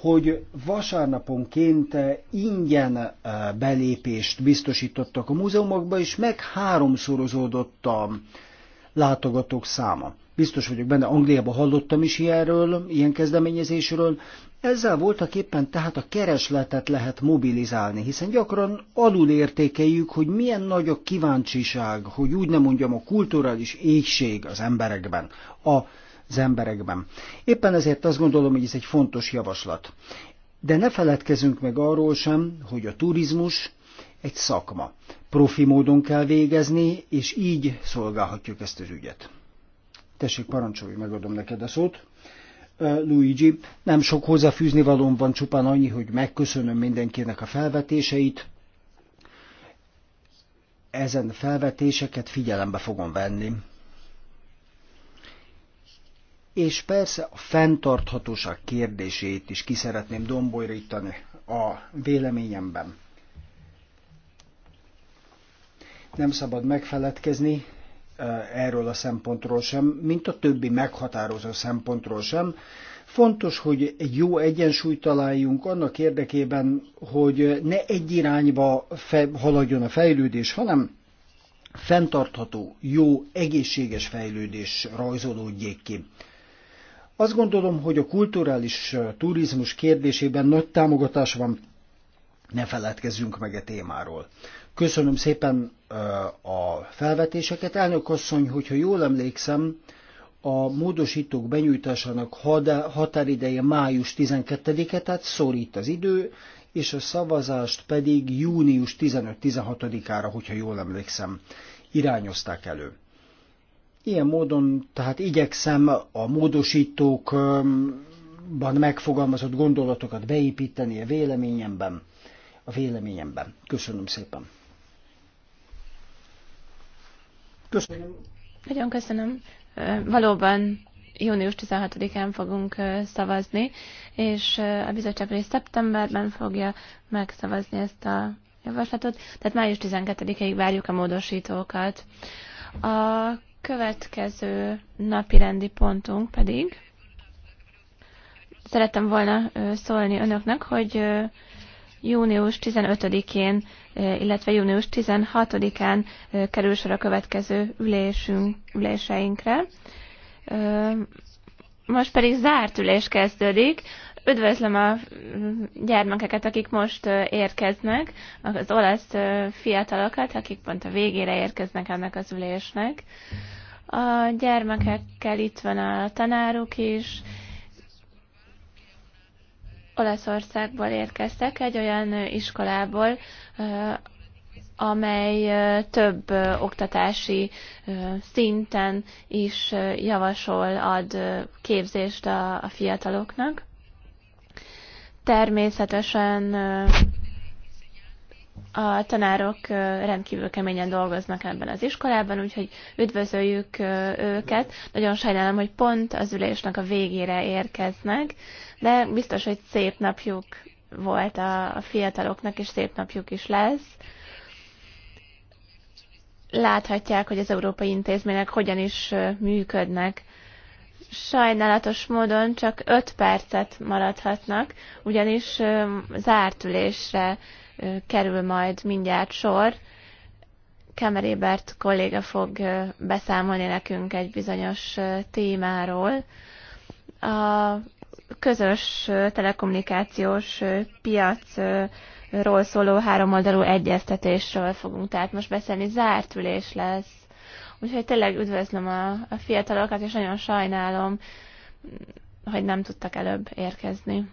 Speaker 1: hogy vasárnaponként ingyen e, belépést biztosítottak a múzeumokba, és meg háromszorozódott a látogatók száma. Biztos vagyok benne, Angliában hallottam is ilyenről, ilyen kezdeményezésről, ezzel voltak éppen tehát a keresletet lehet mobilizálni, hiszen gyakran alulértékeljük, hogy milyen nagy a kíváncsiság, hogy úgy nem mondjam a kulturális éhség az emberekben, a az emberekben. Éppen ezért azt gondolom, hogy ez egy fontos javaslat. De ne feledkezünk meg arról sem, hogy a turizmus egy szakma. Profi módon kell végezni, és így szolgálhatjuk ezt az ügyet. Tessék, parancsolj, megadom neked a szót. Luigi. Nem sok hozzáfűzni valóm van, csupán annyi, hogy megköszönöm mindenkinek a felvetéseit. Ezen felvetéseket figyelembe fogom venni. És persze a fenntarthatóság kérdését is kiszeretném domborítani a véleményemben. Nem szabad megfeledkezni Eh, erről a szempontról sem, mint a többi meghatározó szempontról sem. Fontos, hogy egy jó egyensúlyt találjunk annak érdekében, hogy ne egy irányba haladjon a fejlődés, hanem fenntartható, jó, egészséges fejlődés rajzolódjék ki. Azt gondolom, hogy a kulturális eh, turizmus kérdésében nagy támogatás van, ne feledkezzünk meg a e témáról. Köszönöm szépen a felvetéseket. Elnök asszony, hogyha jól emlékszem, a módosítók benyújtásának határideje május 12-e, tehát szorít az idő, és a szavazást pedig június 15-16-ára, hogyha jól emlékszem, irányozták elő. Ilyen módon tehát igyekszem a módosítókban megfogalmazott gondolatokat beépíteni a véleményemben. A véleményemben. Köszönöm szépen.
Speaker 4: Köszönöm. Nagyon köszönöm. Valóban június 16-án fogunk szavazni, és a bizottság pedig szeptemberben fogja megszavazni ezt a javaslatot, tehát május 12-ig várjuk a módosítókat. A következő napi rendi pontunk pedig szerettem volna szólni önöknek, hogy június 15-én, illetve június 16-án kerül sor a következő ülésünk, üléseinkre. Most pedig zárt ülés kezdődik. Üdvözlöm a mm, gyermekeket, akik most érkeznek, az olasz fiatalokat, akik pont a végére érkeznek ennek az ülésnek. A gyermekekkel itt van a tanáruk is, Olaszországból érkeztek, egy olyan iskolából, amely több oktatási szinten is javasol, ad képzést a fiataloknak. Természetesen a tanárok rendkívül keményen dolgoznak ebben az iskolában, úgyhogy üdvözöljük őket. Nagyon sajnálom, hogy pont az ülésnek a végére érkeznek, de biztos, hogy szép napjuk volt a fiataloknak, és szép napjuk is lesz láthatják, hogy az európai intézmények hogyan is működnek. Sajnálatos módon csak öt percet maradhatnak, ugyanis zárt ülésre kerül majd mindjárt sor. Kemerébert kolléga fog beszámolni nekünk egy bizonyos témáról. A közös telekommunikációs piacról szóló háromoldalú egyeztetésről fogunk tehát most beszélni. Zárt ülés lesz. Úgyhogy tényleg üdvözlöm a, a fiatalokat, és nagyon sajnálom, hogy nem tudtak előbb érkezni.